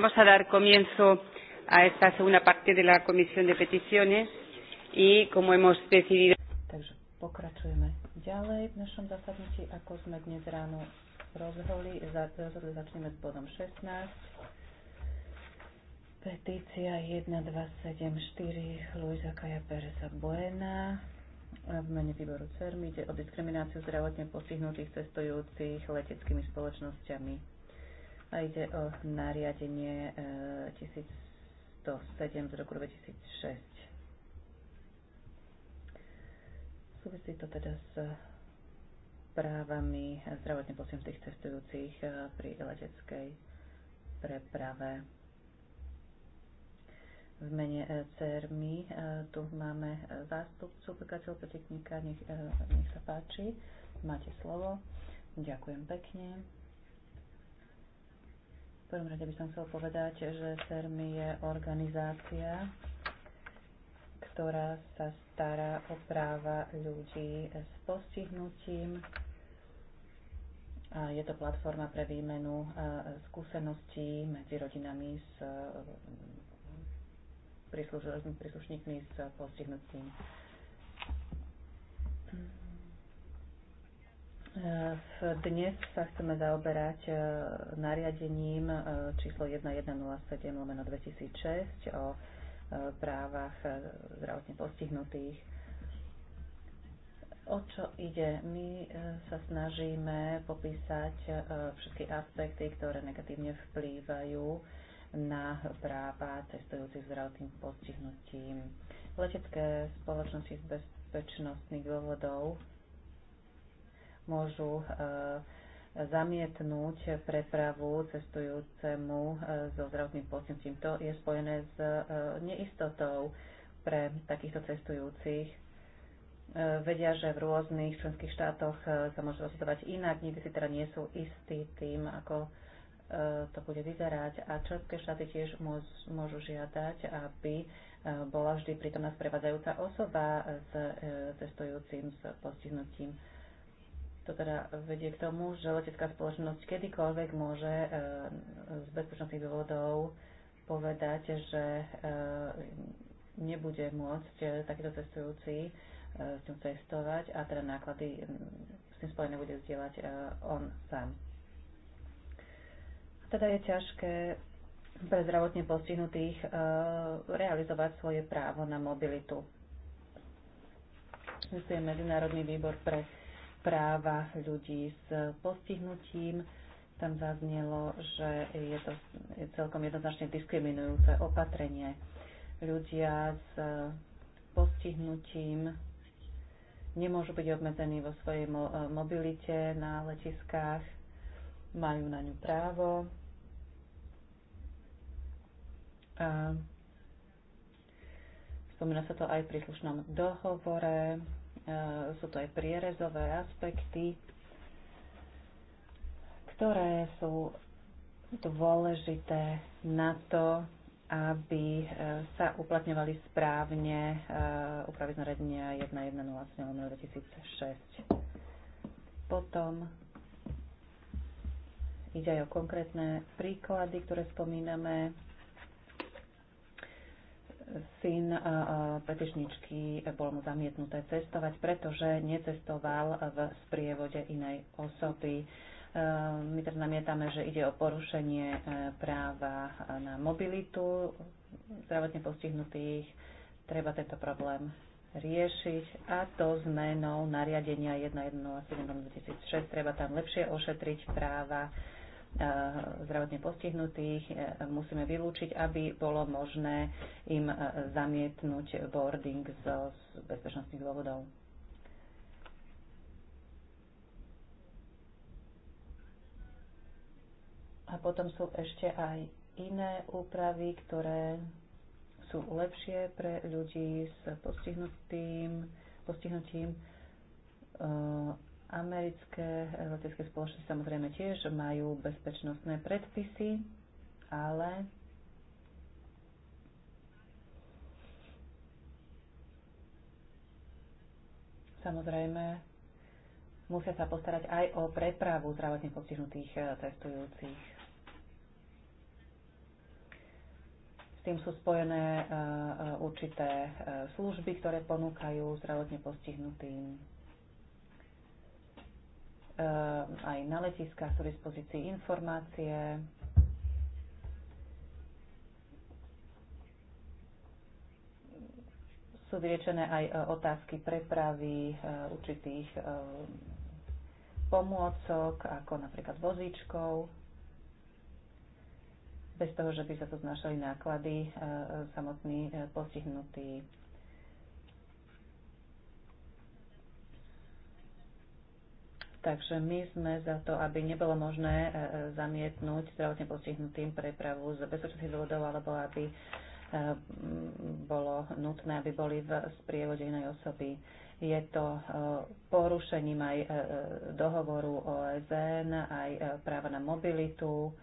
Vamos a dar comienzo a esta segunda parte de la Comisión de Peticiones y como hemos decidido. Takže pokračujeme ďalej v našom zasadnutí, ako sme dnes ráno rozhodli. Rozhodli začneme s bodom 16. Petícia 1274 Luisa Kaja Peresa Buena v mene výboru CERM ide o diskrimináciu zdravotne postihnutých cestujúcich leteckými spoločnosťami a ide o nariadenie 1107 e, z roku 2006. Súvisí to teda s právami zdravotne postihnutých cestujúcich e, pri leteckej preprave. V mene e, CERMI tu máme zástupcu Pekáčov Petitníka, nech, nech sa páči, máte slovo. Ďakujem pekne. V prvom rade by som chcel povedať, že CERMI je organizácia, ktorá sa stará o práva ľudí s postihnutím. A je to platforma pre výmenu e, skúseností medzi rodinami s e, príslušníkmi s postihnutím. Dnes sa chceme zaoberať e, nariadením e, číslo 1107 lomeno 2006 o e, právach zdravotne postihnutých. O čo ide? My sa snažíme popísať všetky aspekty, ktoré negatívne vplývajú na práva cestujúcich zdravotným postihnutím. Letecké spoločnosti z bezpečnostných dôvodov môžu e, zamietnúť prepravu cestujúcemu e, so zdravotným postihnutím. To je spojené s e, neistotou pre takýchto cestujúcich. Vedia, že v rôznych členských štátoch sa môže rozhodovať inak, nikdy si teda nie sú istí tým, ako to bude vyzerať a členské štáty tiež môžu žiadať, aby bola vždy prítomná sprevádzajúca osoba s cestujúcim s postihnutím. To teda vedie k tomu, že letecká spoločnosť kedykoľvek môže e, z bezpečnostných dôvodov povedať, že e, nebude môcť e, takýto cestujúci s ňou cestovať a teda náklady s tým spojené bude zdieľať on sám. Teda je ťažké pre zdravotne postihnutých realizovať svoje právo na mobilitu. je Medzinárodný výbor pre práva ľudí s postihnutím. Tam zaznelo, že je to celkom jednoznačne diskriminujúce opatrenie. Ľudia s postihnutím nemôžu byť obmedzení vo svojej mobilite na letiskách, majú na ňu právo. A spomína sa to aj v príslušnom dohovore Eh, sú to aj prierezové aspekty, ktoré sú dôležité na to, aby eh, sa uplatňovali správne eh, úpravy zariadenia 1108 Potom ide aj o konkrétne príklady, ktoré spomíname syn petišničky bol mu zamietnuté cestovať, pretože necestoval v sprievode inej osoby. E, my teraz namietame, že ide o porušenie e, práva na mobilitu zdravotne postihnutých. Treba tento problém riešiť a to zmenou nariadenia 1.1.7.2006. Treba tam lepšie ošetriť práva Eh, zdravotne postihnutých eh, musíme vylúčiť, aby bolo možné im eh, zamietnúť boarding z bezpečnostných dôvodov. A potom sú ešte aj iné úpravy, ktoré sú lepšie pre ľudí s postihnutím Americké letecké spoločnosti samozrejme tiež majú bezpečnostné predpisy, ale samozrejme musia sa postarať aj o prepravu zdravotne postihnutých eh, cestujúcich. S tým sú spojené eh, eh, určité služby, ktoré ponúkajú zdravotne postihnutým Eh, aj na letiskách sú dispozícii informácie. Sú vyriečené aj eh, otázky prepravy eh, určitých pomôcok, ako napríklad vozíčkov, bez toho, že by sa tu znašali náklady samotný postihnutý Takže my sme za to, aby nebolo možné e, e, zamietnúť zdravotne postihnutým prepravu z bezpečnostných dôvodov, alebo aby e, bolo nutné, aby boli v sprievode inej osoby. Je to porušením aj dohovoru OSN, aj práva na mobilitu,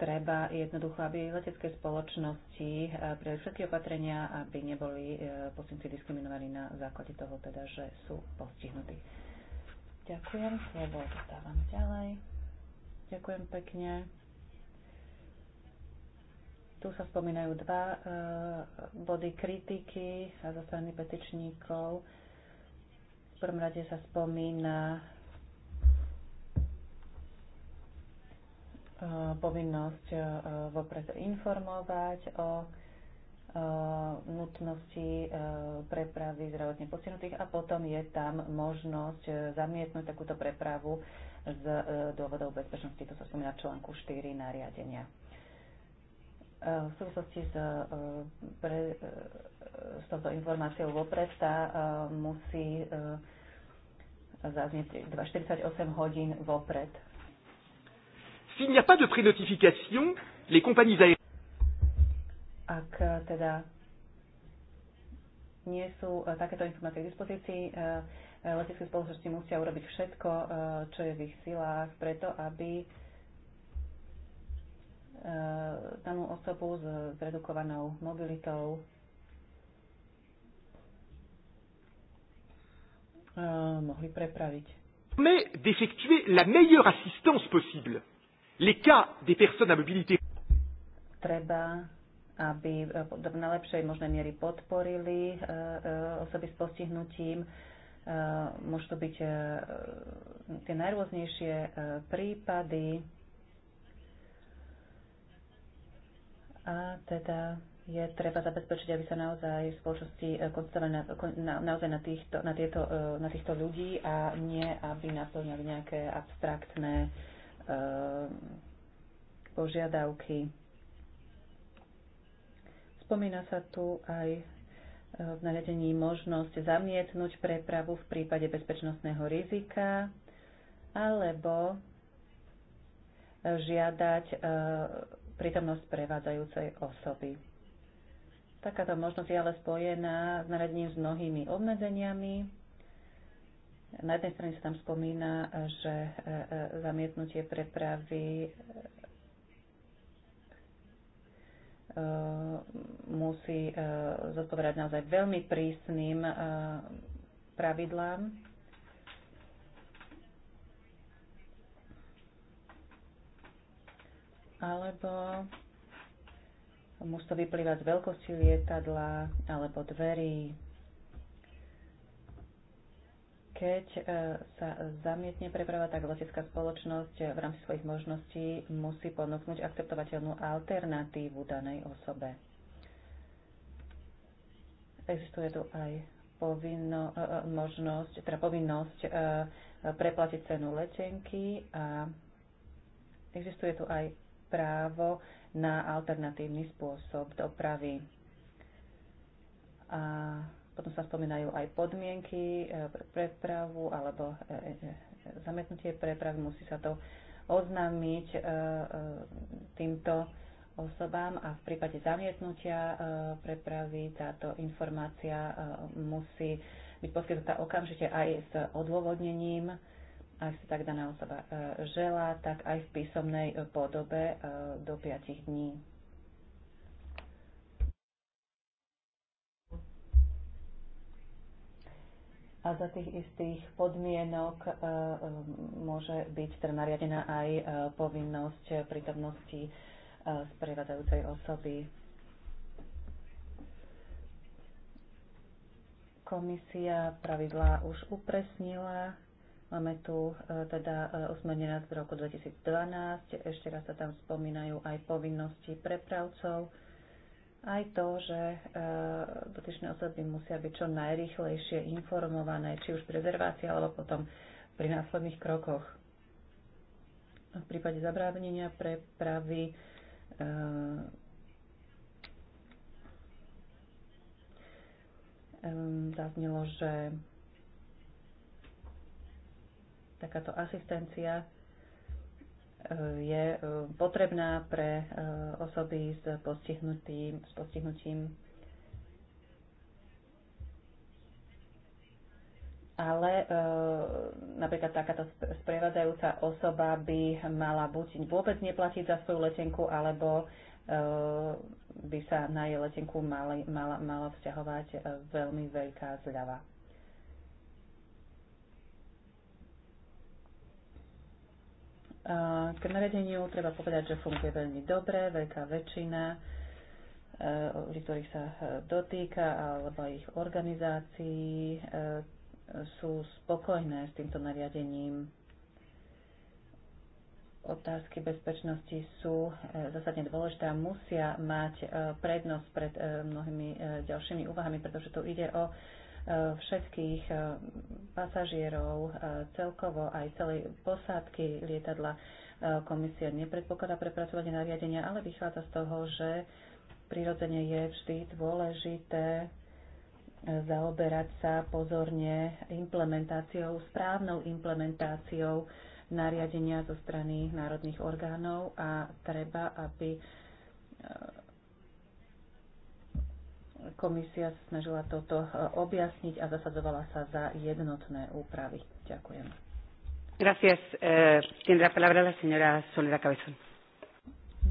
treba jednoducho, aby letecké spoločnosti eh, prijali všetky opatrenia, aby neboli eh, posilníci diskriminovaní na základe toho, teda, že sú postihnutí. Ďakujem, slovo dostávam ďalej. Ďakujem pekne. Tu sa spomínajú dva eh, body kritiky zo strany petičníkov. V prvom rade sa spomína povinnosť e, vopred informovať o e, nutnosti e, prepravy zdravotne postihnutých a potom je tam možnosť zamietnúť takúto prepravu z dôvodov bezpečnosti. To sa spomína v článku 4 nariadenia. V súvislosti s, pre, s touto informáciou vopred sa musí zaznieť 48 hodín vopred S'il n'y a pas de prénotification, les compagnies aériennes ak eh, teda nie sú eh, takéto informácie k dispozícii, eh, letecké spoločnosti musia urobiť všetko, čo je v ich silách, preto aby danú osobu s zredukovanou mobilitou mohli prepraviť. Mais d'effectuer la meilleure assistance possible les cas des personnes à mobilité treba aby v eh, najlepšej možnej miery podporili eh, eh, osoby s postihnutím. Môžu to byť tie najrôznejšie prípady. A teda je treba zabezpečiť, aby sa naozaj v spoločnosti koncentrovali na, na, naozaj na, týchto, na, tieto, na týchto ľudí a nie, aby naplňali nejaké abstraktné uh, Eh, požiadavky. Spomína sa tu aj eh, v nariadení možnosť zamietnúť prepravu v prípade bezpečnostného rizika alebo eh, žiadať prítomnosť prevádzajúcej osoby. Takáto možnosť je ale spojená s naradením s mnohými obmedzeniami, na jednej strane sa tam spomína, že e, e, zamietnutie prepravy e, musí zodpovedať naozaj veľmi prísnym pravidlám. Alebo musí to vyplývať z veľkosti lietadla alebo dverí keď e, sa zamietne preprava, tak letecká spoločnosť e, v rámci svojich možností musí ponúknuť akceptovateľnú alternatívu danej osobe. Existuje tu aj povinno, e, možnosť, teda povinnosť preplatiť cenu letenky a existuje tu aj právo na alternatívny spôsob dopravy. A potom sa spomínajú aj podmienky e, pre prepravu alebo e, e, zametnutie prepravy. Musí sa to oznámiť týmto osobám a v prípade zamietnutia prepravy táto informácia musí byť poskytnutá okamžite aj s odôvodnením, ak si tak daná osoba želá, tak aj v písomnej podobe do 5 dní. a za tých istých podmienok e, e, môže byť teda nariadená aj e, povinnosť prítomnosti sprevádzajúcej osoby. Komisia pravidlá už upresnila. Máme tu teda usmernenia z roku 2012. Ešte raz sa tam spomínajú aj povinnosti prepravcov aj to, že e, dotyčné osoby musia byť čo najrýchlejšie informované, či už pri rezervácii alebo potom pri následných krokoch. V prípade zabránenia prepravy e, zaznelo, že takáto asistencia je eh, potrebná pre eh, osoby s postihnutím, s postihnutím ale eh, napríklad takáto sprevádzajúca osoba by mala buď vôbec neplatiť za svoju letenku, alebo by sa na jej letenku mala, mala, mala vzťahovať veľmi veľká zľava. Eh, k nariadeniu treba povedať, že funguje veľmi dobre, veľká väčšina ľudí, eh, ktorých sa eh, dotýka, alebo ich organizácií sú spokojné s týmto nariadením. Otázky bezpečnosti sú zásadne dôležité a musia mať prednosť pred mnohými ďalšími úvahami, pretože tu ide o E, všetkých e, pasažierov, e, celkovo aj celej posádky lietadla. Komisia nepredpokladá prepracovanie nariadenia, ale vychádza z toho, že prirodzene je vždy dôležité zaoberať sa pozorne implementáciou, správnou implementáciou nariadenia zo strany národných orgánov a treba, aby Komisia sa snažila toto e, objasniť a zasadzovala sa za jednotné úpravy. Ďakujem. Gracias. Eh, tiene la palabra la señora Soledad Cabezón.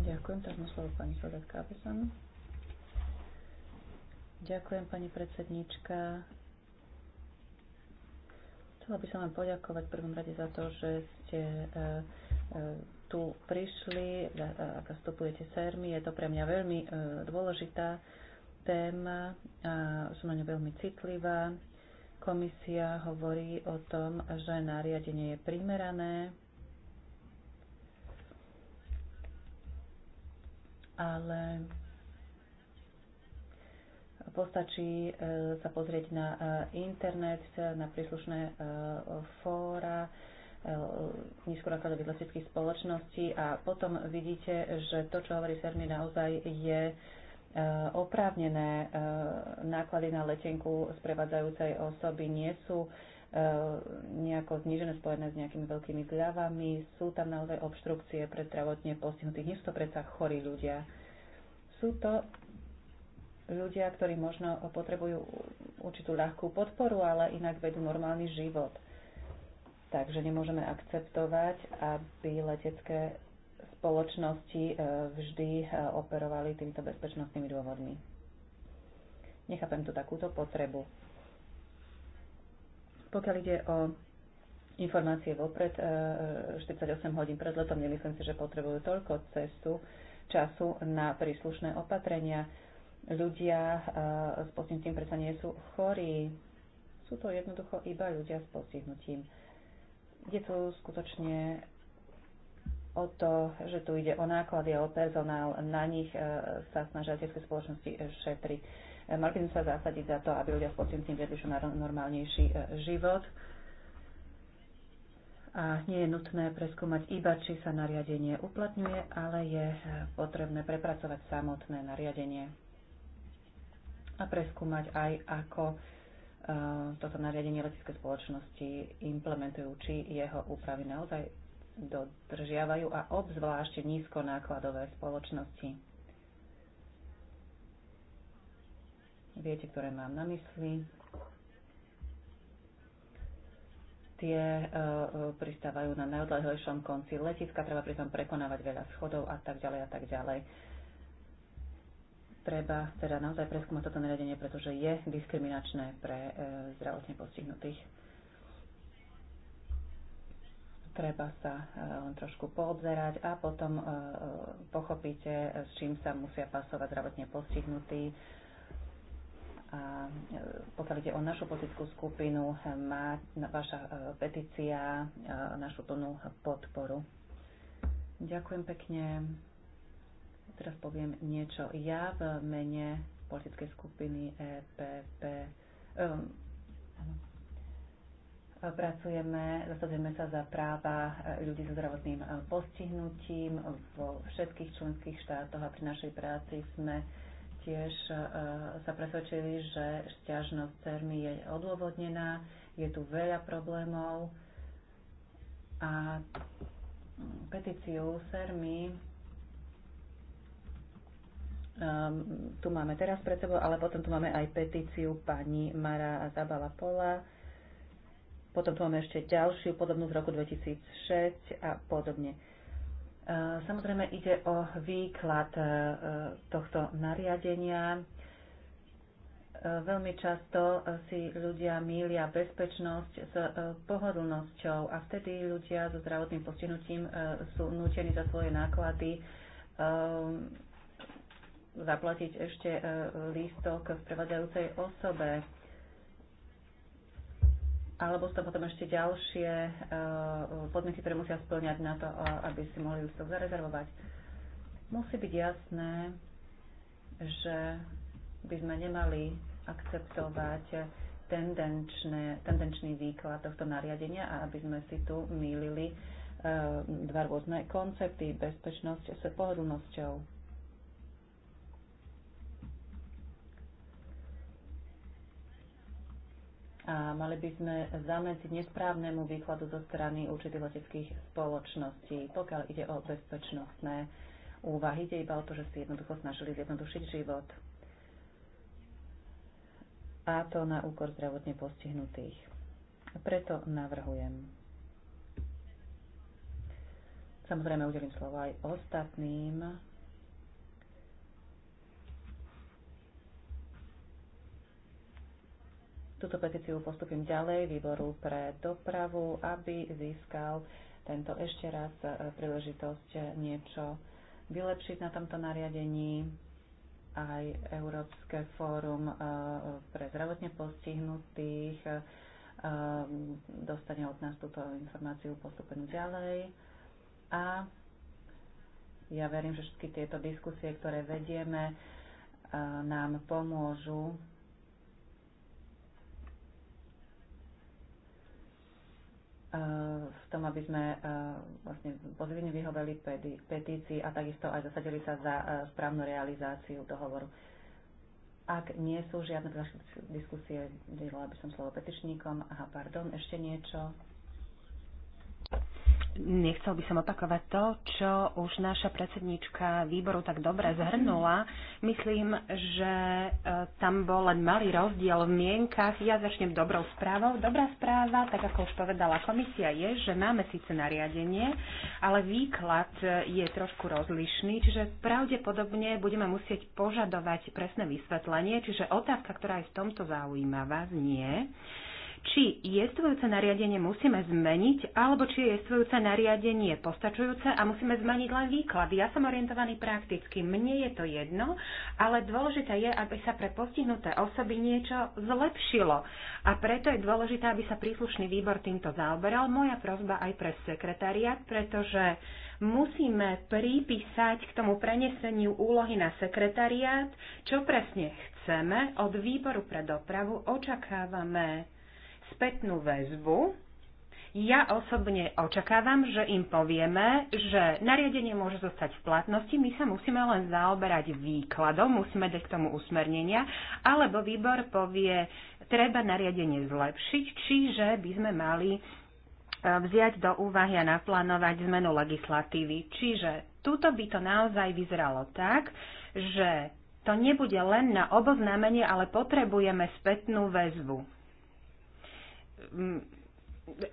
Ďakujem, tak slovo pani Soledad Cabezón. Ďakujem, pani predsednička. Chcela by som vám poďakovať v prvom rade za to, že ste e, e, tu prišli, ak zastupujete SERMI. Je to pre mňa veľmi dôležitá téma som na ňu veľmi citlivá. Komisia hovorí o tom, že nariadenie je primerané, ale postačí e, sa pozrieť na e, internet, na príslušné e, fóra, nízkonákladových leteckých spoločností a potom vidíte, že to, čo hovorí Sermi, naozaj je Eh, oprávnené eh, náklady na letenku sprevádzajúcej osoby nie sú eh, nejako znižené, spojené s nejakými veľkými zľavami, sú tam naozaj obštrukcie pre zdravotne postihnutých, nie sú to predsa chorí ľudia. Sú to ľudia, ktorí možno potrebujú určitú ľahkú podporu, ale inak vedú normálny život. Takže nemôžeme akceptovať, aby letecké spoločnosti e, vždy e, operovali týmto bezpečnostnými dôvodmi. Nechápem tu takúto potrebu. Pokiaľ ide o informácie vopred, 48 e, hodín pred letom, nemyslím si, že potrebujú toľko cestu, času na príslušné opatrenia. Ľudia s postihnutím predsa nie sú chorí. Sú to jednoducho iba ľudia s postihnutím. Je tu skutočne o to, že tu ide o náklady a o personál, na nich e, sa snažia tie spoločnosti šetriť. E, mali by sme sa zasadiť za to, aby ľudia s postihnutím viedli čo normálnejší e, život. A nie je nutné preskúmať iba, či sa nariadenie uplatňuje, ale je potrebné prepracovať samotné nariadenie a preskúmať aj, ako toto nariadenie letické spoločnosti implementujú, či jeho úpravy naozaj dodržiavajú a obzvlášť nízkonákladové spoločnosti. Viete, ktoré mám na mysli. Tie uh, pristávajú na najodlehlejšom konci letiska, treba pritom prekonávať veľa schodov a tak ďalej a tak ďalej. Treba teda naozaj preskúmať toto nariadenie, pretože je diskriminačné pre e, zdravotne postihnutých treba sa e, len trošku poobzerať a potom e, e, pochopíte, s čím sa musia pasovať zdravotne postihnutí. A pokiaľ ide o našu politickú skupinu, má vaša petícia našu plnú podporu. Ďakujem pekne. Teraz poviem niečo. Ja v mene politickej skupiny EPP. Um, Pracujeme, zasadzujeme sa za práva e, ľudí so zdravotným e, postihnutím vo všetkých členských štátoch a pri našej práci sme tiež e, sa presvedčili, že šťažnosť CERMI je odôvodnená, je tu veľa problémov a mm, petíciu CERMI um, ehm, tu máme teraz pred sebou, ale potom tu máme aj petíciu pani Mara Zabala Pola, potom tu máme ešte ďalšiu, podobnú z roku 2006 a podobne. E, samozrejme ide o výklad e, tohto nariadenia. E, veľmi často si ľudia mília bezpečnosť s pohodlnosťou a vtedy ľudia so zdravotným postihnutím sú nútení za svoje náklady zaplatiť ešte lístok v prevádzajúcej osobe alebo sú to potom ešte ďalšie e, podmienky, ktoré musia splňať na to, e, aby si mohli ústok zarezervovať. Musí byť jasné, že by sme nemali akceptovať tendenčné, tendenčný výklad tohto nariadenia a aby sme si tu mýlili e, dva rôzne koncepty, bezpečnosť s pohodlnosťou. a mali by sme zamedziť nesprávnemu výkladu zo strany určitých leteckých spoločností, pokiaľ ide o bezpečnostné úvahy. Ide iba o to, že si jednoducho snažili zjednodušiť život. A to na úkor zdravotne postihnutých. Preto navrhujem. Samozrejme, udelím slovo aj ostatným Túto petíciu postupím ďalej výboru pre dopravu, aby získal tento ešte raz e, príležitosť niečo vylepšiť na tomto nariadení. Aj Európske fórum e, pre zdravotne postihnutých e, dostane od nás túto informáciu postupenú ďalej. A ja verím, že všetky tieto diskusie, ktoré vedieme, nám pomôžu Eh, v tom, aby sme eh, vlastne pozitívne vyhoveli petícii a takisto aj zasadili sa za eh, správnu realizáciu dohovoru. Ak nie sú žiadne diskusie, delala by som slovo petičníkom. Aha, pardon, ešte niečo nechcel by som opakovať to, čo už naša predsedníčka výboru tak dobre mhm. zhrnula. Myslím, že e, tam bol len malý rozdiel v mienkach. Ja začnem dobrou správou. Dobrá správa, tak ako už povedala komisia, je, že máme síce nariadenie, ale výklad e, je trošku rozlišný, čiže pravdepodobne budeme musieť požadovať presné vysvetlenie, čiže otázka, ktorá je v tomto zaujímavá, znie, či jestvujúce nariadenie musíme zmeniť, alebo či je jestvujúce nariadenie postačujúce a musíme zmeniť len výklad. Ja som orientovaný prakticky, mne je to jedno, ale dôležité je, aby sa pre postihnuté osoby niečo zlepšilo. A preto je dôležité, aby sa príslušný výbor týmto zaoberal. Moja prozba aj pre sekretariat, pretože musíme pripísať k tomu preneseniu úlohy na sekretariát, čo presne chceme od výboru pre dopravu, očakávame spätnú väzbu. Ja osobne očakávam, že im povieme, že nariadenie môže zostať v platnosti, my sa musíme len zaoberať výkladom, musíme dať k tomu usmernenia, alebo výbor povie, treba nariadenie zlepšiť, čiže by sme mali e, vziať do úvahy a naplánovať zmenu legislatívy. Čiže tuto by to naozaj vyzeralo tak, že to nebude len na oboznámenie, ale potrebujeme spätnú väzbu Mm,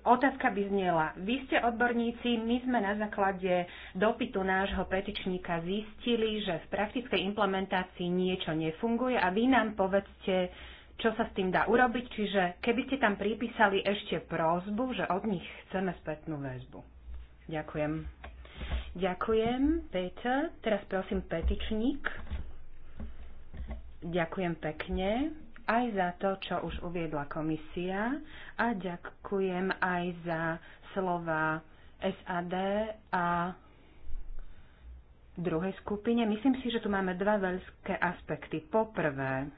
otázka by zniela, vy ste odborníci, my sme na základe dopytu nášho petičníka zistili, že v praktickej implementácii niečo nefunguje a vy nám povedzte, čo sa s tým dá urobiť, čiže keby ste tam pripísali ešte prozbu, že od nich chceme spätnú väzbu. Ďakujem. Ďakujem, Peter. Teraz prosím petičník. Ďakujem pekne aj za to, čo už uviedla komisia a ďakujem aj za slova SAD a druhej skupine. Myslím si, že tu máme dva veľké aspekty. Poprvé,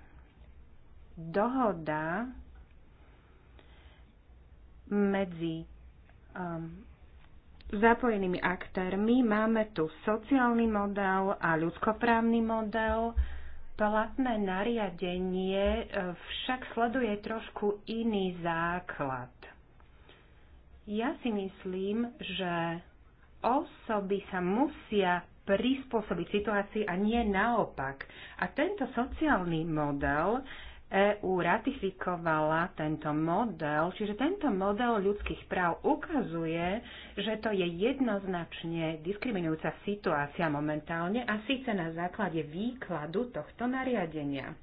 dohoda medzi um, zapojenými aktérmi. Máme tu sociálny model a ľudskoprávny model platné nariadenie e, však sleduje trošku iný základ. Ja si myslím, že osoby sa musia prispôsobiť situácii a nie naopak. A tento sociálny model EÚ ratifikovala tento model, čiže tento model ľudských práv ukazuje, že to je jednoznačne diskriminujúca situácia momentálne a síce na základe výkladu tohto nariadenia.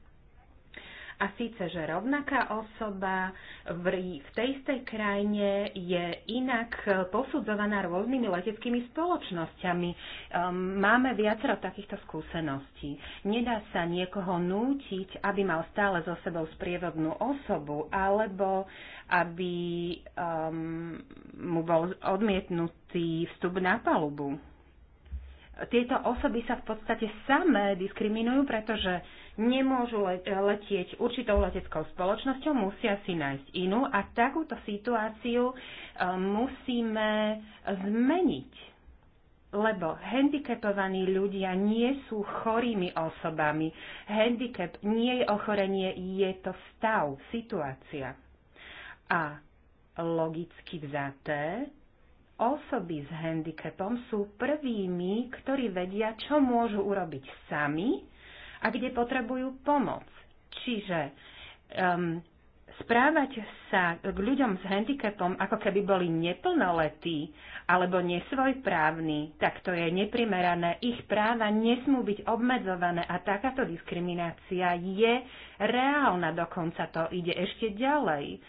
A síce, že rovnaká osoba v, v tej istej krajine je inak posudzovaná rôznymi leteckými spoločnosťami. Um, máme viacero takýchto skúseností. Nedá sa niekoho nútiť, aby mal stále so sebou sprievodnú osobu, alebo aby um, mu bol odmietnutý vstup na palubu tieto osoby sa v podstate samé diskriminujú, pretože nemôžu letieť určitou leteckou spoločnosťou, musia si nájsť inú a takúto situáciu e, musíme zmeniť, lebo handicapovaní ľudia nie sú chorými osobami. Handicap nie je ochorenie, je to stav, situácia. A logicky vzaté, osoby s handicapom sú prvými, ktorí vedia, čo môžu urobiť sami a kde potrebujú pomoc. Čiže um, správať sa k ľuďom s handicapom, ako keby boli neplnoletí alebo nesvojprávni, tak to je neprimerané. Ich práva nesmú byť obmedzované a takáto diskriminácia je reálna. Dokonca to ide ešte ďalej.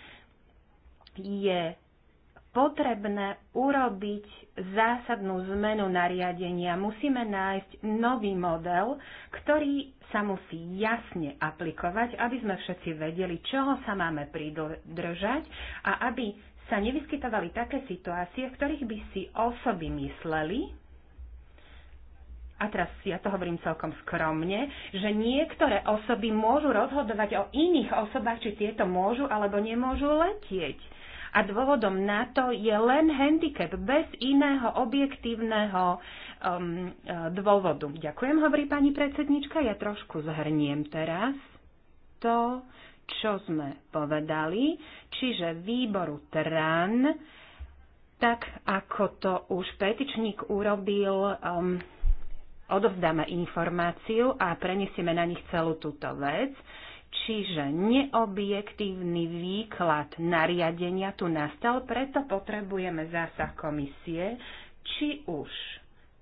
Je potrebné urobiť zásadnú zmenu nariadenia. Musíme nájsť nový model, ktorý sa musí jasne aplikovať, aby sme všetci vedeli, čoho sa máme pridržať a aby sa nevyskytovali také situácie, v ktorých by si osoby mysleli, a teraz ja to hovorím celkom skromne, že niektoré osoby môžu rozhodovať o iných osobách, či tieto môžu alebo nemôžu letieť a dôvodom na to je len handicap, bez iného objektívneho um, eh, dôvodu. Ďakujem, hovorí pani predsednička. Ja trošku zhrniem teraz to, čo sme povedali, čiže výboru TRAN, tak ako to už petičník urobil, um, odovzdáme informáciu a preniesieme na nich celú túto vec. Čiže neobjektívny výklad nariadenia tu nastal, preto potrebujeme zásah komisie, či už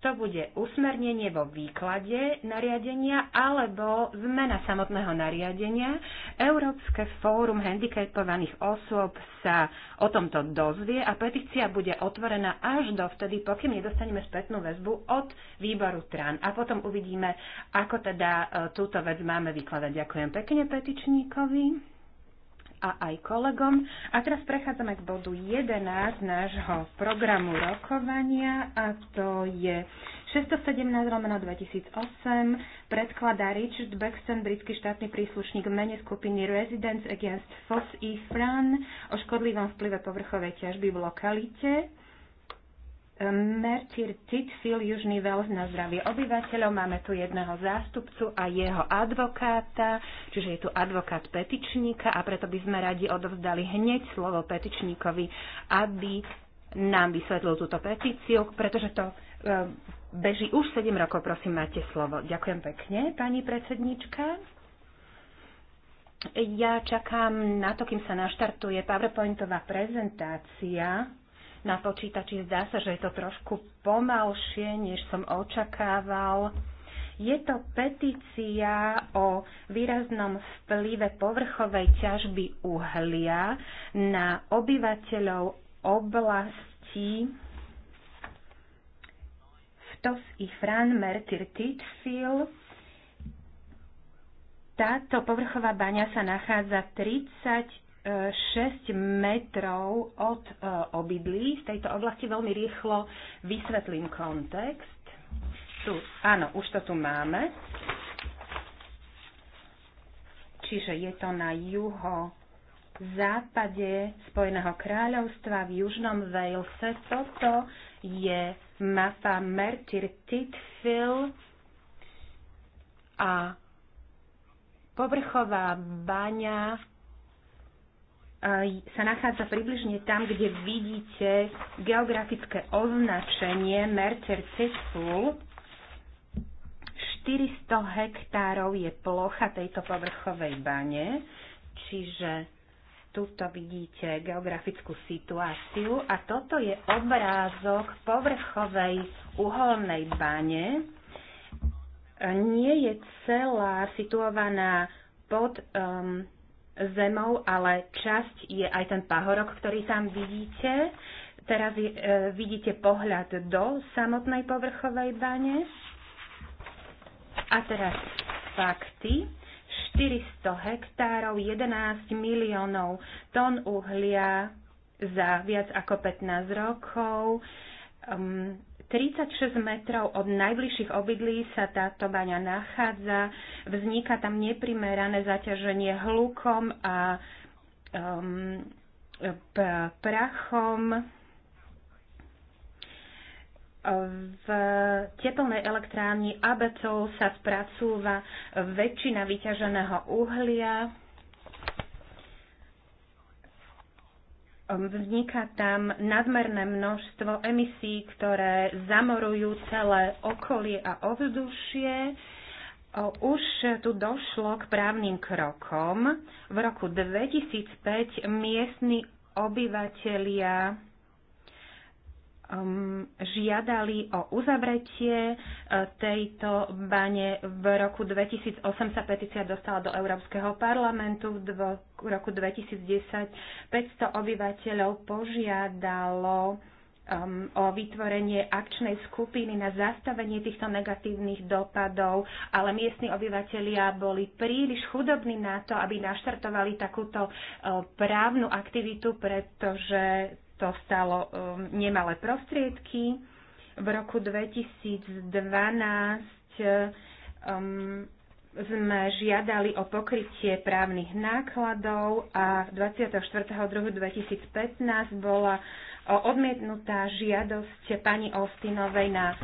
to bude usmernenie vo výklade nariadenia alebo zmena samotného nariadenia. Európske fórum handicapovaných osôb sa o tomto dozvie a petícia bude otvorená až do vtedy, pokým nedostaneme spätnú väzbu od výboru TRAN. A potom uvidíme, ako teda e, túto vec máme vykladať. Ďakujem pekne petičníkovi a aj kolegom. A teraz prechádzame k bodu 11 nášho programu rokovania a to je 617 lomeno 2008 predkladá Richard Baxton, britský štátny príslušník v mene skupiny Residents Against Foss e Fran o škodlivom vplyve povrchovej ťažby v lokalite Mertir Titfil Južný Wales na zdravie obyvateľov. Máme tu jedného zástupcu a jeho advokáta, čiže je tu advokát petičníka a preto by sme radi odovzdali hneď slovo petičníkovi, aby nám vysvetlil túto petíciu, pretože to e, beží už 7 rokov. Prosím, máte slovo. Ďakujem pekne, pani predsednička. Ja čakám na to, kým sa naštartuje PowerPointová prezentácia na počítači. Zdá sa, že je to trošku pomalšie, než som očakával. Je to petícia o výraznom vplyve povrchovej ťažby uhlia na obyvateľov oblasti Vtos i Fran Titfil. Táto povrchová baňa sa nachádza 30 6 metrov od e, obydlí v tejto oblasti. Veľmi rýchlo vysvetlím kontext. Tu, áno, už to tu máme. Čiže je to na juho západe Spojeného kráľovstva v južnom Walese. Toto je mapa Mertir Titfil a povrchová baňa sa nachádza približne tam, kde vidíte geografické označenie Mercer Cecil. 400 hektárov je plocha tejto povrchovej bane, čiže tuto vidíte geografickú situáciu a toto je obrázok povrchovej uholnej bane. Nie je celá situovaná pod um, zemou, ale časť je aj ten pahorok, ktorý tam vidíte. Teraz je, e, vidíte pohľad do samotnej povrchovej bane. A teraz fakty. 400 hektárov, 11 miliónov tón uhlia za viac ako 15 rokov. Um, 36 metrov od najbližších obydlí sa táto baňa nachádza, vzniká tam neprimerané zaťaženie hlukom a um, prachom. V tepelnej elektrárni ABCO sa spracúva väčšina vyťaženého uhlia Ehm, vzniká tam nadmerné množstvo emisí, ktoré zamorujú celé okolie a ovzdušie. Už tu došlo k právnym krokom. V roku 2005 miestni obyvatelia um, žiadali o uzavretie uh, tejto bane. V roku 2008 sa petícia dostala do Európskeho parlamentu, v roku 2010 500 obyvateľov požiadalo um, o vytvorenie akčnej skupiny na zastavenie týchto negatívnych dopadov, ale miestni obyvateľia boli príliš chudobní na to, aby naštartovali takúto uh, právnu aktivitu, pretože to stalo um, nemalé prostriedky. V roku 2012 um, sme žiadali o pokrytie právnych nákladov a 24.2.2015 bola odmietnutá žiadosť pani Ostinovej na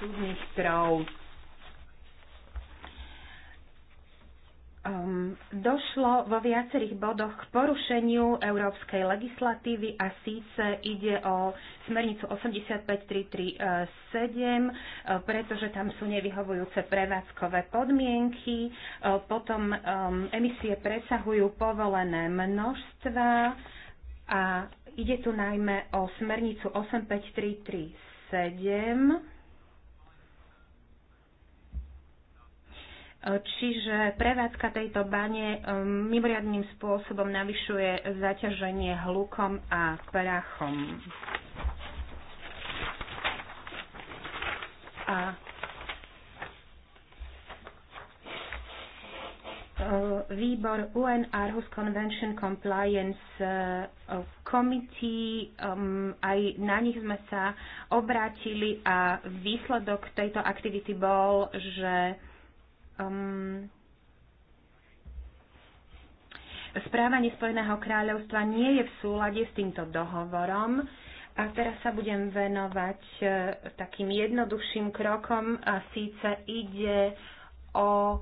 súdnych trov um, došlo vo viacerých bodoch k porušeniu európskej legislatívy a síce ide o smernicu 85337, ehm, pretože tam sú nevyhovujúce prevádzkové podmienky, ehm, potom um, emisie presahujú povolené množstva a ide tu najmä o smernicu 85337 Čiže prevádzka tejto bane um, mimoriadným spôsobom navyšuje zaťaženie hlukom a prachom. A uh, výbor Aarhus Convention Compliance uh, Committee, um, aj na nich sme sa obrátili a výsledok tejto aktivity bol, že um, správanie Spojeného kráľovstva nie je v súlade s týmto dohovorom. A teraz sa budem venovať e, takým jednoduchším krokom a síce ide o,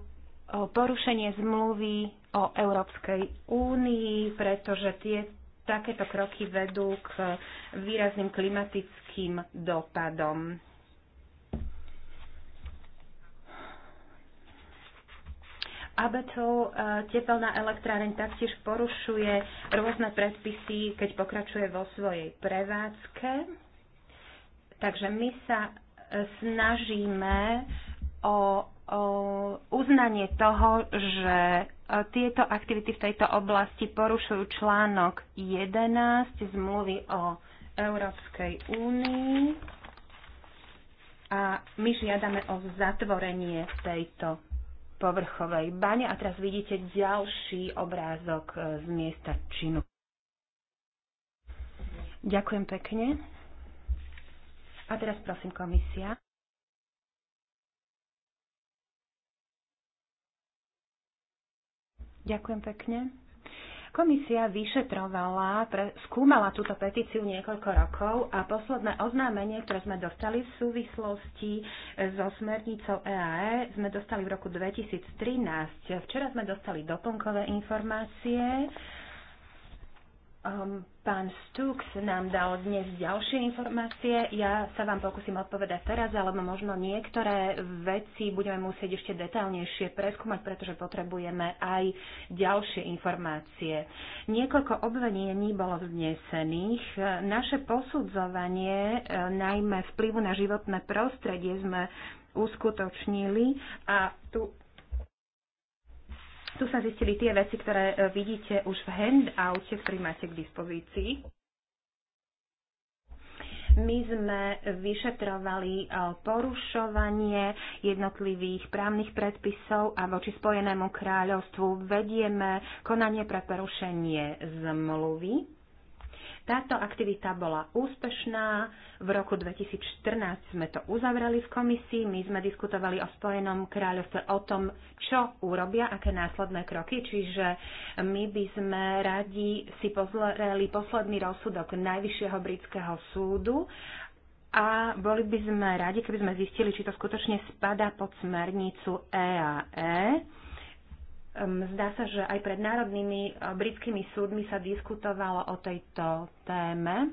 o porušenie zmluvy o Európskej únii, pretože tie takéto kroky vedú k výrazným klimatickým dopadom. Abetov eh, tepelná elektráreň taktiež porušuje rôzne predpisy, keď pokračuje vo svojej prevádzke. Takže my sa eh, snažíme o, o uznanie toho, že eh, tieto aktivity v tejto oblasti porušujú článok 11 zmluvy o Európskej únii a my žiadame o zatvorenie tejto povrchovej bane a teraz vidíte ďalší obrázok e, z miesta činu. Ďakujem pekne. A teraz prosím komisia. Ďakujem pekne. Komisia vyšetrovala, pre, skúmala túto petíciu niekoľko rokov a posledné oznámenie, ktoré sme dostali v súvislosti so smernicou EAE, e, sme dostali v roku 2013. Včera sme dostali doplnkové informácie Um, pán Stux nám dal dnes ďalšie informácie. Ja sa vám pokúsim odpovedať teraz, alebo možno niektoré veci budeme musieť ešte detailnejšie preskúmať, pretože potrebujeme aj ďalšie informácie. Niekoľko obvenení bolo vznesených. Naše posudzovanie, e, najmä vplyvu na životné prostredie, sme uskutočnili a tu tu sa zistili tie veci, ktoré e, vidíte už v handoute, ktorý máte k dispozícii. My sme vyšetrovali e, porušovanie jednotlivých právnych predpisov a voči Spojenému kráľovstvu vedieme konanie pre porušenie zmluvy táto aktivita bola úspešná. V roku 2014 sme to uzavreli v komisii. My sme diskutovali o Spojenom kráľovstve o tom, čo urobia, aké následné kroky. Čiže my by sme radi si pozreli posledný rozsudok Najvyššieho britského súdu a boli by sme radi, keby sme zistili, či to skutočne spada pod smernicu EAE Ehm, zdá sa, že aj pred národnými eh, britskými súdmi sa diskutovalo o tejto téme.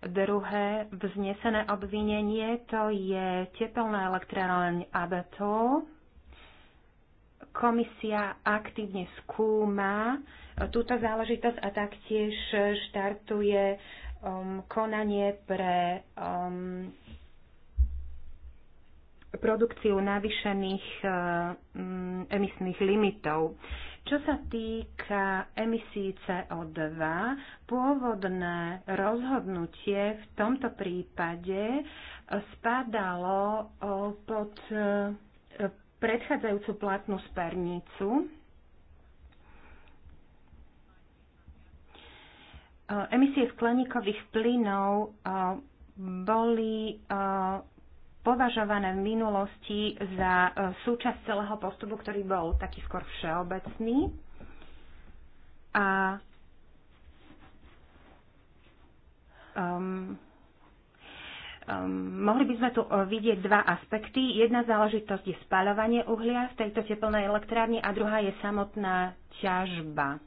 Druhé vznesené obvinenie to je tepelná elektráreň Abeto. Komisia aktívne skúma eh, túto záležitosť a taktiež štartuje um, konanie pre um, produkciu navýšených eh, emisných limitov. Čo sa týka emisí CO2, pôvodné rozhodnutie v tomto prípade eh, spadalo eh, pod predchádzajúcu platnú spernicu. Emisie skleníkových plynov boli považované v minulosti za e, súčasť celého postupu, ktorý bol taký skôr všeobecný. A um, Um, mohli by sme tu vidieť dva aspekty. Jedna záležitosť je spaľovanie uhlia v tejto teplnej elektrárni a druhá je samotná ťažba.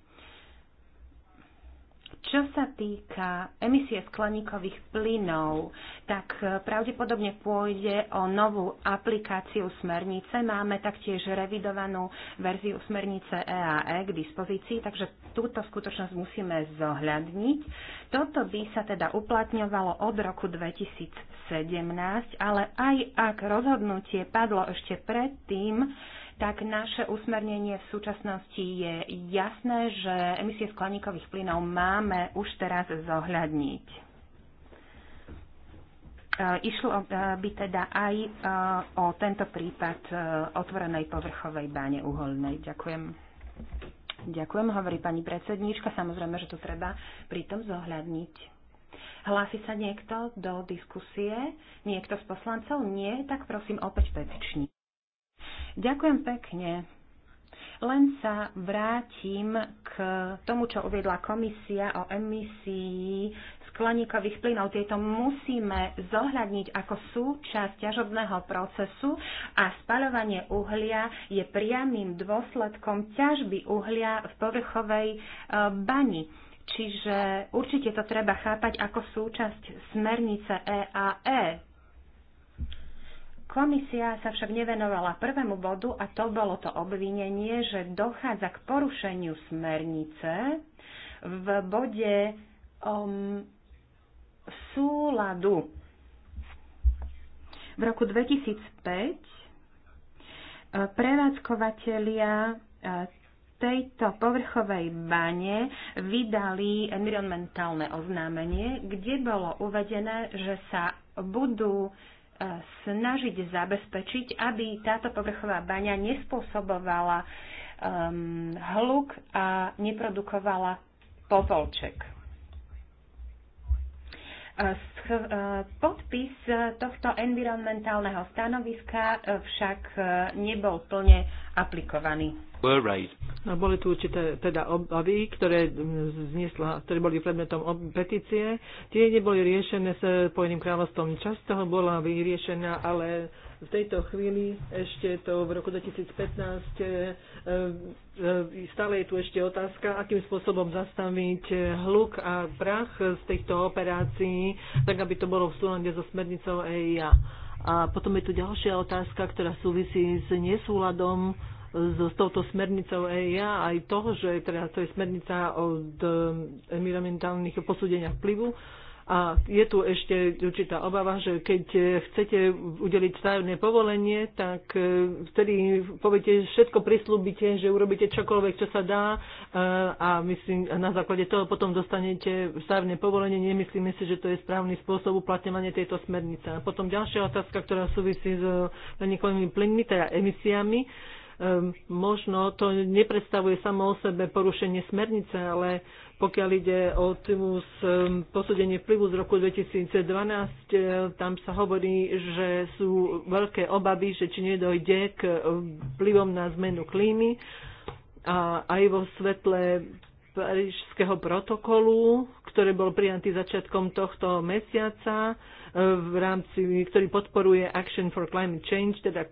Čo sa týka emisie skleníkových plynov, tak e, pravdepodobne pôjde o novú aplikáciu smernice. Máme taktiež revidovanú verziu smernice EAE e k dispozícii, takže túto skutočnosť musíme zohľadniť. Toto by sa teda uplatňovalo od roku 2017, ale aj ak rozhodnutie padlo ešte predtým, tak naše usmernenie v súčasnosti je jasné, že emisie skleníkových plynov máme už teraz zohľadniť. E, išlo e, by teda aj e, o tento prípad otvorenej povrchovej báne uholnej. Ďakujem. Ďakujem, hovorí pani predsedníčka. Samozrejme, že to treba pritom zohľadniť. Hlási sa niekto do diskusie? Niekto z poslancov? Nie? Tak prosím opäť petičník. Ďakujem pekne. Len sa vrátim k tomu, čo uviedla komisia o emisii skleníkových plynov. Tieto musíme zohľadniť ako súčasť ťažobného procesu a spaľovanie uhlia je priamým dôsledkom ťažby uhlia v povrchovej e, bani. Čiže určite to treba chápať ako súčasť smernice EAE, Komisia sa však nevenovala prvému bodu a to bolo to obvinenie, že dochádza k porušeniu smernice v bode um, súladu. V roku 2005 e, prevádzkovateľia e, tejto povrchovej bane vydali environmentálne oznámenie, kde bolo uvedené, že sa budú snažiť zabezpečiť, aby táto povrchová baňa nespôsobovala um, hluk a neprodukovala povolček. E, podpis tohto environmentálneho stanoviska e, však e, nebol plne aplikovaný. No, boli tu určité teda obavy, ktoré, znesla, ktoré boli predmetom petície. Tie neboli riešené s Spojeným kráľovstvom. Časť toho bola vyriešená, ale v tejto chvíli ešte to v roku 2015 e, e, e, stále je tu ešte otázka, akým spôsobom zastaviť hluk a prach z týchto operácií, tak aby to bolo v súlade so smernicou EIA. A potom je tu ďalšia otázka, ktorá súvisí s nesúladom s touto smernicou EIA aj toho, že teda to je smernica od environmentálnych posúdenia vplyvu, a je tu ešte určitá obava, že keď e, chcete udeliť stavebné povolenie, tak e, vtedy poviete, všetko prislúbite, že urobíte čokoľvek, čo sa dá e, a myslím, na základe toho potom dostanete stavebné povolenie. Nemyslíme si, že to je správny spôsob uplatňovania tejto smernice. A potom ďalšia otázka, ktorá súvisí s so plynmi, teda emisiami Ehm, možno to nepredstavuje samo o sebe porušenie smernice, ale pokiaľ ide o tú ehm, posúdenie vplyvu z roku 2012, eh, tam sa hovorí, že sú veľké obavy, že či nedojde k eh, vplyvom na zmenu klímy a aj vo svetle Parížského protokolu, ktorý bol prijatý začiatkom tohto mesiaca, eh, v rámci, ktorý podporuje Action for Climate Change, teda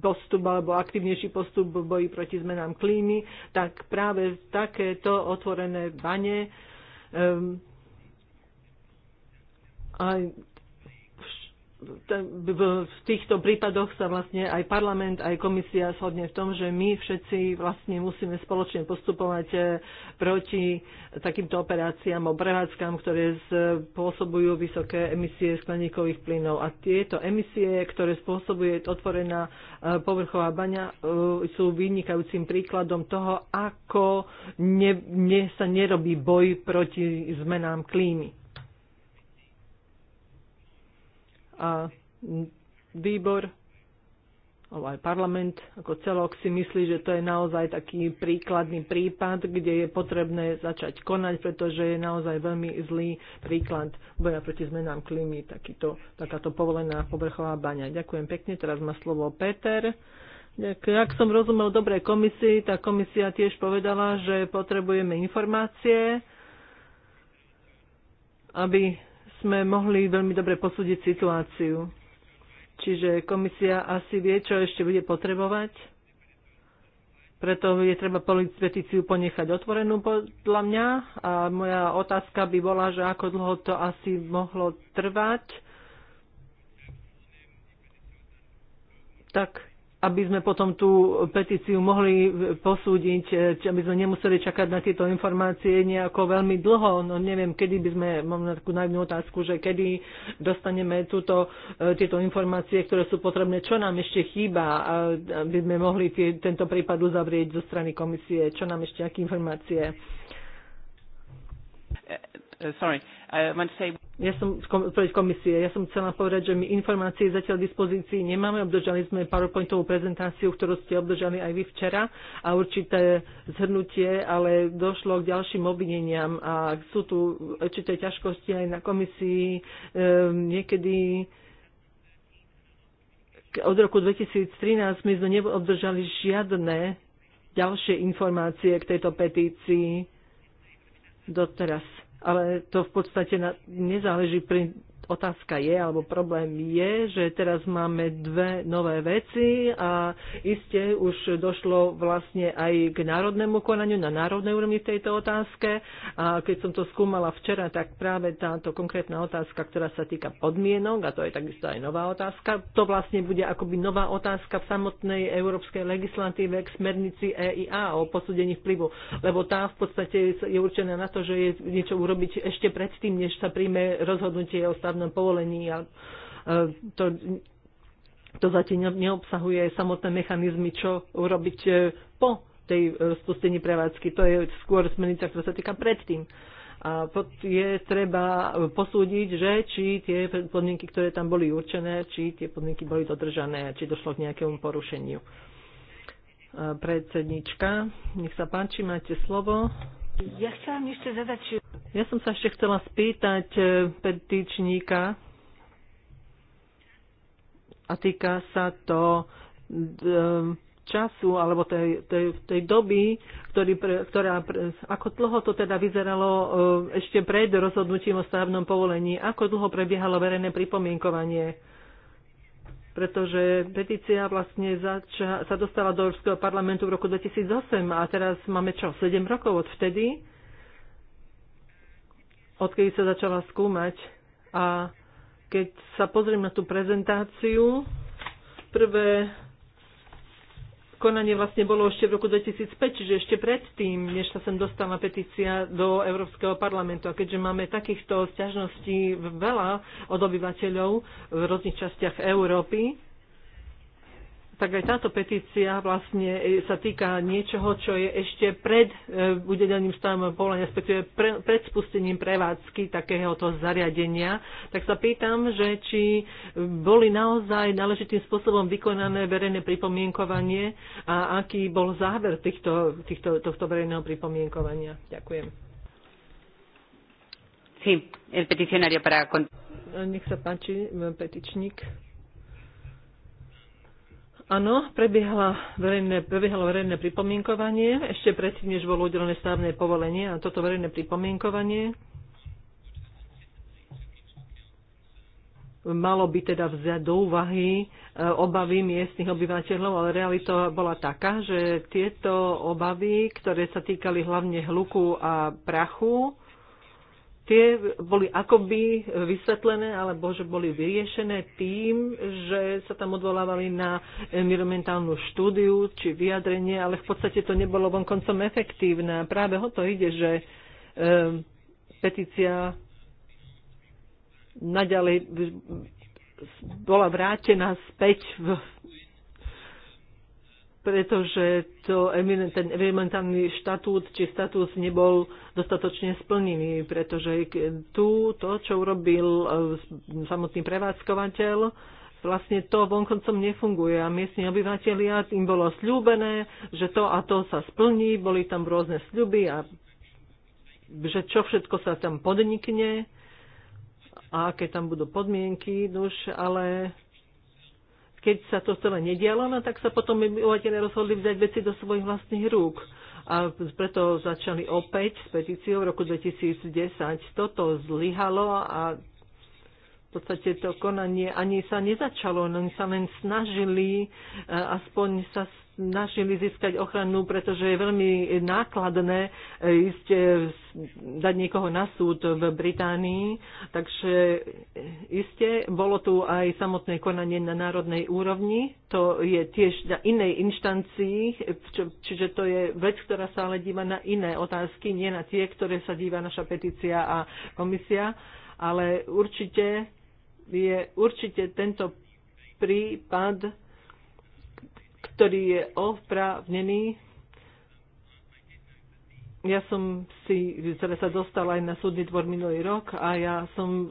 postup alebo aktívnejší postup v boji proti zmenám klímy, tak práve takéto otvorené bane um, aj v týchto prípadoch sa vlastne aj parlament, aj komisia shodne v tom, že my všetci vlastne musíme spoločne postupovať e, proti takýmto operáciám o prevádzkam, ktoré spôsobujú vysoké emisie skleníkových plynov. A tieto emisie, ktoré spôsobuje otvorená e, povrchová baňa, e, sú vynikajúcim príkladom toho, ako ne, ne, sa nerobí boj proti zmenám klímy. a výbor alebo aj parlament ako celok si myslí, že to je naozaj taký príkladný prípad, kde je potrebné začať konať, pretože je naozaj veľmi zlý príklad boja proti zmenám klímy, takýto, takáto povolená povrchová baňa. Ďakujem pekne, teraz má slovo Peter. Ak som rozumel dobrej komisii, tá komisia tiež povedala, že potrebujeme informácie, aby sme mohli veľmi dobre posúdiť situáciu. Čiže komisia asi vie, čo ešte bude potrebovať. Preto je treba petíciu ponechať otvorenú podľa mňa. A moja otázka by bola, že ako dlho to asi mohlo trvať. Tak aby sme potom tú petíciu mohli posúdiť, e, či aby sme nemuseli čakať na tieto informácie nejako veľmi dlho. No neviem, kedy by sme, mám na takú naivnú otázku, že kedy dostaneme túto, e, tieto informácie, ktoré sú potrebné, čo nám ešte chýba, aby sme mohli tie, tento prípad uzavrieť zo strany komisie, čo nám ešte, aké informácie. Uh, sorry, I want to say ja som z komisie, ja som chcela povedať, že my informácie zatiaľ v dispozícii nemáme. Obdržali sme PowerPointovú prezentáciu, ktorú ste obdržali aj vy včera a určité zhrnutie, ale došlo k ďalším obvineniam a sú tu určité ťažkosti aj na komisii. Ehm, niekedy od roku 2013 my sme neobdržali žiadne ďalšie informácie k tejto petícii doteraz ale to v podstate nezáleží pri otázka je, alebo problém je, že teraz máme dve nové veci a iste už došlo vlastne aj k národnému konaniu na národnej úrovni v tejto otázke. A keď som to skúmala včera, tak práve táto konkrétna otázka, ktorá sa týka podmienok, a to je takisto aj nová otázka, to vlastne bude akoby nová otázka v samotnej európskej legislatíve k smernici EIA o posúdení vplyvu, lebo tá v podstate je určená na to, že je niečo urobiť ešte predtým, než sa príjme rozhodnutie o stav stavebnom povolení. A e, to, to zatiaľ neobsahuje samotné mechanizmy, čo urobiť e, po tej e, spustení prevádzky. To je skôr smernica, ktorá sa týka predtým. A je treba posúdiť, že či tie podmienky, ktoré tam boli určené, či tie podmienky boli dodržané, či došlo k nejakému porušeniu. Predsednička, nech sa páči, máte slovo. Ja chciałam ešte zadať, či... Ja som sa ešte chcela spýtať e, petičníka a týka sa to e, času alebo tej, tej, tej doby, ktorý pre, ktorá, pre, ako dlho to teda vyzeralo e, ešte pred rozhodnutím o stavnom povolení, ako dlho prebiehalo verejné pripomienkovanie pretože petícia vlastne zača, sa dostala do Európskeho parlamentu v roku 2008 a teraz máme čo, 7 rokov od vtedy, odkedy sa začala skúmať. A keď sa pozriem na tú prezentáciu, prvé konanie vlastne bolo ešte v roku 2005, čiže ešte predtým, než sa sem dostala petícia do Európskeho parlamentu. A keďže máme takýchto sťažností veľa od obyvateľov v rôznych častiach Európy, tak aj táto petícia vlastne e, sa týka niečoho, čo je ešte pred e, udeleným stavom povolenia, respektíve pre, pred spustením prevádzky takéhoto zariadenia. Tak sa pýtam, že či boli naozaj náležitým spôsobom vykonané verejné pripomienkovanie a aký bol záver týchto, týchto, tohto verejného pripomienkovania. Ďakujem. Sí, el peticionario para... Nech sa páči, petičník. Áno, prebiehalo verejné, pripomienkovanie ešte predtým, než bolo udelené stavné povolenie a toto verejné pripomienkovanie malo by teda vziať do úvahy e, obavy miestnych obyvateľov, ale realita bola taká, že tieto obavy, ktoré sa týkali hlavne hluku a prachu, tie boli akoby vysvetlené alebo že boli vyriešené tým, že sa tam odvolávali na environmentálnu štúdiu či vyjadrenie, ale v podstate to nebolo vonkoncom efektívne. Práve o to ide, že e, petícia naďalej bola vrátená späť v pretože to, ten elementárny štatút či status nebol dostatočne splnený, pretože tu to, čo urobil e, samotný prevádzkovateľ, vlastne to vonkoncom nefunguje a miestni obyvateľia im bolo slúbené, že to a to sa splní, boli tam rôzne sľuby a že čo všetko sa tam podnikne a aké tam budú podmienky, nuž, ale keď sa to celé nedialo, no, tak sa potom obyvateľe rozhodli vziať veci do svojich vlastných rúk. A preto začali opäť s petíciou v roku 2010. Toto zlyhalo a v podstate to konanie ani sa nezačalo, oni sa len snažili eh, aspoň sa našimi získať ochranu, pretože je veľmi nákladné e, ísť e, dať niekoho na súd v Británii. Takže e, iste bolo tu aj samotné konanie na národnej úrovni. To je tiež na inej inštancii, čiže to je vec, ktorá sa ale díva na iné otázky, nie na tie, ktoré sa díva naša petícia a komisia. Ale určite je určite tento prípad ktorý je oprávnený. Ja som si, teda sa dostala aj na súdny dvor minulý rok a ja som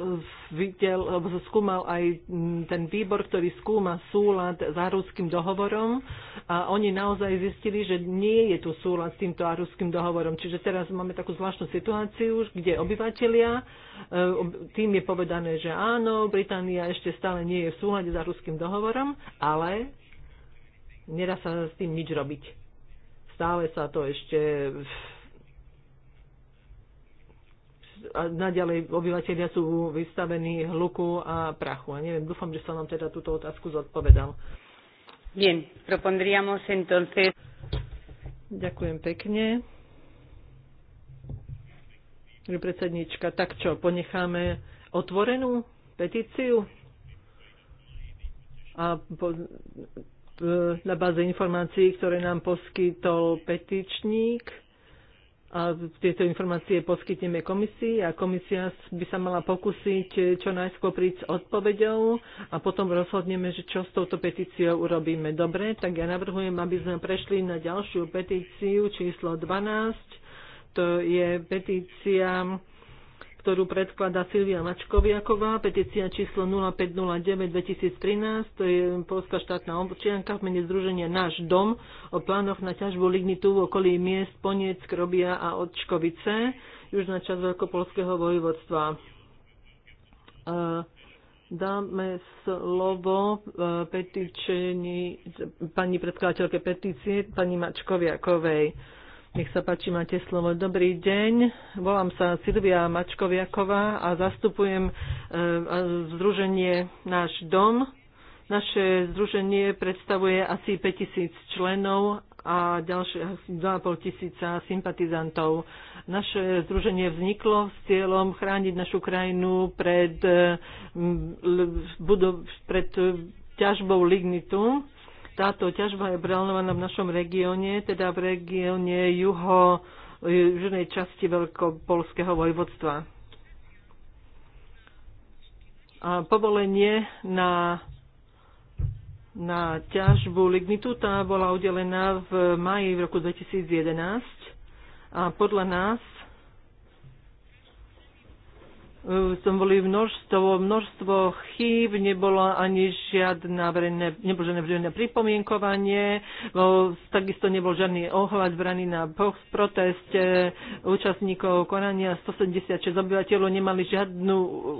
videl, alebo skúmal aj ten výbor, ktorý skúma súlad s arúským dohovorom a oni naozaj zistili, že nie je tu súlad s týmto arúským dohovorom. Čiže teraz máme takú zvláštnu situáciu, kde obyvateľia, eh, tým je povedané, že áno, Británia ešte stále nie je v súlade s arúským dohovorom, ale nedá sa s tým nič robiť. Stále sa to ešte a naďalej obyvateľia sú vystavení hluku a prachu. A neviem, dúfam, že som vám teda túto otázku zodpovedal. Bien, propondríamos entonces... Ďakujem pekne. Predsednička, tak čo, ponecháme otvorenú petíciu? A po, E, na báze informácií, ktoré nám poskytol petičník. A tieto informácie poskytneme komisii a komisia by sa mala pokúsiť čo najskôr príť s odpovedou a potom rozhodneme, že čo s touto petíciou urobíme. Dobre, tak ja navrhujem, aby sme prešli na ďalšiu petíciu číslo 12. To je petícia ktorú predkladá Silvia Mačkoviaková, petícia číslo 0509-2013, to je Polská štátna občianka v mene Združenia Náš dom o plánoch na ťažbu lignitu v okolí miest Poniec, Krobia a Očkovice, južná časť Veľkopolského vojvodstva. E, dáme slovo e, petičení, pani predkladateľke petície, pani Mačkoviakovej. Nech sa páči, máte slovo. Dobrý deň. Volám sa Silvia Mačkoviaková a zastupujem e, združenie Náš dom. Naše združenie predstavuje asi 5000 členov a ďalšie 2,5 tisíca sympatizantov. Naše združenie vzniklo s cieľom chrániť našu krajinu pred, pred ťažbou lignitu táto ťažba je bránovaná v našom regióne, teda v regióne juho južnej časti Veľkopolského vojvodstva. A povolenie na na ťažbu lignitu. Tá bola udelená v maji v roku 2011 a podľa nás Eh, som boli množstvo, množstvo chýb, nebolo ani žiadne verejné, nebolo žiadne verejné pripomienkovanie, takisto nebol žiadny ohľad braný na proteste eh, účastníkov konania. 176 obyvateľov nemali žiadnu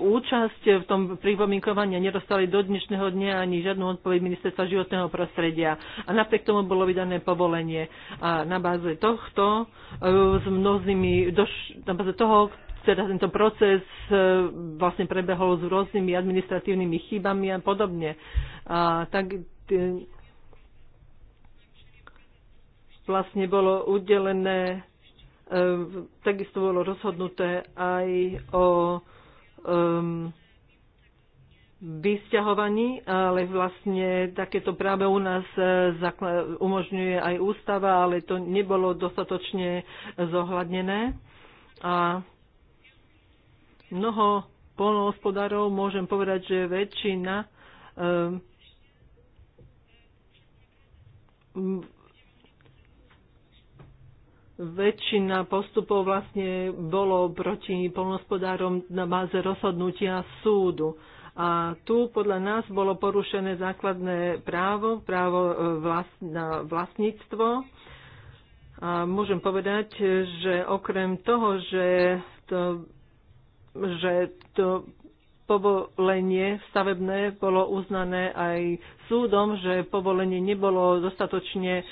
účasť v tom pripomienkovaní a nedostali do dnešného dňa ani žiadnu odpoveď ministerstva životného prostredia. A napriek tomu bolo vydané povolenie. A na báze tohto eh, s mnohými, na báze toho teda tento proces e, vlastne prebehol s rôznymi administratívnymi chybami a podobne. A tak e, vlastne bolo udelené, e, takisto bolo rozhodnuté aj o um, vysťahovaní, ale vlastne takéto práve u nás umožňuje aj ústava, ale to nebolo dostatočne zohľadnené. A mnoho polnohospodárov, môžem povedať, že väčšina um, väčšina postupov vlastne bolo proti polnohospodárom na báze rozhodnutia súdu. A tu podľa nás bolo porušené základné právo, právo e, vlast, na vlastníctvo. A môžem povedať, že okrem toho, že to že to povolenie stavebné bolo uznané aj súdom, že povolenie nebolo dostatočne e,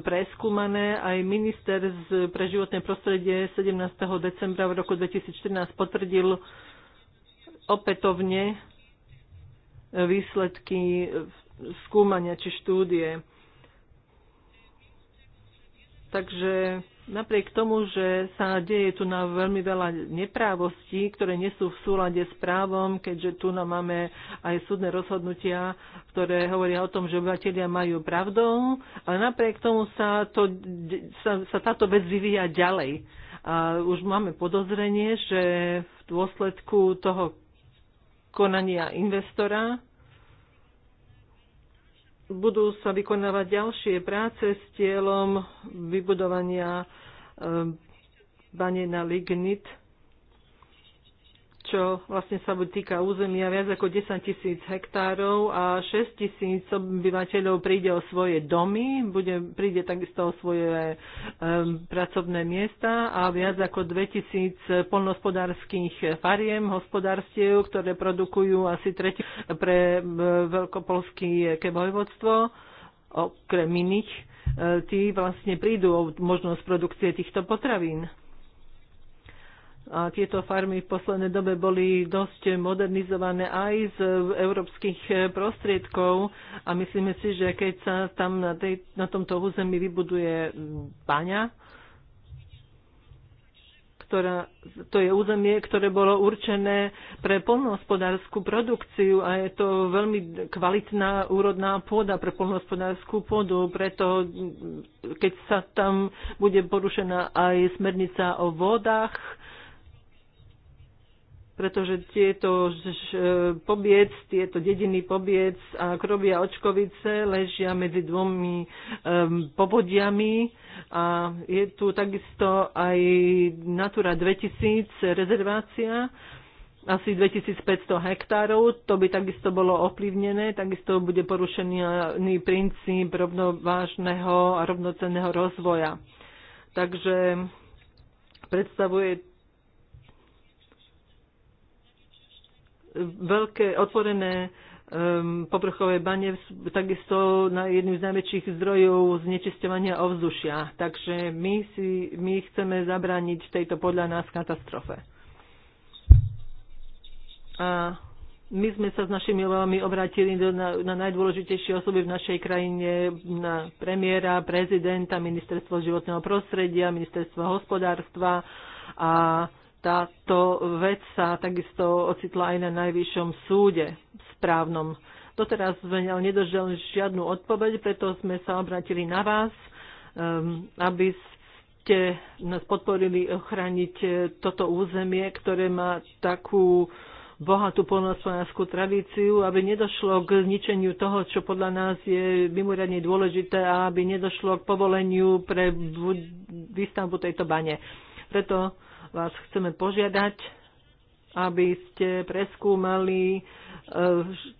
preskúmané. Aj minister pre životné prostredie 17. decembra v roku 2014 potvrdil opätovne e, výsledky skúmania či štúdie. Takže Napriek tomu, že sa deje tu na veľmi veľa neprávostí, ktoré nie sú v súlade s právom, keďže tu na máme aj súdne rozhodnutia, ktoré hovoria o tom, že obyvateľia majú pravdu, ale napriek tomu sa, to, sa, sa táto vec vyvíja ďalej. A už máme podozrenie, že v dôsledku toho konania investora budú sa vykonávať ďalšie práce s cieľom vybudovania eh, bane na lignit čo vlastne sa týka územia viac ako 10 tisíc hektárov a 6 tisíc obyvateľov príde o svoje domy, bude, príde takisto o svoje um, pracovné miesta a viac ako 2 tisíc polnospodárských fariem, hospodárstiev, ktoré produkujú asi tretí pre veľkopolské vojvodstvo, okrem iných, e, tí vlastne prídu o možnosť produkcie týchto potravín a tieto farmy v poslednej dobe boli dosť modernizované aj z európskych prostriedkov a myslíme si, že keď sa tam na, tej, na tomto území vybuduje baňa, ktorá, to je územie, ktoré bolo určené pre polnohospodárskú produkciu a je to veľmi kvalitná úrodná pôda pre polnohospodárskú pôdu, preto keď sa tam bude porušená aj smernica o vodách, pretože tieto e, pobiec, tieto dediny pobiec a krobia očkovice ležia medzi dvomi um, povodiami a je tu takisto aj Natura 2000 rezervácia, asi 2500 hektárov, to by takisto bolo ovplyvnené, takisto bude porušený princíp rovnovážneho a rovnocenného rozvoja. Takže predstavuje veľké otvorené um, povrchové bane takisto na jedným z najväčších zdrojov znečisťovania ovzdušia. Takže my, si, my chceme zabrániť tejto podľa nás katastrofe. A my sme sa s našimi obavami obrátili do, na, na najdôležitejšie osoby v našej krajine, na premiéra, prezidenta, ministerstvo životného prostredia, ministerstvo hospodárstva a táto vec sa takisto ocitla aj na Najvyššom súde správnom. Doteraz sme nedožili žiadnu odpoveď, preto sme sa obratili na vás, ehm, aby ste nás podporili ochrániť toto územie, ktoré má takú bohatú polnospodárskú tradíciu, aby nedošlo k zničeniu toho, čo podľa nás je mimoriadne dôležité a aby nedošlo k povoleniu pre výstavbu tejto bane. Preto vás chceme požiadať, aby ste preskúmali e,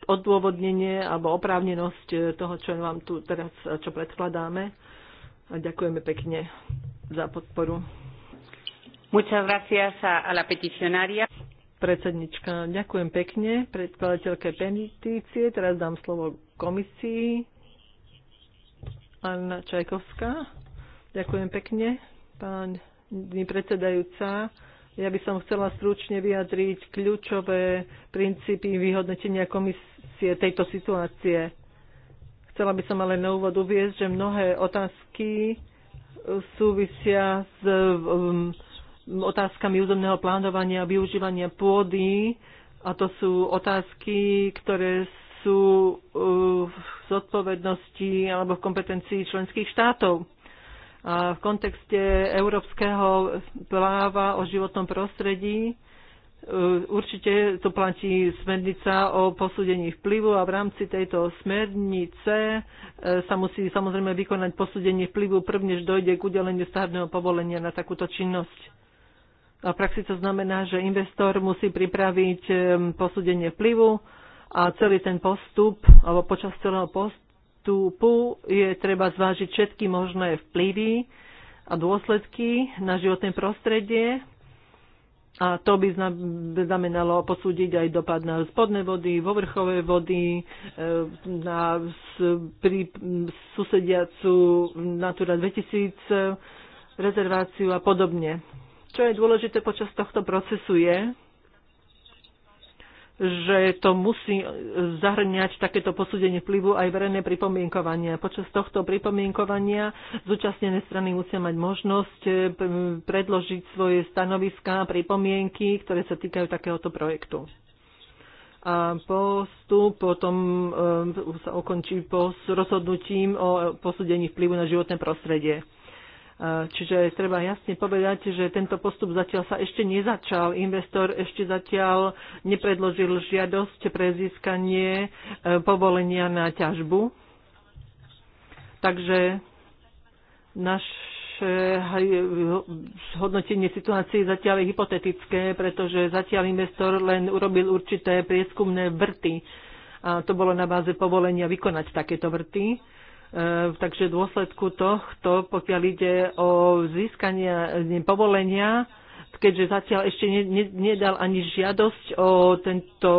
odôvodnenie alebo oprávnenosť e, toho, čo vám tu teraz čo predkladáme. A ďakujeme pekne za podporu. Muchas gracias a, la peticionaria. Predsednička, ďakujem pekne predkladateľke petície. Teraz dám slovo komisii. Anna Čajkovská. Ďakujem pekne, pán predsedajúca. Ja by som chcela stručne vyjadriť kľúčové princípy vyhodnotenia komisie tejto situácie. Chcela by som ale na úvod uviezť, že mnohé otázky súvisia s um, otázkami územného plánovania a využívania pôdy a to sú otázky, ktoré sú uh, v zodpovednosti alebo v kompetencii členských štátov. A v kontexte európskeho práva o životnom prostredí e, určite to platí smernica o posúdení vplyvu a v rámci tejto smernice e, sa musí samozrejme vykonať posúdenie vplyvu prvnež dojde k udeleniu stavebného povolenia na takúto činnosť. A v praxi to znamená, že investor musí pripraviť e, posúdenie vplyvu a celý ten postup, alebo počas celého postupu, prístupu je treba zvážiť všetky možné vplyvy a dôsledky na životné prostredie. A to by znamenalo posúdiť aj dopad na spodné vody, povrchové vody, e, na pri susediacu Natura 2000 rezerváciu a podobne. Čo je dôležité počas tohto procesu je, že to musí zahrňať takéto posúdenie vplyvu aj verejné pripomienkovanie. Počas tohto pripomienkovania zúčastnené strany musia mať možnosť eh, predložiť svoje stanoviská a pripomienky, ktoré sa týkajú takéhoto projektu. A postup potom eh, sa ukončí s rozhodnutím o posúdení vplyvu na životné prostredie. Čiže treba jasne povedať, že tento postup zatiaľ sa ešte nezačal. Investor ešte zatiaľ nepredložil žiadosť pre získanie e, povolenia na ťažbu. Takže náš hodnotenie situácie zatiaľ je hypotetické, pretože zatiaľ investor len urobil určité prieskumné vrty. A to bolo na báze povolenia vykonať takéto vrty. Ehm, takže v dôsledku tohto, pokiaľ ide o získanie eh, povolenia, keďže zatiaľ ešte ne, ne, nedal ani žiadosť o, tento,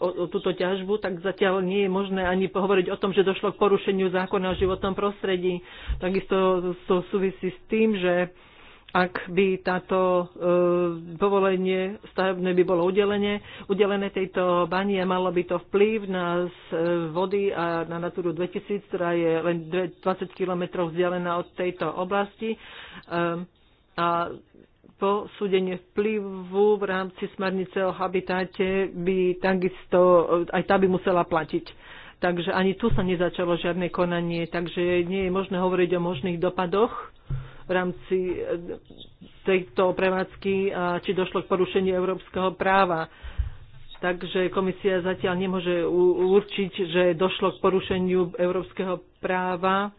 o, o túto ťažbu, tak zatiaľ nie je možné ani pohovoriť o tom, že došlo k porušeniu zákona o životnom prostredí. Takisto to súvisí s tým, že ak by táto e, povolenie stavebné by bolo udelené, udelené tejto bani a malo by to vplyv na z, e, vody a na Naturu 2000, ktorá je len 20 kilometrov vzdialená od tejto oblasti. E, a súdenie vplyvu v rámci smernice o habitáte by takisto, aj tá by musela platiť. Takže ani tu sa nezačalo žiadne konanie, takže nie je možné hovoriť o možných dopadoch v rámci eh, tejto prevádzky, eh, či došlo k porušeniu európskeho práva. Takže komisia zatiaľ nemôže určiť, že došlo k porušeniu európskeho práva,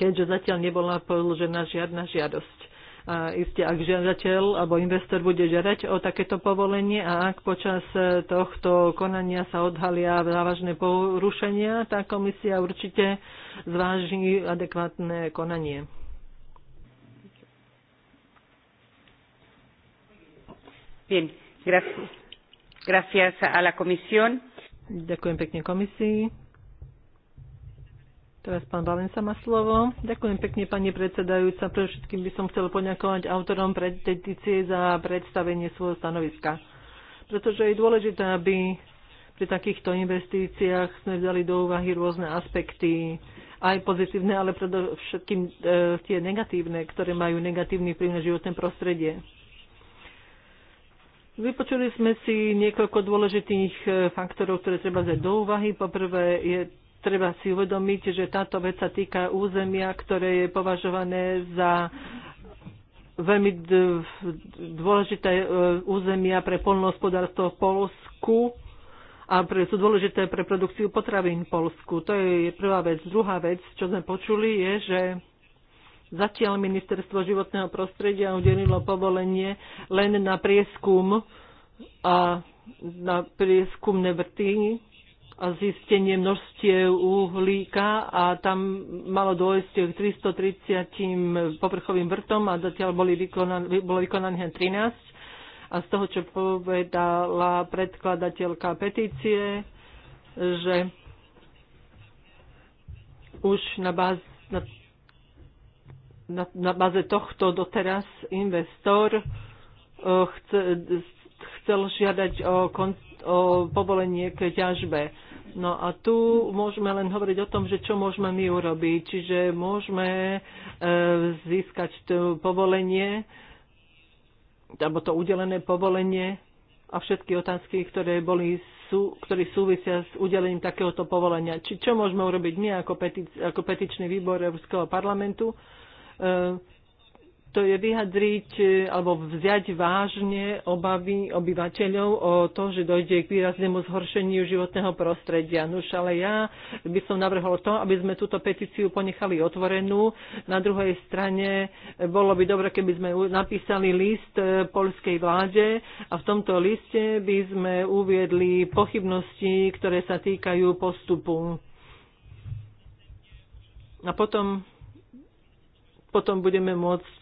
keďže zatiaľ nebola položená žiadna žiadosť. A iste, ak žiadateľ alebo investor bude žiadať o takéto povolenie a ak počas eh, tohto konania sa odhalia závažné porušenia, tá komisia určite zváži adekvátne konanie. Ďakujem pekne komisii. Teraz pán Valensa má slovo. Ďakujem pekne, pani predsedajúca. Pre všetkým by som chcel poďakovať autorom petície za predstavenie svojho stanoviska. Pretože je dôležité, aby pri takýchto investíciách sme vzali do úvahy rôzne aspekty, aj pozitívne, ale predovšetkým e, tie negatívne, ktoré majú negatívny vplyv na životné prostredie. Vypočuli sme si niekoľko dôležitých e, faktorov, ktoré treba zať do úvahy. Poprvé je treba si uvedomiť, že táto vec sa týka územia, ktoré je považované za veľmi dôležité e, územia pre polnohospodárstvo v Polsku a pre, sú dôležité pre produkciu potravín v Polsku. To je prvá vec. Druhá vec, čo sme počuli, je, že Zatiaľ ministerstvo životného prostredia udelilo povolenie len na prieskum a na prieskumné vrty a zistenie množstie uhlíka a tam malo dôjsť k 330 povrchovým vrtom a zatiaľ boli vykonan- bolo vykonaných 13. A z toho, čo povedala predkladateľka petície, že už na báze na na, na baze tohto doteraz investor e, chce, chcel žiadať o, kon, o povolenie k ťažbe. No a tu môžeme len hovoriť o tom, že čo môžeme my urobiť. Čiže môžeme uh, získať to povolenie, alebo to udelené povolenie a všetky otázky, ktoré boli sú, ktorí súvisia s udelením takéhoto povolenia. Či čo môžeme urobiť my ako, petic, ako petičný výbor Európskeho parlamentu? E, to je vyjadriť e, alebo vziať vážne obavy obyvateľov o to, že dojde k výraznému zhoršeniu životného prostredia. Nuž, ale ja by som navrhol to, aby sme túto petíciu ponechali otvorenú. Na druhej strane e, bolo by dobre, keby sme napísali list polskej vláde a v tomto liste by sme uviedli pochybnosti, ktoré sa týkajú postupu. A potom potom budeme môcť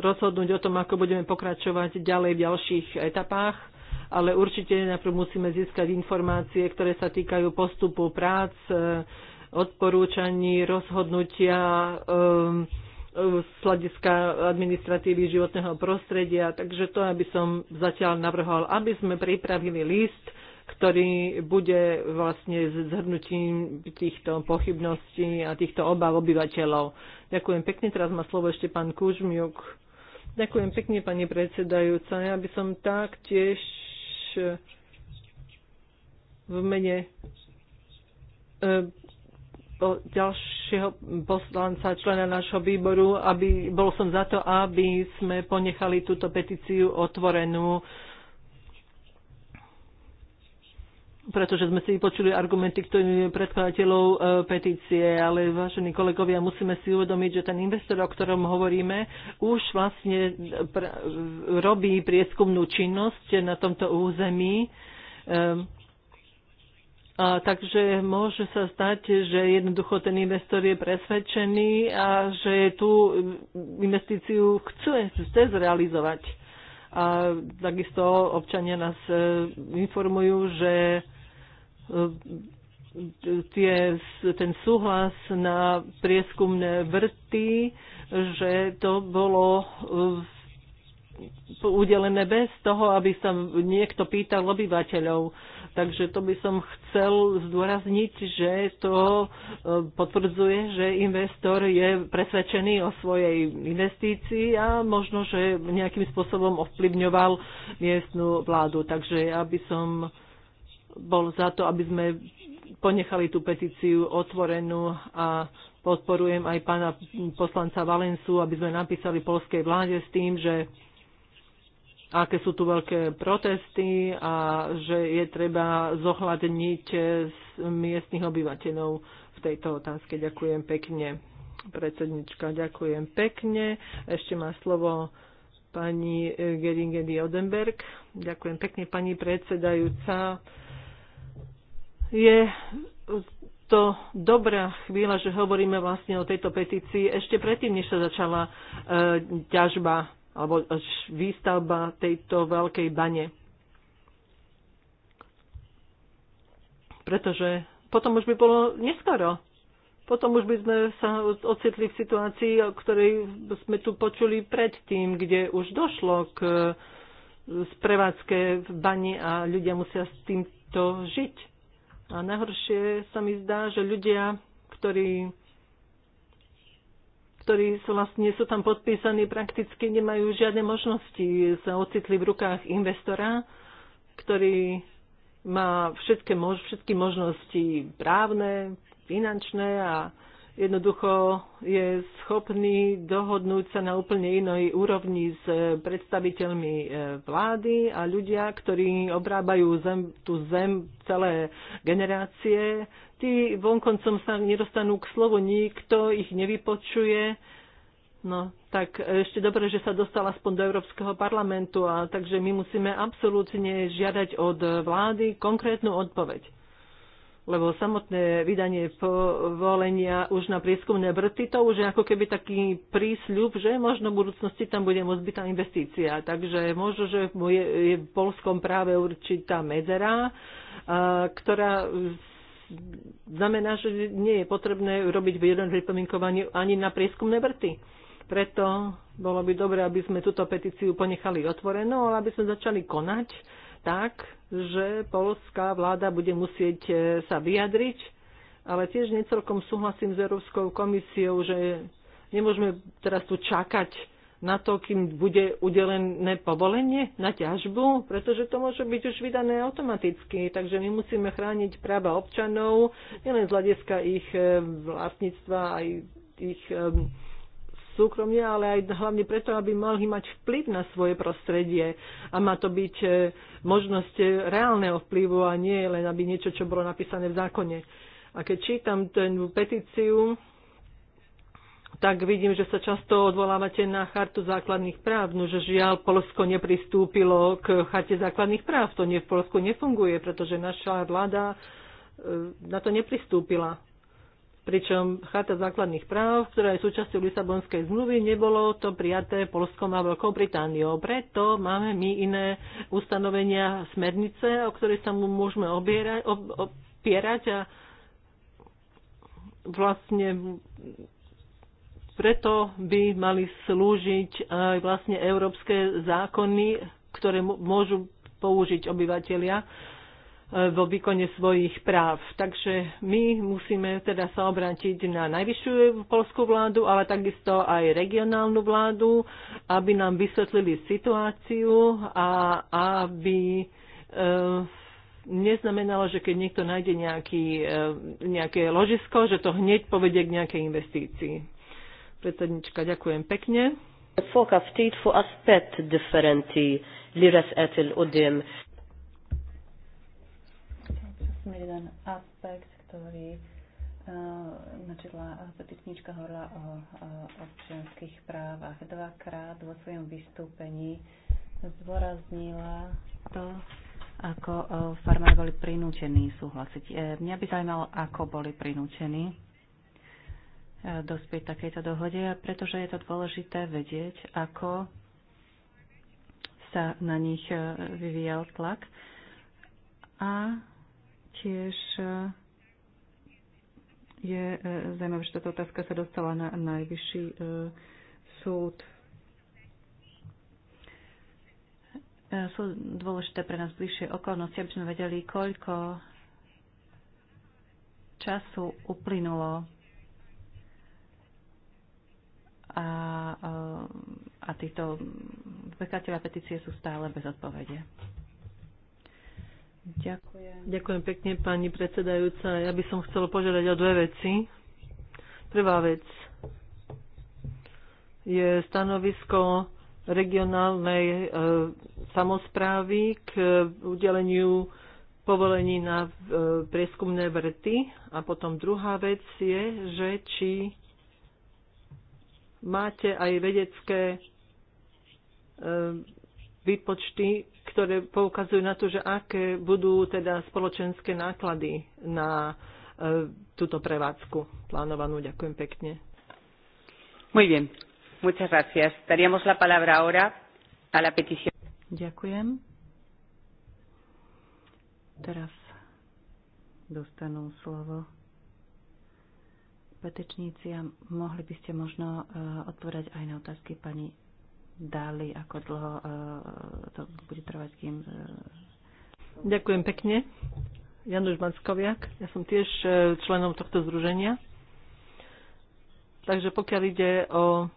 rozhodnúť o tom, ako budeme pokračovať ďalej v ďalších etapách, ale určite najprv musíme získať informácie, ktoré sa týkajú postupu prác, e, odporúčaní, rozhodnutia z hľadiska administratívy životného prostredia. Takže to, aby som zatiaľ navrhol, aby sme pripravili list, ktorý bude vlastne zhrnutím týchto pochybností a týchto obav obyvateľov. Ďakujem pekne. Teraz má slovo ešte pán Kužmiuk. Ďakujem pekne, pani predsedajúca. Ja by som taktiež e, v mene e, ďalšieho poslanca, člena nášho výboru, aby bol som za to, aby sme ponechali túto petíciu otvorenú pretože sme si vypočuli argumenty ktoré predkladateľov e, petície, ale vážení kolegovia, musíme si uvedomiť, že ten investor, o ktorom hovoríme, už vlastne e, robí prieskumnú činnosť na tomto území. E, a takže môže sa stať, že jednoducho ten investor je presvedčený a že tú investíciu chce, chce zrealizovať. A takisto občania nás informujú, že tie, ten súhlas na prieskumné vrty, že to bolo e, udelené bez toho, aby sa niekto pýtal obyvateľov. Takže to by som chcel zdôrazniť, že to e, potvrdzuje, že investor je presvedčený o svojej investícii a možno, že nejakým spôsobom ovplyvňoval miestnu vládu. Takže ja by som bol za to, aby sme ponechali tú petíciu otvorenú a podporujem aj pána poslanca Valensu, aby sme napísali polskej vláde s tým, že aké sú tu veľké protesty a že je treba zohľadniť miestnych obyvateľov v tejto otázke. Ďakujem pekne. Predsednička, ďakujem pekne. Ešte má slovo pani Geringedy Odenberg. Ďakujem pekne, pani predsedajúca je to dobrá chvíľa, že hovoríme vlastne o tejto petícii ešte predtým, než sa začala e, ťažba alebo výstavba tejto veľkej bane. Pretože potom už by bolo neskoro. Potom už by sme sa ocitli v situácii, o ktorej sme tu počuli predtým, kde už došlo k e, sprevádzke v bani a ľudia musia s týmto žiť a najhoršie sa mi zdá, že ľudia, ktorí ktorí sú vlastne sú tam podpísaní, prakticky nemajú žiadne možnosti. Sa ocitli v rukách investora, ktorý má všetky, všetky možnosti právne, finančné a jednoducho je schopný dohodnúť sa na úplne inej úrovni s eh, predstaviteľmi eh, vlády a ľudia, ktorí obrábajú zem, tú zem celé generácie, tí vonkoncom sa nedostanú k slovu, nikto ich nevypočuje. No, tak ešte dobre, že sa dostal aspoň do Európskeho parlamentu, a takže my musíme absolútne žiadať od vlády konkrétnu odpoveď lebo samotné vydanie povolenia už na prieskumné vrty, to už je ako keby taký prísľub, že možno v budúcnosti tam bude byť tá investícia. Takže možno, že je v polskom práve určitá medzera, ktorá znamená, že nie je potrebné robiť jeden pripomienkovanie ani na prieskumné vrty. Preto bolo by dobré, aby sme túto petíciu ponechali otvorenú, ale aby sme začali konať tak, že polská vláda bude musieť e, sa vyjadriť, ale tiež necelkom súhlasím s Európskou komisiou, že nemôžeme teraz tu čakať na to, kým bude udelené povolenie na ťažbu, pretože to môže byť už vydané automaticky. Takže my musíme chrániť práva občanov, nielen z hľadiska ich e, vlastníctva, aj ich e, súkromne, ale aj hlavne preto, aby mohli mať vplyv na svoje prostredie. A má to byť e, možnosť e, reálneho vplyvu a nie len, aby niečo, čo bolo napísané v zákone. A keď čítam ten petíciu, tak vidím, že sa často odvolávate na chartu základných práv. No, že žiaľ, Polsko nepristúpilo k charte základných práv. To nie v Polsku nefunguje, pretože naša vláda e, na to nepristúpila pričom Charta základných práv, ktorá je súčasťou Lisabonskej zmluvy, nebolo to prijaté Polskom a Veľkou Britániou. Preto máme my iné ustanovenia smernice, o ktoré sa mu môžeme obierať, ob, opierať a vlastne preto by mali slúžiť aj vlastne európske zákony, ktoré môžu použiť obyvateľia E, vo výkone svojich práv. Takže my musíme teda sa obrátiť na najvyššiu polskú vládu, ale takisto aj regionálnu vládu, aby nám vysvetlili situáciu a aby e, neznamenalo, že keď niekto nájde nejaký, e, nejaké ložisko, že to hneď povedie k nejakej investícii. Predsednička, ďakujem pekne. differenti som jeden aspekt, ktorý eh, načetla petičníčka hovorila o, o občianských právach. Dvakrát vo svojom vystúpení zdôraznila to, ako eh, farmári boli prinútení súhlasiť. Eh, mňa by zaujímalo, ako boli prinútení dospieť takejto dohode, pretože je to dôležité vedieť, ako sa na nich vyvíjal tlak a Tiež e, je e, zaujímavé, že táto otázka sa dostala na najvyšší e, súd. Sú dôležité pre nás bližšie okolnosti, aby sme vedeli, koľko času uplynulo a, a títo mm, vekateľa petície sú stále bez odpovede. Ďakujem. Ďakujem pekne, pani predsedajúca. Ja by som chcela požiadať o dve veci. Prvá vec je stanovisko regionálnej e, samozprávy k udeleniu povolení na e, prieskumné vrty. A potom druhá vec je, že či máte aj vedecké e, výpočty ktoré poukazujú na to, že aké budú teda spoločenské náklady na e, túto prevádzku plánovanú. Ďakujem pekne. Muy bien. Muchas gracias. Daríamos la palabra ahora a la petición. Ďakujem. Teraz dostanú slovo petečníci a mohli by ste možno e, odpovedať aj na otázky pani dali, ako dlho e, to bude trvať, kým... E, Ďakujem pekne. Januš Mackoviak, ja som tiež e, členom tohto združenia. Takže pokiaľ ide o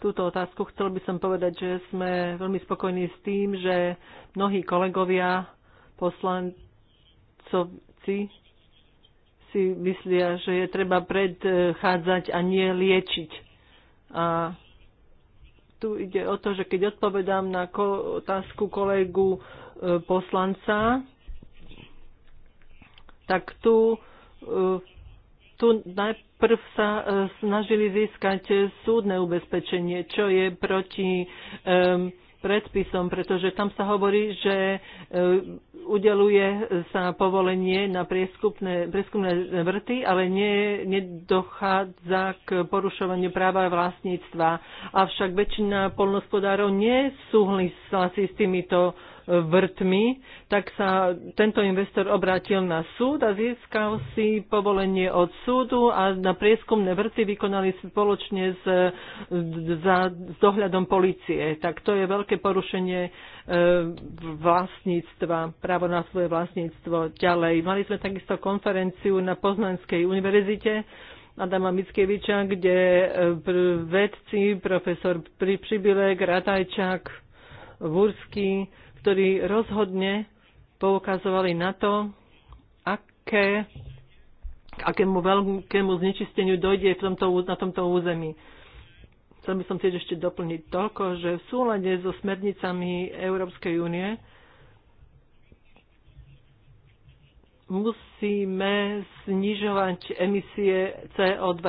túto otázku, chcel by som povedať, že sme veľmi spokojní s tým, že mnohí kolegovia, poslancovci si myslia, že je treba predchádzať a nie liečiť. A tu ide o to, že keď odpovedám na ko- otázku kolegu e, poslanca, tak tu, e, tu najprv sa e, snažili získať súdne ubezpečenie, čo je proti e, predpisom, pretože tam sa hovorí, že e, udeluje sa povolenie na prieskupné, prieskupné vrty, ale nie, nedochádza k porušovaniu práva vlastníctva. Avšak väčšina polnospodárov nesúhlasí s týmito vrtmi, tak sa tento investor obrátil na súd a získal si povolenie od súdu a na prieskumné vrty vykonali spoločne s, za, s dohľadom policie. Tak to je veľké porušenie e, vlastníctva, právo na svoje vlastníctvo ďalej. Mali sme takisto konferenciu na Poznanskej univerzite, Adama Mickeviča, kde e, vedci, profesor Pribilek, Ratajčák, Vúrsky ktorí rozhodne poukazovali na to, aké, k akému veľkému znečisteniu dojde v tomto, na tomto území. Chcel by som tiež ešte doplniť toľko, že v súlade so smernicami Európskej únie musíme znižovať emisie CO2.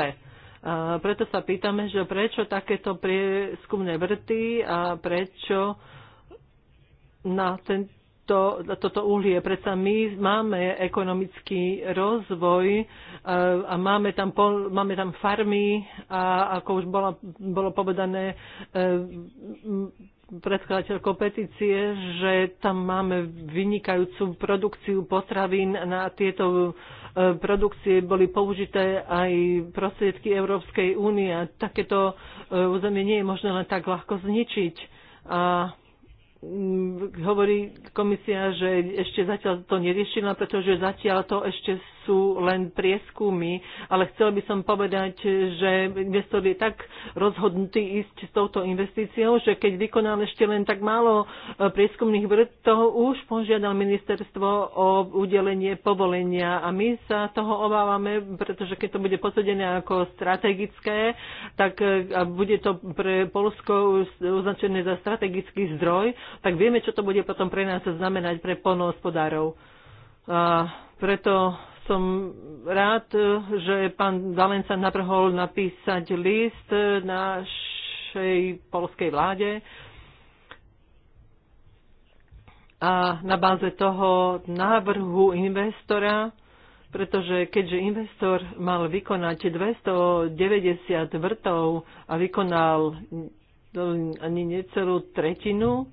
A preto sa pýtame, že prečo takéto prieskumné vrty a prečo na tento, toto uhlie. Predsa my máme ekonomický rozvoj e, a máme tam, pol, máme tam farmy a ako už bola, bolo povedané e, predkladateľkou petície, že tam máme vynikajúcu produkciu potravín na tieto e, produkcie boli použité aj prostriedky Európskej únie. Takéto územie nie je možné len tak ľahko zničiť. A Mm, hovorí komisia, že ešte zatiaľ to neriešila, pretože zatiaľ to ešte sú len prieskumy, ale chcel by som povedať, že investor je tak rozhodnutý ísť s touto investíciou, že keď vykonal ešte len tak málo e, prieskumných toho už požiadal ministerstvo o udelenie povolenia a my sa toho obávame, pretože keď to bude posúdené ako strategické, tak e, a bude to pre Polsko označené za strategický zdroj, tak vieme, čo to bude potom pre nás znamenať pre polnohospodárov. A preto som rád, že pán Valenca navrhol napísať list našej polskej vláde a na báze toho návrhu investora, pretože keďže investor mal vykonať 290 vrtov a vykonal ani necelú tretinu,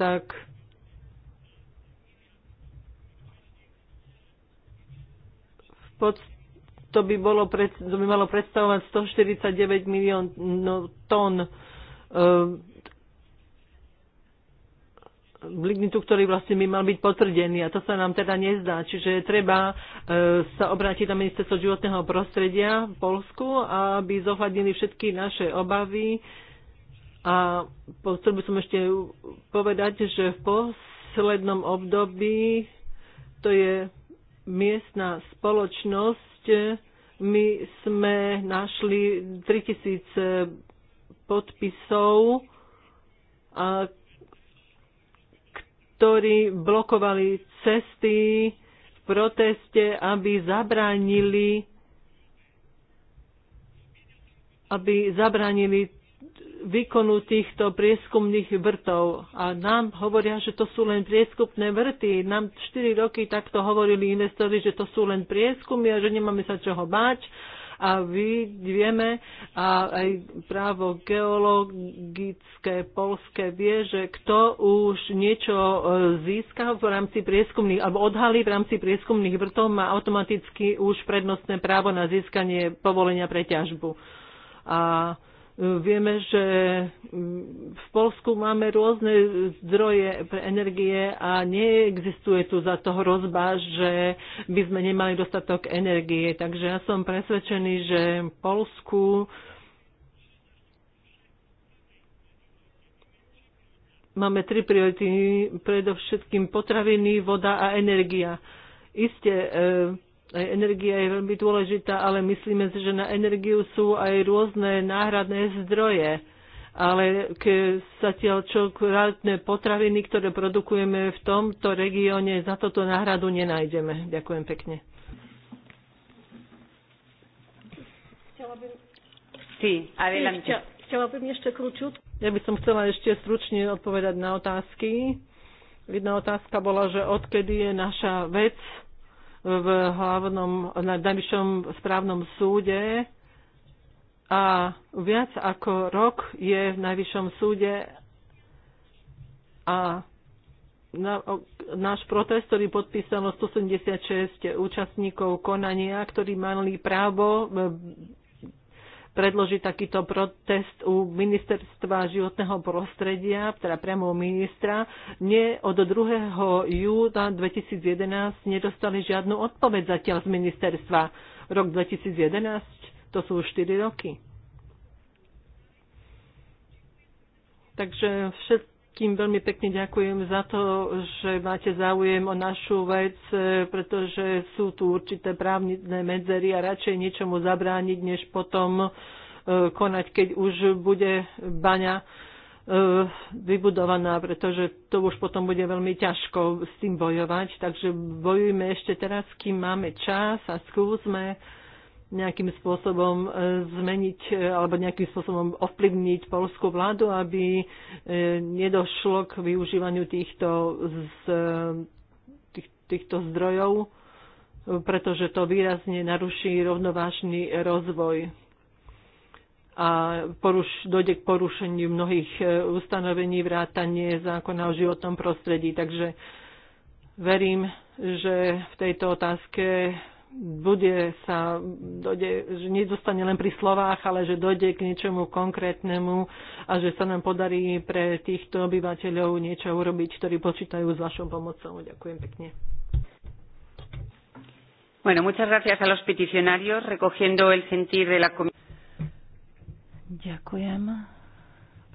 tak pod, to, by bolo pred, to by malo predstavovať 149 no, tón eh, lignitu, ktorý vlastne by mal byť potvrdený a to sa nám teda nezdá. Čiže treba uh, sa obrátiť na ministerstvo životného prostredia v Polsku, aby zohľadnili všetky naše obavy. A chcel by som ešte povedať, že v poslednom období to je miestna spoločnosť, my sme našli 3000 podpisov, a, ktorí blokovali cesty v proteste, aby zabránili aby zabránili výkonu týchto prieskumných vrtov. A nám hovoria, že to sú len prieskupné vrty. Nám 4 roky takto hovorili investori, že to sú len prieskumy a že nemáme sa čoho báť. A vy vieme, a aj právo geologické polské vie, že kto už niečo e, získa v rámci prieskumných, alebo odhalí v rámci prieskumných vrtov, má automaticky už prednostné právo na získanie povolenia pre ťažbu. A Vieme, že v Polsku máme rôzne zdroje pre energie a neexistuje tu za to hrozba, že by sme nemali dostatok energie. Takže ja som presvedčený, že v Polsku máme tri priority, predovšetkým potraviny, voda a energia. Isté, e, energia je veľmi dôležitá, ale myslíme si, že na energiu sú aj rôzne náhradné zdroje. Ale keď sa tie čokoládne potraviny, ktoré produkujeme v tomto regióne, za toto náhradu nenájdeme. Ďakujem pekne. Chcela by adelante. Chciałabym Ja by som chcela ešte stručne odpovedať na otázky. Jedna otázka bola, že odkedy je naša vec v hlavnom, na najvyššom správnom súde a viac ako rok je v najvyššom súde a na, o, náš protest, ktorý podpísalo 176 účastníkov konania, ktorí mali právo predložiť takýto protest u ministerstva životného prostredia, teda priamo u ministra. Nie od 2. júna 2011 nedostali žiadnu odpoveď zatiaľ z ministerstva. Rok 2011, to sú 4 roky. Takže všetko všetkým veľmi pekne ďakujem za to, že máte záujem o našu vec, e, pretože sú tu určité právne medzery a radšej niečomu zabrániť, než potom e, konať, keď už bude baňa e, vybudovaná, pretože to už potom bude veľmi ťažko s tým bojovať. Takže bojujme ešte teraz, kým máme čas a skúsme nejakým spôsobom e, zmeniť e, alebo nejakým spôsobom ovplyvniť polskú vládu, aby e, nedošlo k využívaniu týchto, z, tých, týchto zdrojov, pretože to výrazne naruší rovnovážny rozvoj a poruš, dojde k porušeniu mnohých ustanovení vrátanie zákona o životnom prostredí. Takže verím, že v tejto otázke bude sa, dojde, že nedostane len pri slovách, ale že dojde k niečomu konkrétnemu a že sa nám podarí pre týchto obyvateľov niečo urobiť, ktorí počítajú s vašou pomocou. Ďakujem pekne. Bueno, muchas gracias a los peticionarios, recogiendo el sentir de la comisión. Ďakujem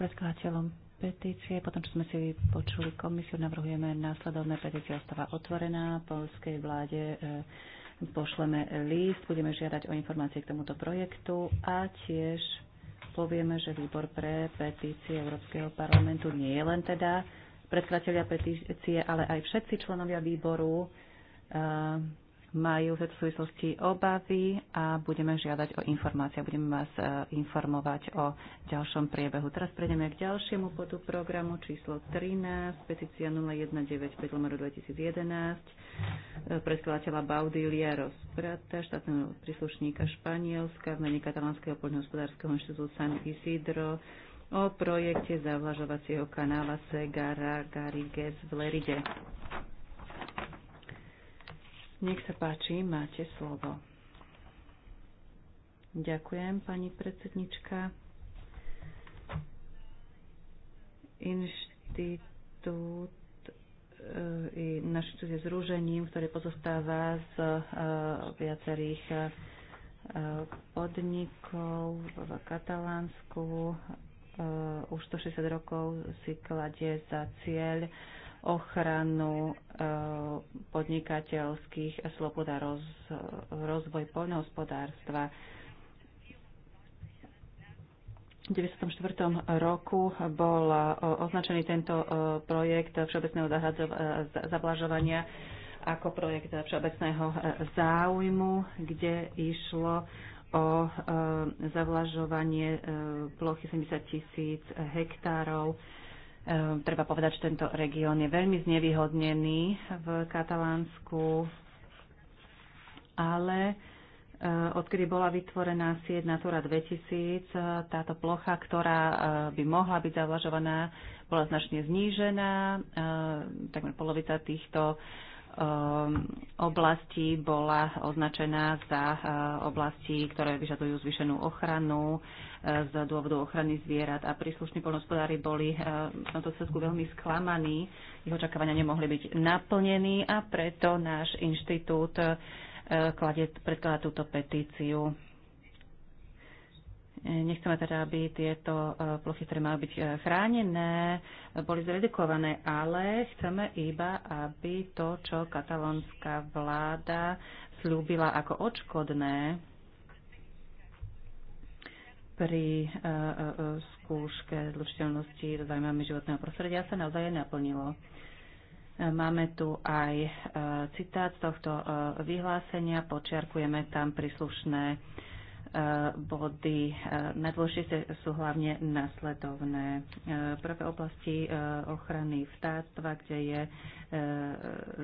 predkladateľom petície. Potom, čo sme si počuli komisiu, navrhujeme následovné petícia ostáva otvorená polskej vláde. E, pošleme list, budeme žiadať o informácie k tomuto projektu a tiež povieme, že výbor pre petície Európskeho parlamentu nie je len teda predkladateľia petície, ale aj všetci členovia výboru eh, majú v súvislosti obavy a budeme žiadať o informácie. Budeme vás e, informovať o ďalšom priebehu. Teraz prejdeme k ďalšiemu bodu programu číslo 13, petícia 0195 2011, e, predkladateľa Baudilia Rozprata, štátneho príslušníka Španielska v mene Katalánskeho poľnohospodárskeho inštitútu San Isidro o projekte zavlažovacieho kanála Segara Gariges v Leride. Nech sa páči, máte slovo. Ďakujem, pani predsednička. Inštitút náš e, inštitút je zružením, ktoré pozostáva z e, viacerých e, podnikov v Katalánsku. Už 160 rokov si kladie za cieľ ochranu e, podnikateľských slobod a roz, rozvoj poľnohospodárstva. V 94. roku bol e, označený tento e, projekt všeobecného zavlažovania ako projekt všeobecného záujmu, kde išlo o zavlažovanie plochy 70 tisíc hektárov Ehm, treba povedať, že tento región je veľmi znevýhodnený v Katalánsku, ale ehm, odkedy bola vytvorená sieť Natura 2000, ehm, táto plocha, ktorá by mohla byť zavlažovaná, bola značne znížená. Takmer polovica týchto Ehm, oblasti bola označená za eh, oblasti, ktoré vyžadujú zvýšenú ochranu eh, z dôvodu ochrany zvierat a príslušní polnospodári boli eh, v tomto svedku veľmi sklamaní, ich očakávania nemohli byť naplnení a preto náš inštitút kladie, predkladá túto petíciu. Nechceme teda, aby tieto e, plochy, ktoré majú byť e, chránené, boli zredukované, ale chceme iba, aby to, čo katalonská vláda slúbila ako odškodné pri e, skúške zlučiteľnosti zaujímavými životného prostredia, sa naozaj naplnilo. Máme tu aj citát z tohto vyhlásenia, počiarkujeme tam príslušné body. Eh, najdôležitejšie sú hlavne nasledovné. Eh, prvé oblasti eh, ochrany vtáctva, kde je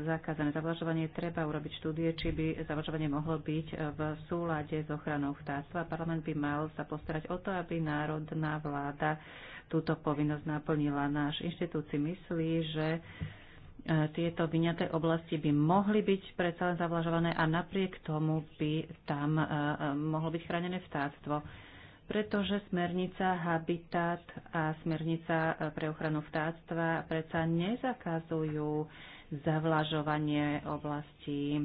zakázané zavlažovanie, treba urobiť štúdie, či by zavlažovanie mohlo byť v súlade s ochranou vtáctva. Parlament by mal sa postarať o to, aby národná vláda túto povinnosť naplnila. Náš inštitúci myslí, že E, tieto vyňaté oblasti by mohli byť predsa len zavlažované a napriek tomu by tam e, e, mohlo byť chránené vtáctvo. Pretože smernica Habitat a smernica pre ochranu vtáctva predsa nezakazujú zavlažovanie oblasti.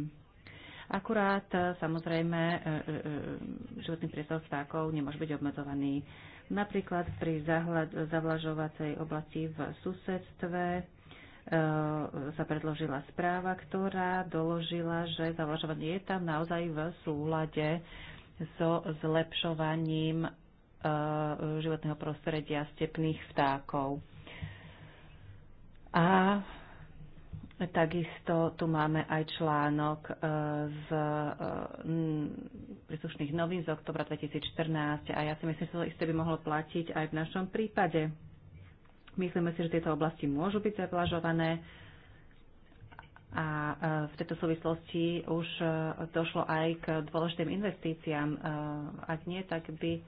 Akurát samozrejme životný priestor vtákov nemôže byť obmedzovaný. Napríklad pri zavlažovacej oblasti v susedstve E, sa predložila správa, ktorá doložila, že zavlažovanie je tam naozaj v súlade so zlepšovaním e, životného prostredia stepných vtákov. A takisto tu máme aj článok e, z príslušných novín z oktobra 2014 a ja si myslím, že to isté by mohlo platiť aj v našom prípade. Myslíme si, že tieto oblasti môžu byť zablažované a e, v tejto súvislosti už e, došlo aj k dôležitým investíciám. E, ak nie, tak by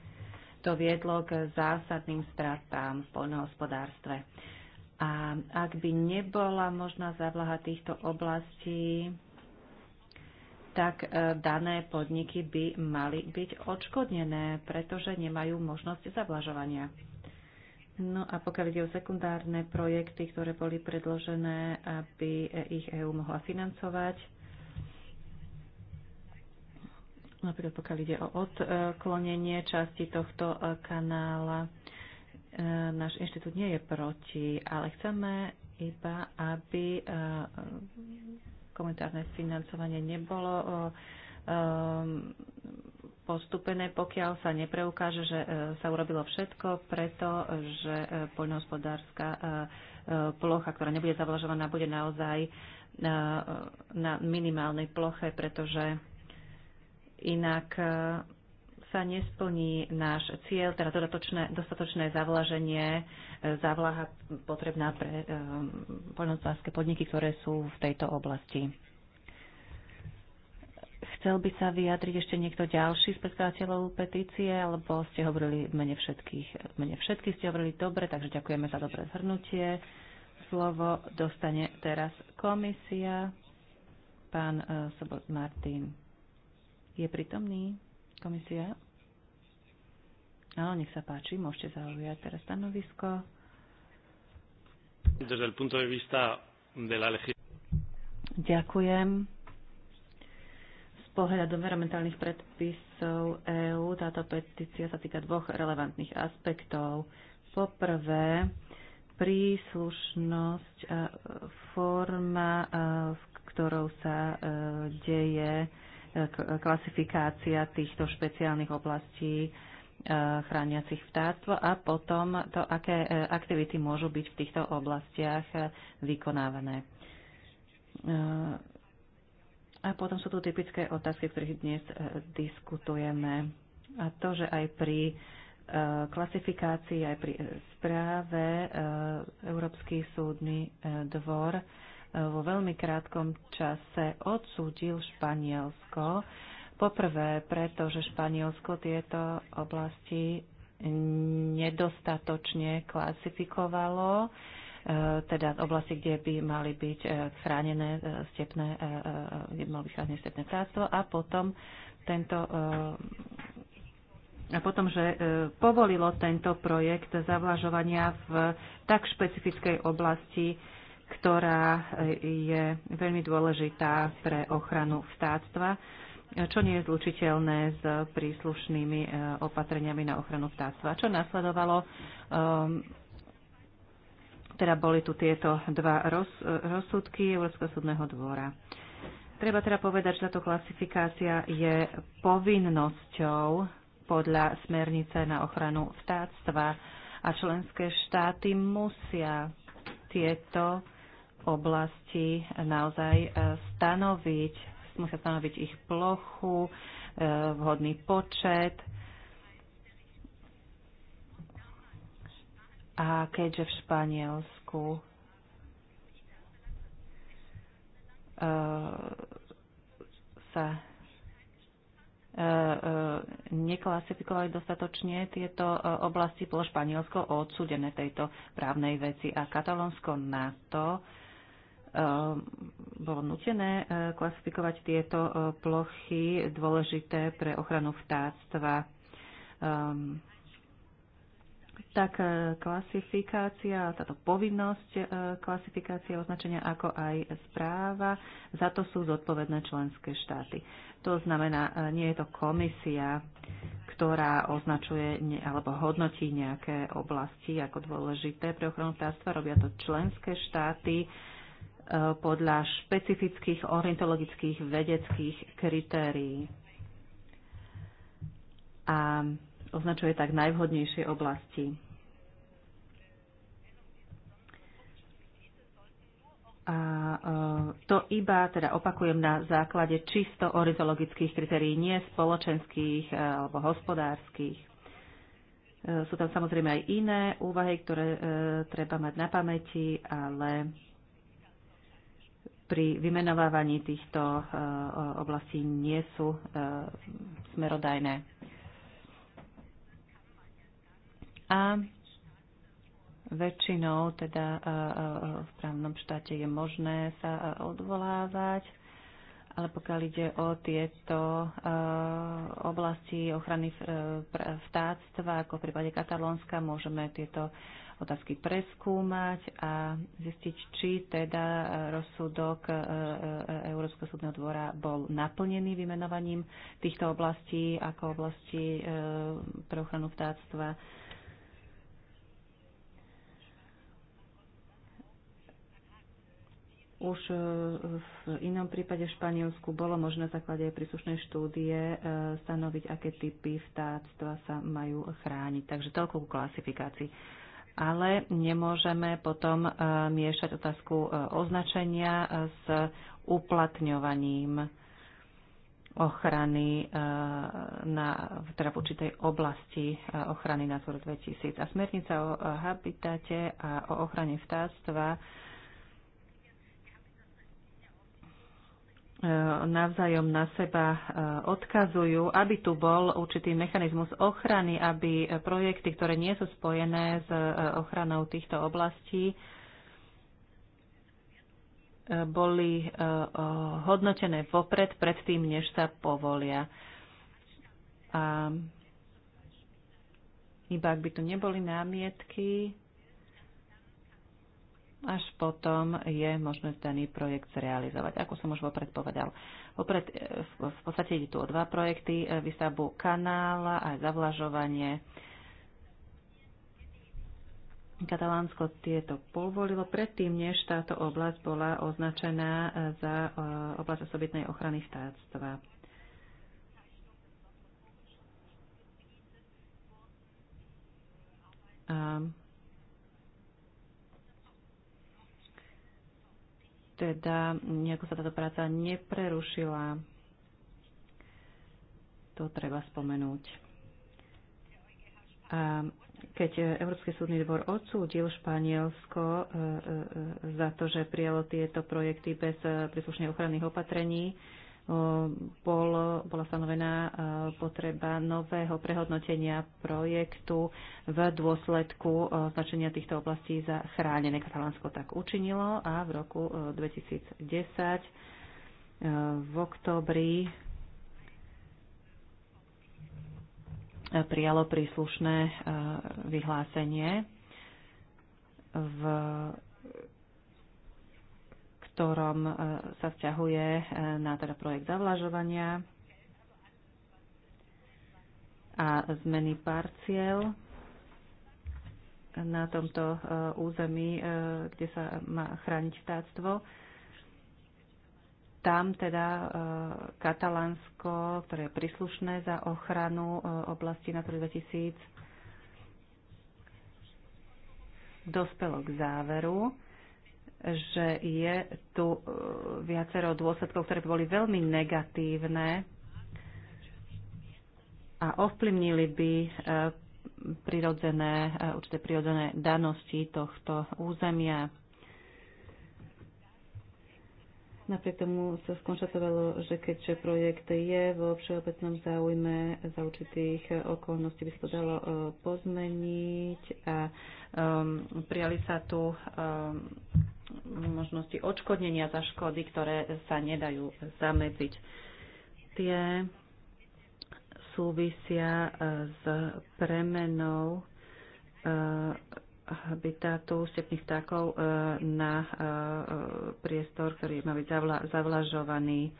to viedlo k zásadným stratám v poľnohospodárstve. A ak by nebola možná zavlaha týchto oblastí, tak dané podniky by mali byť odškodnené, pretože nemajú možnosť zavlažovania. No a pokiaľ ide o sekundárne projekty, ktoré boli predložené, aby ich EÚ mohla financovať, napríklad pokiaľ ide o odklonenie časti tohto e, kanála, e, náš inštitút nie je proti, ale chceme iba, aby e, komentárne financovanie nebolo postupené, pokiaľ sa nepreukáže, že e, sa urobilo všetko pretože e, poľnohospodárska e, plocha, ktorá nebude zavlažovaná, bude naozaj na, na minimálnej ploche, pretože inak sa nesplní náš cieľ, teda dodatočné, dostatočné zavlaženie, závlaha potrebná pre poľnohospodárske podniky, ktoré sú v tejto oblasti. Chcel by sa vyjadriť ešte niekto ďalší z predkladateľov petície, alebo ste hovorili v mene všetkých? V mene všetkých ste hovorili dobre, takže ďakujeme za dobré zhrnutie. Slovo dostane teraz komisia. Pán e, Sobot Martin je pritomný? Komisia? Áno, nech sa páči, môžete zaujať teraz stanovisko. Ďakujem pohľadom environmentálnych predpisov EÚ táto petícia sa týka dvoch relevantných aspektov. Poprvé, príslušnosť a e, forma, e, v ktorou sa e, deje klasifikácia týchto špeciálnych oblastí chrániacich vtáctvo a potom to, aké aktivity môžu byť v týchto oblastiach vykonávané a potom sú tu typické otázky, ktorých dnes e, diskutujeme. A to, že aj pri e, klasifikácii, aj pri e, správe Európsky súdny dvor vo veľmi krátkom čase odsúdil Španielsko. Poprvé pretože Španielsko tieto oblasti nedostatočne klasifikovalo E, teda oblasti, kde by mali byť e, chránené e, stepné, kde by mali byť chránené stepné práctvo a potom tento a potom, že povolilo tento projekt zavlažovania v tak špecifickej oblasti, ktorá je veľmi dôležitá pre ochranu vtáctva, čo nie je zlučiteľné s príslušnými opatreniami na ochranu vtáctva. Čo nasledovalo? Teda boli tu tieto dva roz, rozsudky Európskeho súdneho dvora. Treba teda povedať, že táto klasifikácia je povinnosťou podľa smernice na ochranu vtáctva a členské štáty musia tieto oblasti naozaj e, stanoviť, musia stanoviť ich plochu, e, vhodný počet A keďže v Španielsku e, sa e, e, neklasifikovali dostatočne tieto oblasti, bolo Španielsko odsudené tejto právnej veci a Katalónsko na to bolo nutené klasifikovať tieto plochy dôležité pre ochranu vtáctva. Ehm, tak e, klasifikácia, táto povinnosť e, klasifikácie označenia ako aj správa, za to sú zodpovedné členské štáty. To znamená, e, nie je to komisia, ktorá označuje alebo hodnotí nejaké oblasti ako dôležité pre ochranu vtáctva, robia to členské štáty podľa špecifických ornitologických vedeckých kritérií. A označuje tak najvhodnejšie oblasti. A e, to iba, teda opakujem, na základe čisto orizologických kritérií, nie spoločenských e, alebo hospodárskych. E, sú tam samozrejme aj iné úvahy, ktoré treba mať na pamäti, ale pri vymenovávaní týchto oblastí nie sú smerodajné. a väčšinou teda v právnom štáte je možné sa odvolávať, ale pokiaľ ide o tieto oblasti ochrany e, vtáctva, ako v prípade Katalónska, môžeme tieto otázky preskúmať a zistiť, či teda rozsudok e, e, Európskeho súdneho dvora bol naplnený vymenovaním týchto oblastí ako oblasti pre ochranu vtáctva Už e, v inom prípade v Španielsku bolo možné na základe príslušnej štúdie e, stanoviť, aké typy vtáctva sa majú chrániť. Takže toľko ku klasifikácii. Ale nemôžeme potom e, miešať otázku označenia s uplatňovaním ochrany na, teda v určitej oblasti ochrany Natura 2000. A smernica o habitate a o ochrane vtáctva E, navzájom na seba e, odkazujú, aby tu bol určitý mechanizmus ochrany, aby projekty, ktoré nie sú spojené s e, ochranou týchto oblastí, boli hodnotené vopred, predtým, než sa povolia. A iba ak by tu neboli námietky, až potom je možné daný projekt zrealizovať, ako som už vopred povedal. Vopred, e, v podstate ide tu o dva projekty, e, výstavbu kanála a zavlažovanie. Katalánsko tieto povolilo predtým, než táto oblasť bola označená e, za oblasť osobitnej ochrany štátstva. Um, teda nejako sa táto práca neprerušila. To treba spomenúť. A keď Európsky súdny dvor odsúdil Španielsko e, e, e, za to, že prijalo tieto projekty bez príslušnej ochranných opatrení, bol, bola stanovená e, potreba nového prehodnotenia projektu v dôsledku e, značenia týchto oblastí za chránené. Katalánsko tak učinilo a v roku 2010 e, v oktobri prijalo príslušné vyhlásenie v ktorom e, sa vzťahuje e, na teda projekt zavlažovania a zmeny parciel na tomto e, území, kde sa má chrániť vtáctvo. Tam teda Katalánsko, ktoré je príslušné za ochranu oblasti Natura 2000, dospelo k záveru, že je tu e, viacero dôsledkov, ktoré by boli veľmi negatívne a ovplyvnili by e, prirodzené, e, určité prirodzené danosti tohto územia. Napriek tomu sa skonštatovalo, že keďže projekt je vo všeobecnom záujme za určitých okolností by sa to dalo e, pozmeniť a um, prijali sa tu um, možnosti odškodnenia za škody, ktoré sa nedajú zamedziť. Tie súvisia e, s premenou e, habitátu stepných vtákov e, na e, e, priestor, ktorý má byť zavlažovaný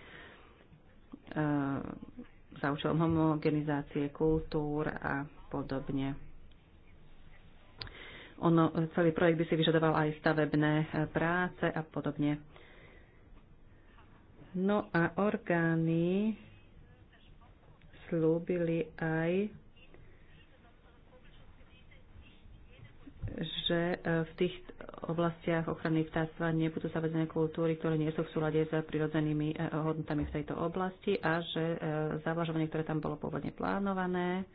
za účelom homogenizácie kultúr a podobne. Ono, celý projekt by si vyžadoval aj stavebné práce a podobne. No a orgány slúbili aj že e, v tých oblastiach ochrany vtáctva nebudú zavedené kultúry, ktoré nie sú v súlade s prirodzenými e, hodnotami v tejto oblasti a že e, zavlažovanie, ktoré tam bolo pôvodne plánované,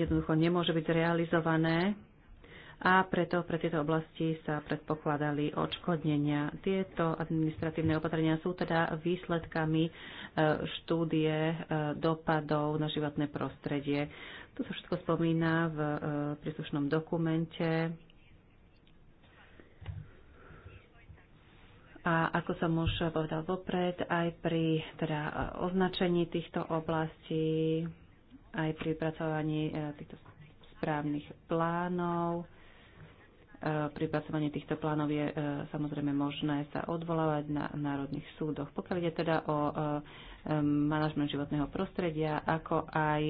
jednoducho nemôže byť realizované a preto pre tieto oblasti sa predpokladali odškodnenia. Tieto administratívne opatrenia sú teda výsledkami e, štúdie e, dopadov na životné prostredie. To sa všetko spomína v e, príslušnom dokumente. A ako som už povedal vopred, aj pri teda označení týchto oblastí, aj pri pracovaní týchto správnych plánov, E, pri pracovaní týchto plánov je e, samozrejme možné sa odvolávať na národných súdoch. Pokiaľ ide teda o e, manažment životného prostredia, ako aj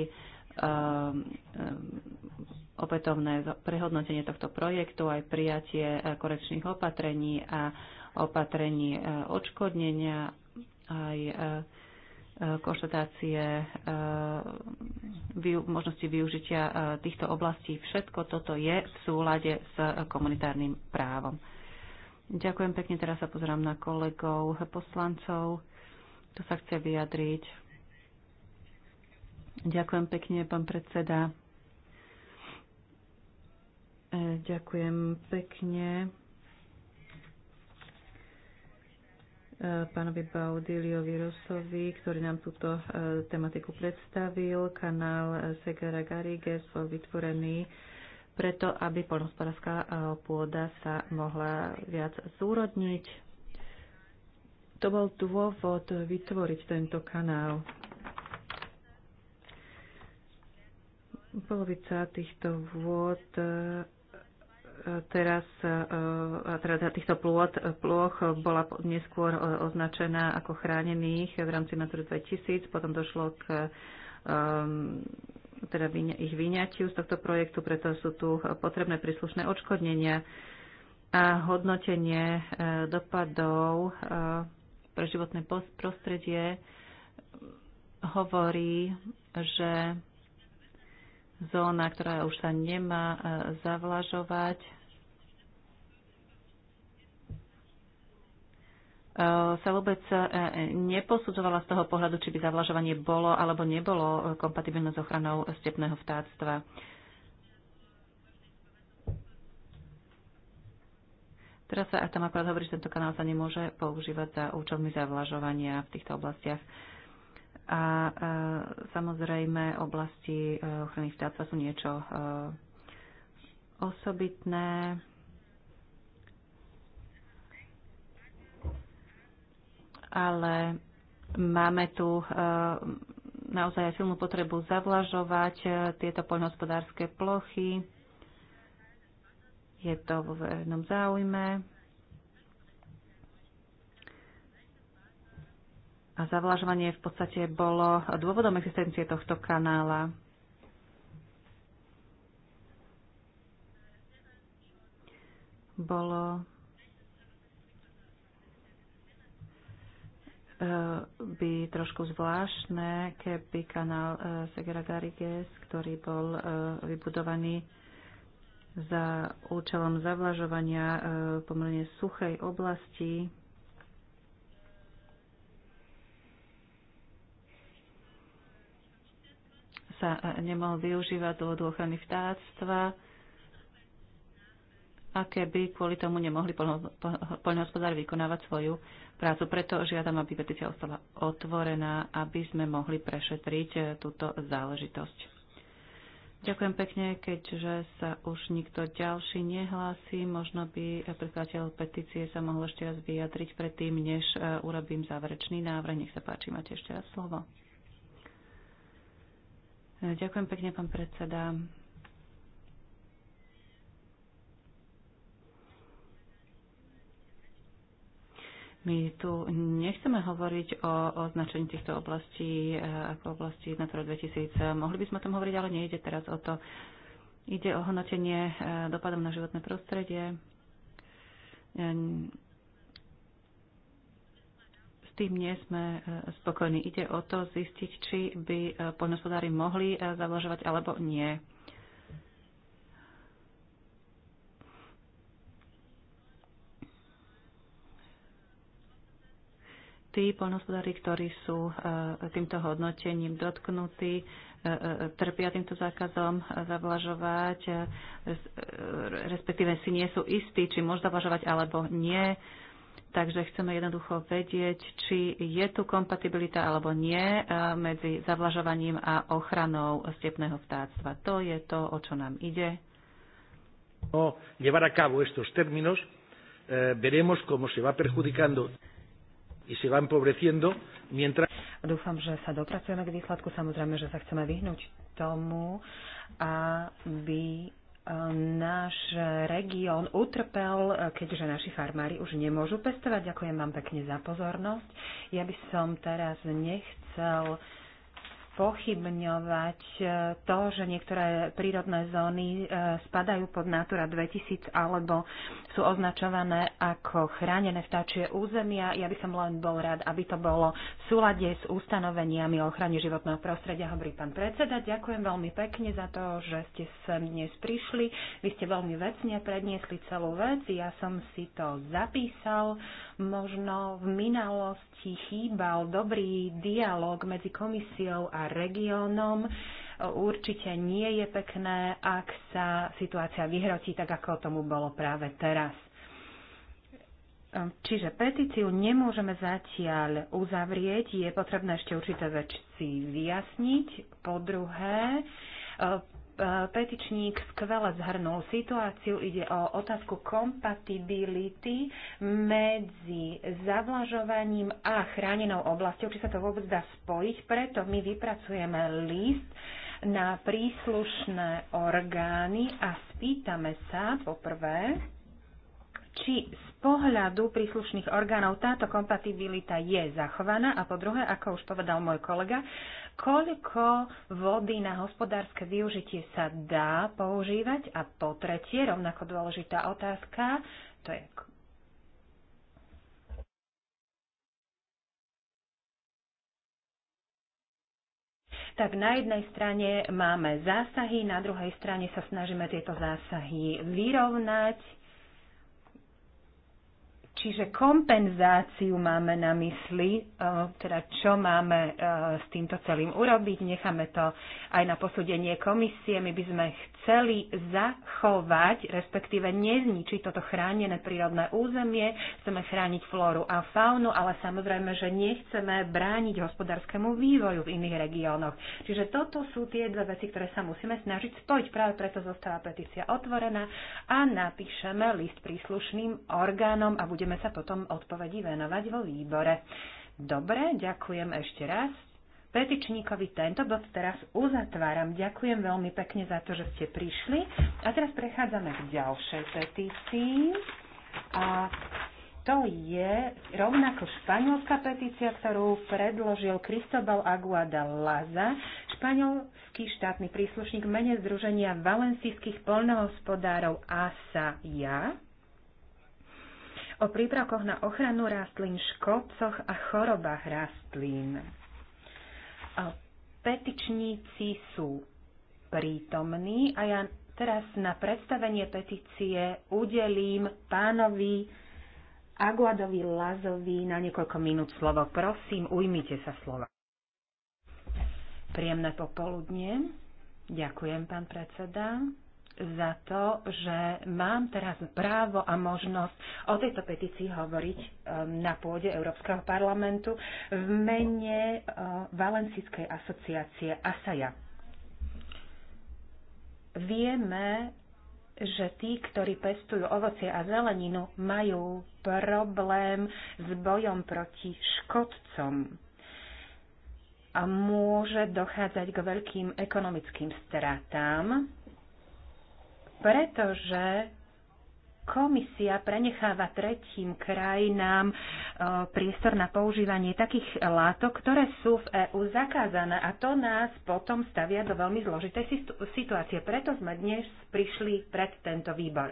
opätovné prehodnotenie tohto projektu, aj prijatie korekčných opatrení a opatrení odškodnenia, aj konštatácie eh, možnosti využitia eh, týchto oblastí. Všetko toto je v súlade s komunitárnym právom. Ďakujem pekne, teraz sa pozerám na kolegov poslancov. Tu sa chce vyjadriť. Ďakujem pekne, pán predseda. Eh, ďakujem pekne pánovi Baudiliovi Rosovi, ktorý nám túto e, tematiku predstavil. Kanál e, Segara Garrigues bol vytvorený preto, aby polnospodárska e, pôda sa mohla viac zúrodniť. To bol dôvod vytvoriť tento kanál. Polovica týchto vôd teraz e, teda týchto plôd, plôch bola neskôr e, označená ako chránených v rámci Natura 2000, potom došlo k ehm, teda ich vyňatiu z tohto projektu, preto sú tu potrebné príslušné odškodnenia a hodnotenie e, dopadov pre životné prostredie hovorí, že zóna, ktorá už sa nemá e, zavlažovať. E, sa vôbec e, neposudzovala z toho pohľadu, či by zavlažovanie bolo alebo nebolo kompatibilné s ochranou stepného vtáctva. Teraz sa tam akorát hovorí, že tento kanál sa nemôže používať za účelmi zavlažovania v týchto oblastiach. A samozrejme oblasti e, ochrany štátstva sú niečo e, osobitné. Ale máme tu e, naozaj aj silnú potrebu zavlažovať tieto poľnohospodárske plochy. Je to vo verejnom záujme. A zavlažovanie v podstate bolo dôvodom existencie tohto kanála. Bolo e, by trošku zvláštne, keby kanál e, Segera Gariges, ktorý bol e, vybudovaný za účelom zavlažovania pomerne suchej oblasti, sa nemohol využívať dôvodu ochrany vtáctva a keby kvôli tomu nemohli poľnohospodári vykonávať svoju prácu. Preto žiadam, aby petícia ostala otvorená, aby sme mohli prešetriť e, túto záležitosť. Ďakujem pekne, keďže sa už nikto ďalší nehlási. Možno by e, predkladateľ petície sa mohol ešte raz vyjadriť predtým, než e, urobím záverečný návrh. Nech sa páči, máte ešte raz slovo. Ďakujem pekne, pán predseda. My tu nechceme hovoriť o označení týchto oblastí eh, ako oblasti Natura 2000. Mohli by sme o tom hovoriť, ale nejde teraz o to. Ide o hodnotenie eh, dopadom na životné prostredie. Ehm, s tým nie sme e, spokojní. Ide o to zistiť, či by e, poľnohospodári mohli e, zavlažovať alebo nie. tí poľnohospodári, ktorí sú týmto hodnotením dotknutí, trpia týmto zákazom zavlažovať, respektíve si nie sú istí, či môžu zavlažovať alebo nie. Takže chceme jednoducho vedieť, či je tu kompatibilita alebo nie e, medzi zavlažovaním a ochranou stepného vtáctva. To je to, o čo nám ide. No, llevar a cabo estos términos, eh, veremos cómo se va perjudicando y se va empobreciendo mientras... Dúfam, že sa dopracujeme k výsledku. Samozrejme, že sa chceme vyhnúť tomu, aby náš región utrpel, keďže naši farmári už nemôžu pestovať. Ďakujem vám pekne za pozornosť. Ja by som teraz nechcel spochybňovať e, to, že niektoré prírodné zóny e, spadajú pod Natura 2000 alebo sú označované ako chránené vtáčie územia. Ja by som len bol rád, aby to bolo v súlade s ustanoveniami o ochrane životného prostredia, hovorí pán predseda. Ďakujem veľmi pekne za to, že ste sem dnes prišli. Vy ste veľmi vecne predniesli celú vec. Ja som si to zapísal možno v minulosti chýbal dobrý dialog medzi komisiou a regiónom. Určite nie je pekné, ak sa situácia vyhrotí tak, ako tomu bolo práve teraz. Čiže petíciu nemôžeme zatiaľ uzavrieť, je potrebné ešte určité veci vyjasniť. Po druhé, E, petičník skvele zhrnul situáciu. Ide o otázku kompatibility medzi zavlažovaním a chránenou oblasťou, či sa to vôbec dá spojiť. Preto my vypracujeme list na príslušné orgány a spýtame sa poprvé, či z pohľadu príslušných orgánov táto kompatibilita je zachovaná a po druhé, ako už povedal môj kolega, koľko vody na hospodárske využitie sa dá používať a po tretie, rovnako dôležitá otázka, to je tak na jednej strane máme zásahy, na druhej strane sa snažíme tieto zásahy vyrovnať Čiže kompenzáciu máme na mysli, e, teda čo máme e, s týmto celým urobiť. Necháme to aj na posúdenie komisie. My by sme chceli zachovať, respektíve nezničiť toto chránené prírodné územie. Chceme chrániť flóru a faunu, ale samozrejme, že nechceme brániť hospodárskému vývoju v iných regiónoch. Čiže toto sú tie dve veci, ktoré sa musíme snažiť spojiť. Práve preto zostáva petícia otvorená a napíšeme list príslušným orgánom a budeme budeme sa potom odpovedi venovať vo výbore. Dobre, ďakujem ešte raz. Petičníkovi tento bod teraz uzatváram. Ďakujem veľmi pekne za to, že ste prišli. A teraz prechádzame k ďalšej petícii. A to je rovnako španielská petícia, ktorú predložil Cristobal Aguada Laza, španielský štátny príslušník mene Združenia valencijských polnohospodárov ASA JA o prípravkoch na ochranu rastlín, škodcoch a chorobách rastlín. Petičníci sú prítomní a ja teraz na predstavenie petície udelím pánovi Aguadovi Lazovi na niekoľko minút slovo. Prosím, ujmite sa slova. Príjemné popoludne. Ďakujem, pán predseda za to, že mám teraz právo a možnosť o tejto petícii hovoriť um, na pôde Európskeho parlamentu v mene uh, Valencijskej asociácie ASAJA. Vieme, že tí, ktorí pestujú ovocie a zeleninu, majú problém s bojom proti škodcom a môže dochádzať k veľkým ekonomickým stratám pretože komisia prenecháva tretím krajinám e, priestor na používanie takých látok, ktoré sú v EÚ zakázané a to nás potom stavia do veľmi zložitej situácie. Preto sme dnes prišli pred tento výbor.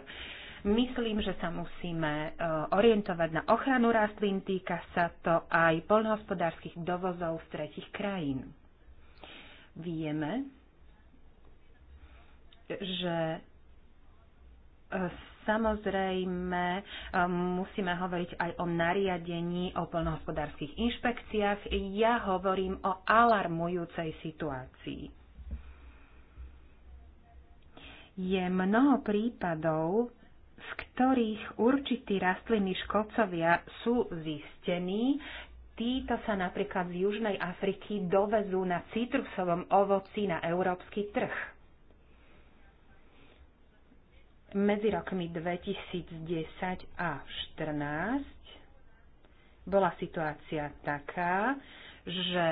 Myslím, že sa musíme e, orientovať na ochranu rastlín, týka sa to aj poľnohospodárskych dovozov z tretich krajín. Vieme, že Samozrejme, musíme hovoriť aj o nariadení o plnohospodárských inšpekciách. Ja hovorím o alarmujúcej situácii. Je mnoho prípadov, z ktorých určití rastliny škodcovia sú zistení, títo sa napríklad z Južnej Afriky dovezú na citrusovom ovoci na európsky trh medzi rokmi 2010 a 2014 bola situácia taká, že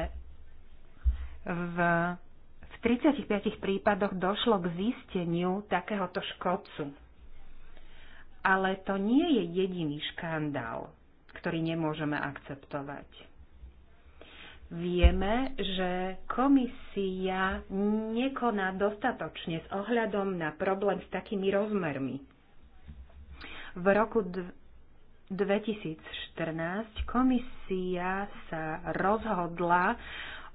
v, v 35 prípadoch došlo k zisteniu takéhoto škodcu. Ale to nie je jediný škandál, ktorý nemôžeme akceptovať vieme, že komisia nekoná dostatočne s ohľadom na problém s takými rozmermi. V roku 2014 komisia sa rozhodla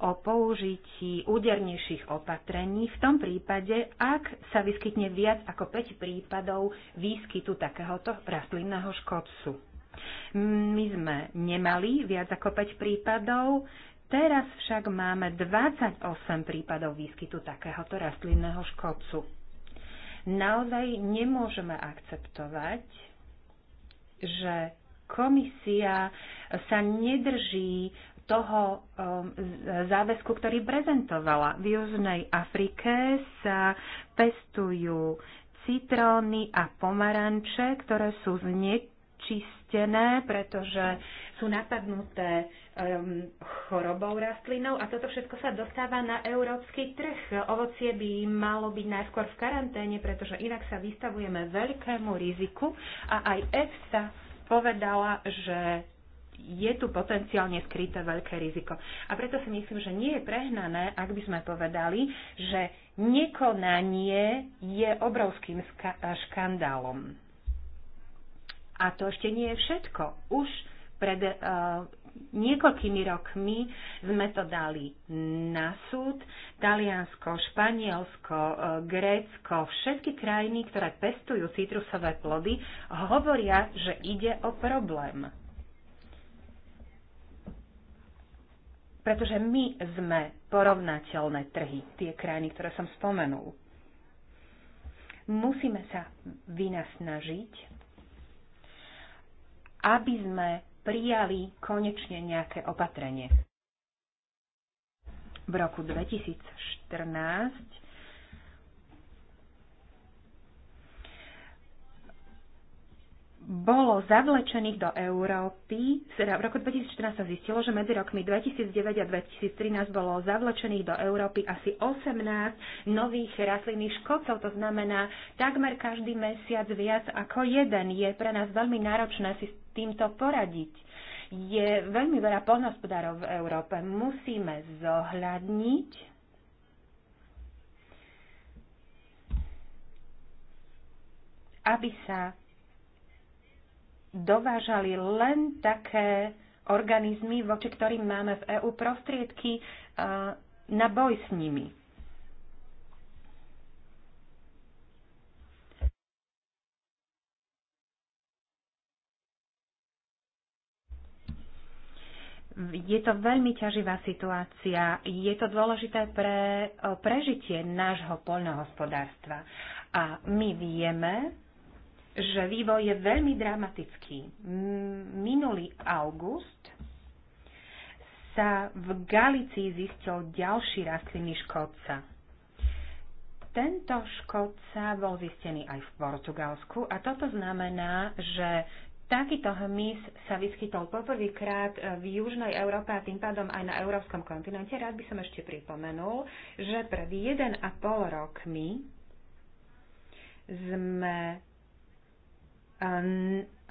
o použití údernejších opatrení v tom prípade, ak sa vyskytne viac ako 5 prípadov výskytu takéhoto rastlinného škodcu. My sme nemali viac ako 5 prípadov, Teraz však máme 28 prípadov výskytu takéhoto rastlinného škodcu. Naozaj nemôžeme akceptovať, že komisia sa nedrží toho um, záväzku, ktorý prezentovala. V Južnej Afrike sa pestujú citróny a pomaranče, ktoré sú znečistené, pretože sú napadnuté um, chorobou rastlinou a toto všetko sa dostáva na európsky trh. Ovocie by malo byť najskôr v karanténe, pretože inak sa vystavujeme veľkému riziku a aj EFSA povedala, že je tu potenciálne skryté veľké riziko. A preto si myslím, že nie je prehnané, ak by sme povedali, že nekonanie je obrovským škandálom. A to ešte nie je všetko. Už pred uh, niekoľkými rokmi sme to dali na súd. Taliansko, Španielsko, eh, Grécko, všetky krajiny, ktoré pestujú citrusové plody, hovoria, že ide o problém. Pretože my sme porovnateľné trhy, tie krajiny, ktoré som spomenul. Musíme sa vynasnažiť, aby sme prijali konečne nejaké opatrenie. V roku 2014 bolo zavlečených do Európy, teda v roku 2014 sa zistilo, že medzi rokmi 2009 a 2013 bolo zavlečených do Európy asi 18 nových rastlinných škodcov, to znamená takmer každý mesiac viac ako jeden. Je pre nás veľmi náročné si týmto poradiť. Je veľmi veľa poľnohospodárov v Európe. Musíme zohľadniť aby sa dovážali len také organizmy, voči ktorým máme v EÚ prostriedky eh, na boj s nimi. Je to veľmi ťaživá situácia, je to dôležité pre e, prežitie nášho poľnohospodárstva. A my vieme, že vývoj je veľmi dramatický. Minulý august sa v Galicii zistil ďalší rastlinný škodca. Tento škodca bol zistený aj v Portugalsku a toto znamená, že Takýto hmyz sa vyskytol poprvýkrát eh, v Južnej Európe a tým pádom aj na európskom kontinente. Rád by som ešte pripomenul, že pred 1,5 rokmi sme eh,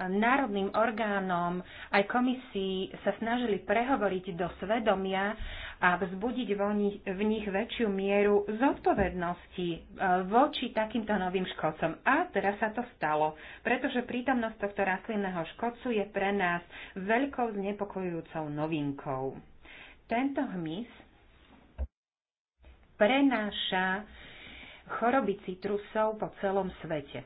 národným orgánom aj komisii sa snažili prehovoriť do svedomia a vzbudiť v nich väčšiu mieru zodpovednosti e, voči takýmto novým škodcom. A teraz sa to stalo, pretože prítomnosť tohto rastlinného škodcu je pre nás veľkou znepokojujúcou novinkou. Tento hmyz prenáša choroby citrusov po celom svete.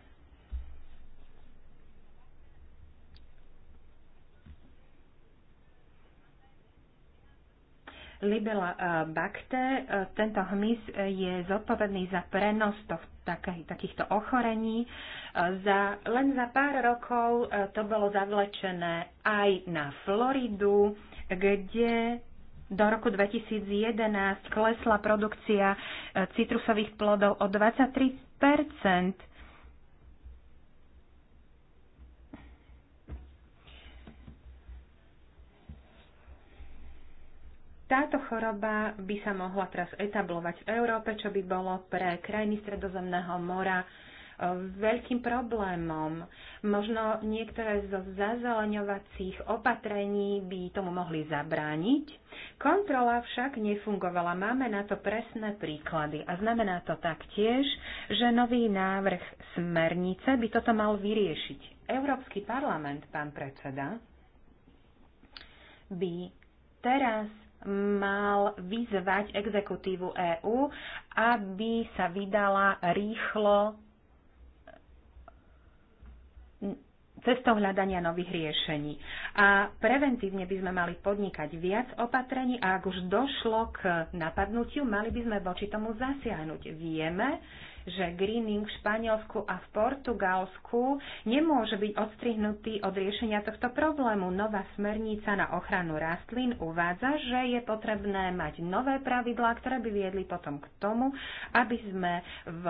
Libela eh, bakte. Eh, tento hmyz eh, je zodpovedný za prenos tohto takýchto ochorení. Za, len za pár rokov to bolo zavlečené aj na Floridu, kde do roku 2011 klesla produkcia citrusových plodov o 23 Táto choroba by sa mohla teraz etablovať v Európe, čo by bolo pre krajiny Stredozemného mora e, veľkým problémom. Možno niektoré zo zazeleňovacích opatrení by tomu mohli zabrániť. Kontrola však nefungovala. Máme na to presné príklady. A znamená to taktiež, že nový návrh smernice by toto mal vyriešiť. Európsky parlament, pán predseda, by teraz mal vyzvať exekutívu EÚ, aby sa vydala rýchlo cestou hľadania nových riešení. A preventívne by sme mali podnikať viac opatrení a ak už došlo k napadnutiu, mali by sme voči tomu zasiahnuť. Vieme, že greening v Španielsku a v Portugalsku nemôže byť odstrihnutý od riešenia tohto problému. Nová smernica na ochranu rastlín uvádza, že je potrebné mať nové pravidlá, ktoré by viedli potom k tomu, aby sme v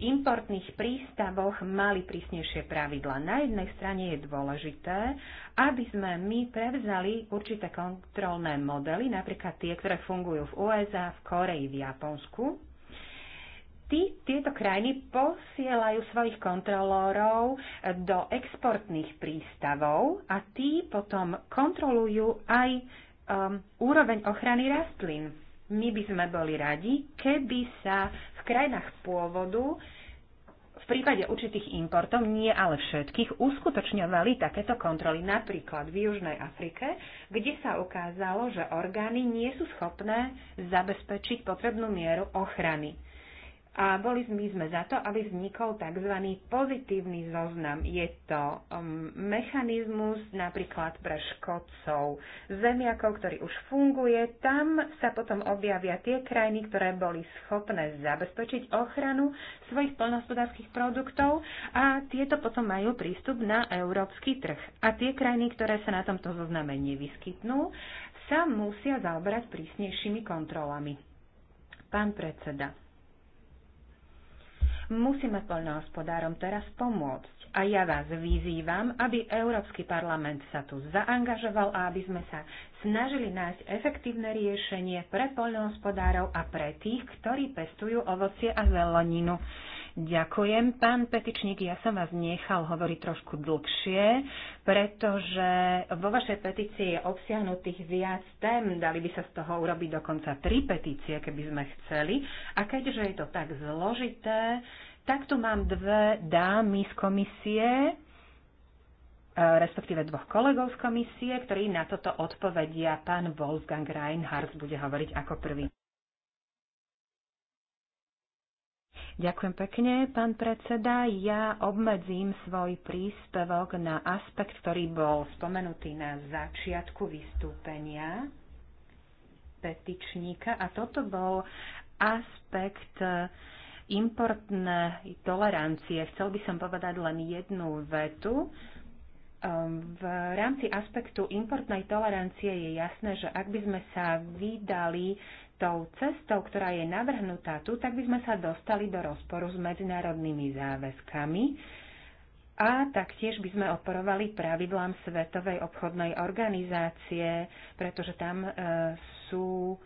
importných prístavoch mali prísnejšie pravidla. Na jednej strane je dôležité, aby sme my prevzali určité kontrolné modely, napríklad tie, ktoré fungujú v USA, v Koreji, v Japonsku, tí, tieto krajiny posielajú svojich kontrolórov eh, do exportných prístavov a tí potom kontrolujú aj um, úroveň ochrany rastlín. My by sme boli radi, keby sa v krajinách pôvodu v prípade určitých importov, nie ale všetkých, uskutočňovali takéto kontroly napríklad v Južnej Afrike, kde sa ukázalo, že orgány nie sú schopné zabezpečiť potrebnú mieru ochrany a boli my sme za to, aby vznikol tzv. pozitívny zoznam. Je to um, mechanizmus napríklad pre škodcov, zemiakov, ktorý už funguje. Tam sa potom objavia tie krajiny, ktoré boli schopné zabezpečiť ochranu svojich polnohospodárských produktov a tieto potom majú prístup na európsky trh. A tie krajiny, ktoré sa na tomto zozname nevyskytnú, sa musia zaoberať prísnejšími kontrolami. Pán predseda. Musíme poľnohospodárom teraz pomôcť. A ja vás vyzývam, aby Európsky parlament sa tu zaangažoval a aby sme sa snažili nájsť efektívne riešenie pre poľnohospodárov a pre tých, ktorí pestujú ovocie a zeleninu. Ďakujem, pán petičník. Ja som vás nechal hovoriť trošku dlhšie, pretože vo vašej petícii je obsiahnutých viac tém. Dali by sa z toho urobiť dokonca tri petície, keby sme chceli. A keďže je to tak zložité, tak tu mám dve dámy z komisie, e, respektíve dvoch kolegov z komisie, ktorí na toto odpovedia. Pán Wolfgang Reinhardt bude hovoriť ako prvý. Ďakujem pekne, pán predseda. Ja obmedzím svoj príspevok na aspekt, ktorý bol spomenutý na začiatku vystúpenia petičníka a toto bol aspekt eh, importnej tolerancie. Chcel by som povedať len jednu vetu Ehm, v rámci aspektu importnej tolerancie je jasné, že ak by sme sa vydali tou cestou, ktorá je navrhnutá tu, tak by sme sa dostali do rozporu s medzinárodnými záväzkami a taktiež by sme oporovali pravidlám Svetovej obchodnej organizácie, pretože tam e, sú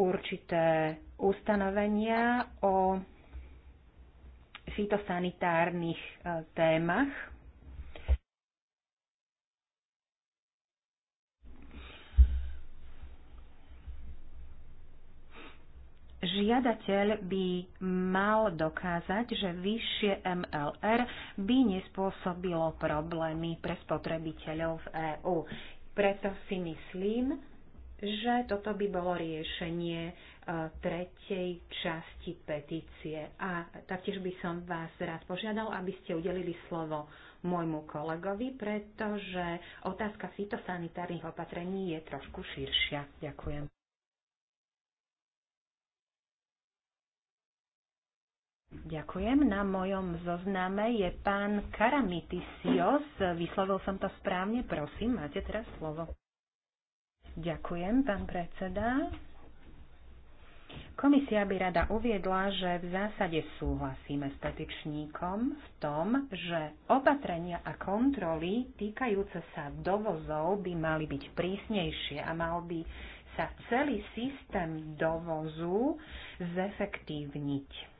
určité ustanovenia o fitosanitárnych e, témach žiadateľ by mal dokázať, že vyššie MLR by nespôsobilo problémy pre spotrebiteľov v EÚ. Preto si myslím, že toto by bolo riešenie e, tretej časti petície. A taktiež by som vás rád požiadal, aby ste udelili slovo môjmu kolegovi, pretože otázka fitosanitárnych opatrení je trošku širšia. Ďakujem. Ďakujem. Na mojom zozname je pán Karamitisios. Vyslovil som to správne. Prosím, máte teraz slovo. Ďakujem, pán predseda. Komisia by rada uviedla, že v zásade súhlasíme s petičníkom v tom, že opatrenia a kontroly týkajúce sa dovozov by mali byť prísnejšie a mal by sa celý systém dovozu zefektívniť.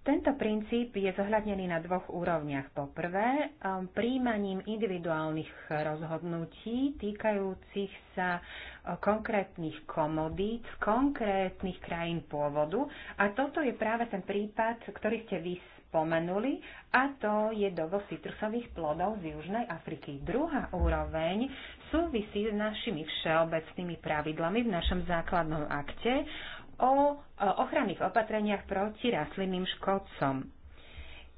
Tento princíp je zohľadnený na dvoch úrovniach. Po prvé, um, príjmaním individuálnych rozhodnutí týkajúcich sa uh, konkrétnych komodít z konkrétnych krajín pôvodu. A toto je práve ten prípad, ktorý ste vy spomenuli, a to je dovoz citrusových plodov z Južnej Afriky. Druhá úroveň súvisí s našimi všeobecnými pravidlami v našom základnom akte o ochranných opatreniach proti rastlinným škodcom.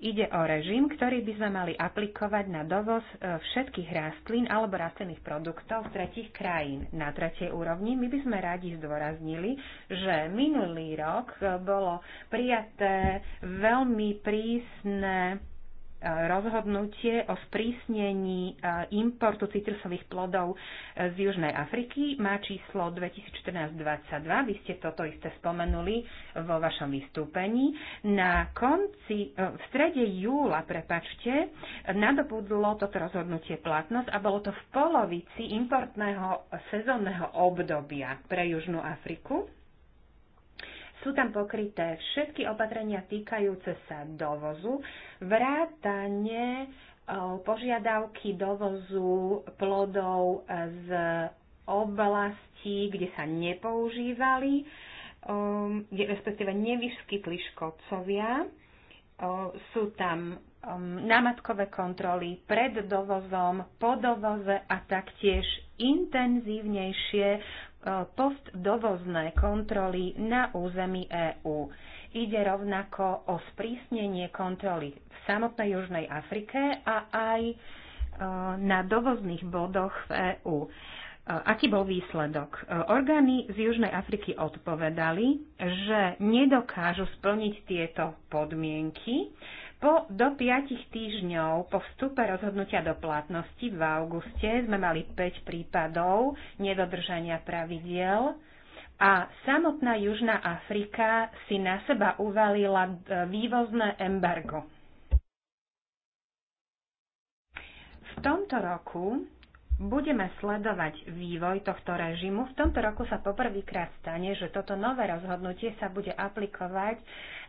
Ide o režim, ktorý by sme mali aplikovať na dovoz e, všetkých rastlín alebo rastlinných produktov z tretich krajín. Na tretej úrovni my by sme radi zdôraznili, že minulý rok e, bolo prijaté veľmi prísne E, rozhodnutie o sprísnení e, importu citrusových plodov e, z Južnej Afriky má číslo 2014-22. Vy ste toto isté spomenuli vo vašom vystúpení. Na konci, v strede júla, prepačte, nadobudlo toto rozhodnutie platnosť a bolo to v polovici importného sezónneho obdobia pre Južnú Afriku sú tam pokryté všetky opatrenia týkajúce sa dovozu, vrátane e, požiadavky dovozu plodov z oblastí, kde sa nepoužívali, um, kde respektíve nevyskytli škodcovia. E, sú tam um, námatkové kontroly pred dovozom, po dovoze a taktiež intenzívnejšie E, postdovozné kontroly na území EÚ. Ide rovnako o sprísnenie kontroly v samotnej Južnej Afrike a aj e, na dovozných bodoch v EÚ. E, aký bol výsledok? Orgány z Južnej Afriky odpovedali, že nedokážu splniť tieto podmienky po, do 5 týždňov po vstupe rozhodnutia do platnosti v auguste sme mali 5 prípadov nedodržania pravidiel a samotná Južná Afrika si na seba uvalila e, vývozné embargo. V tomto roku budeme sledovať vývoj tohto režimu. V tomto roku sa poprvýkrát stane, že toto nové rozhodnutie sa bude aplikovať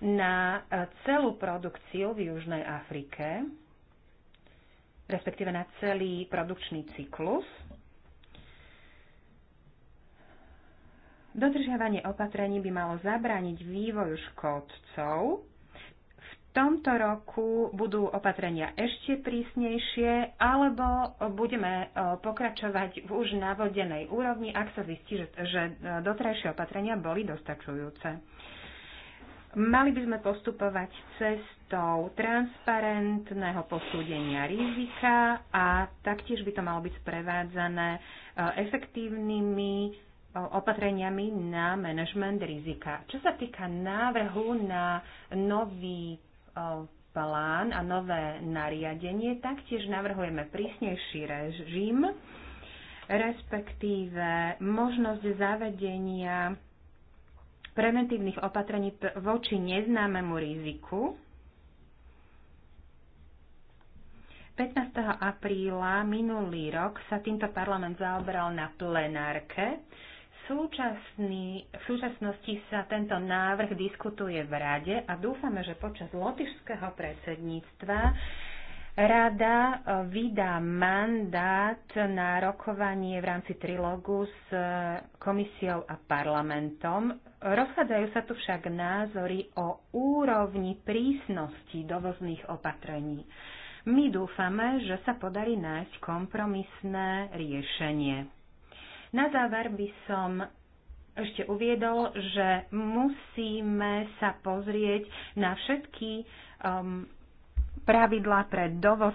na e, celú produkciu v Južnej Afrike, respektíve na celý produkčný cyklus. Dodržiavanie opatrení by malo zabrániť vývoju škodcov, tomto roku budú opatrenia ešte prísnejšie, alebo budeme e, pokračovať v už navodenej úrovni, ak sa zistí, že, e, dotrajšie opatrenia boli dostačujúce. Mali by sme postupovať cestou transparentného posúdenia rizika a taktiež by to malo byť sprevádzané e, efektívnymi opatreniami na manažment rizika. Čo sa týka návrhu na nový Eh, plán a nové nariadenie, taktiež navrhujeme prísnejší režim, respektíve možnosť zavedenia preventívnych opatrení voči neznámemu riziku. 15. apríla minulý rok sa týmto parlament zaoberal na plenárke Súčasný, v súčasnosti sa tento návrh diskutuje v Rade a dúfame, že počas lotišského predsedníctva Rada e, vydá mandát na rokovanie v rámci trilógu s e, komisiou a parlamentom. Rozchádzajú sa tu však názory o úrovni prísnosti dovozných opatrení. My dúfame, že sa podarí nájsť kompromisné riešenie. Na záver by som ešte uviedol, že musíme sa pozrieť na všetky um, pravidlá pre dovoz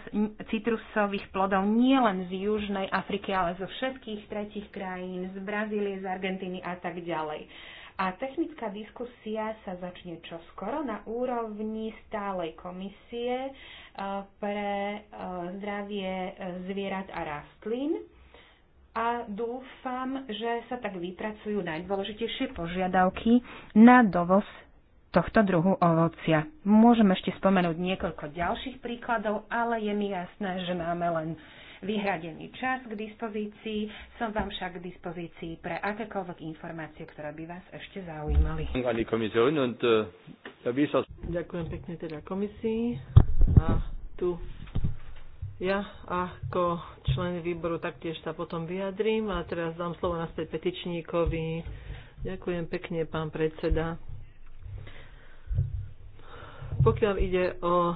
citrusových plodov nielen z Južnej Afriky, ale zo všetkých tretich krajín, z Brazílie, z Argentíny a tak ďalej. A technická diskusia sa začne čoskoro na úrovni stálej komisie uh, pre uh, zdravie uh, zvierat a rastlín a dúfam, že sa tak vypracujú najdôležitejšie požiadavky na dovoz tohto druhu ovocia. Môžem ešte spomenúť niekoľko ďalších príkladov, ale je mi jasné, že máme len vyhradený čas k dispozícii. Som vám však k dispozícii pre akékoľvek informácie, ktoré by vás ešte zaujímali. No, Ďakujem pekne teda komisii a tu ja ako člen výboru taktiež sa potom vyjadrím a teraz dám slovo naspäť petičníkovi. Ďakujem pekne, pán predseda. Pokiaľ ide o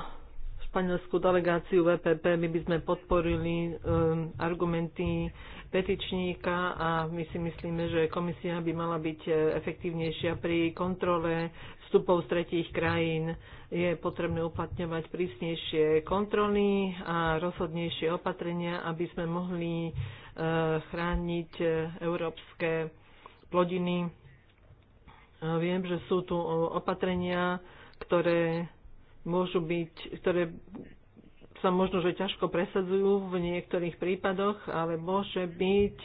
španielskú delegáciu VPP, my by sme podporili um, argumenty petičníka a my si myslíme, že komisia by mala byť eh, efektívnejšia pri kontrole vstupov z tretích krajín. Je potrebné uplatňovať prísnejšie kontroly a rozhodnejšie opatrenia, aby sme mohli e, chrániť e, európske plodiny. E, viem, že sú tu opatrenia, ktoré môžu byť, ktoré sa možno, že ťažko presadzujú v niektorých prípadoch, ale môže byť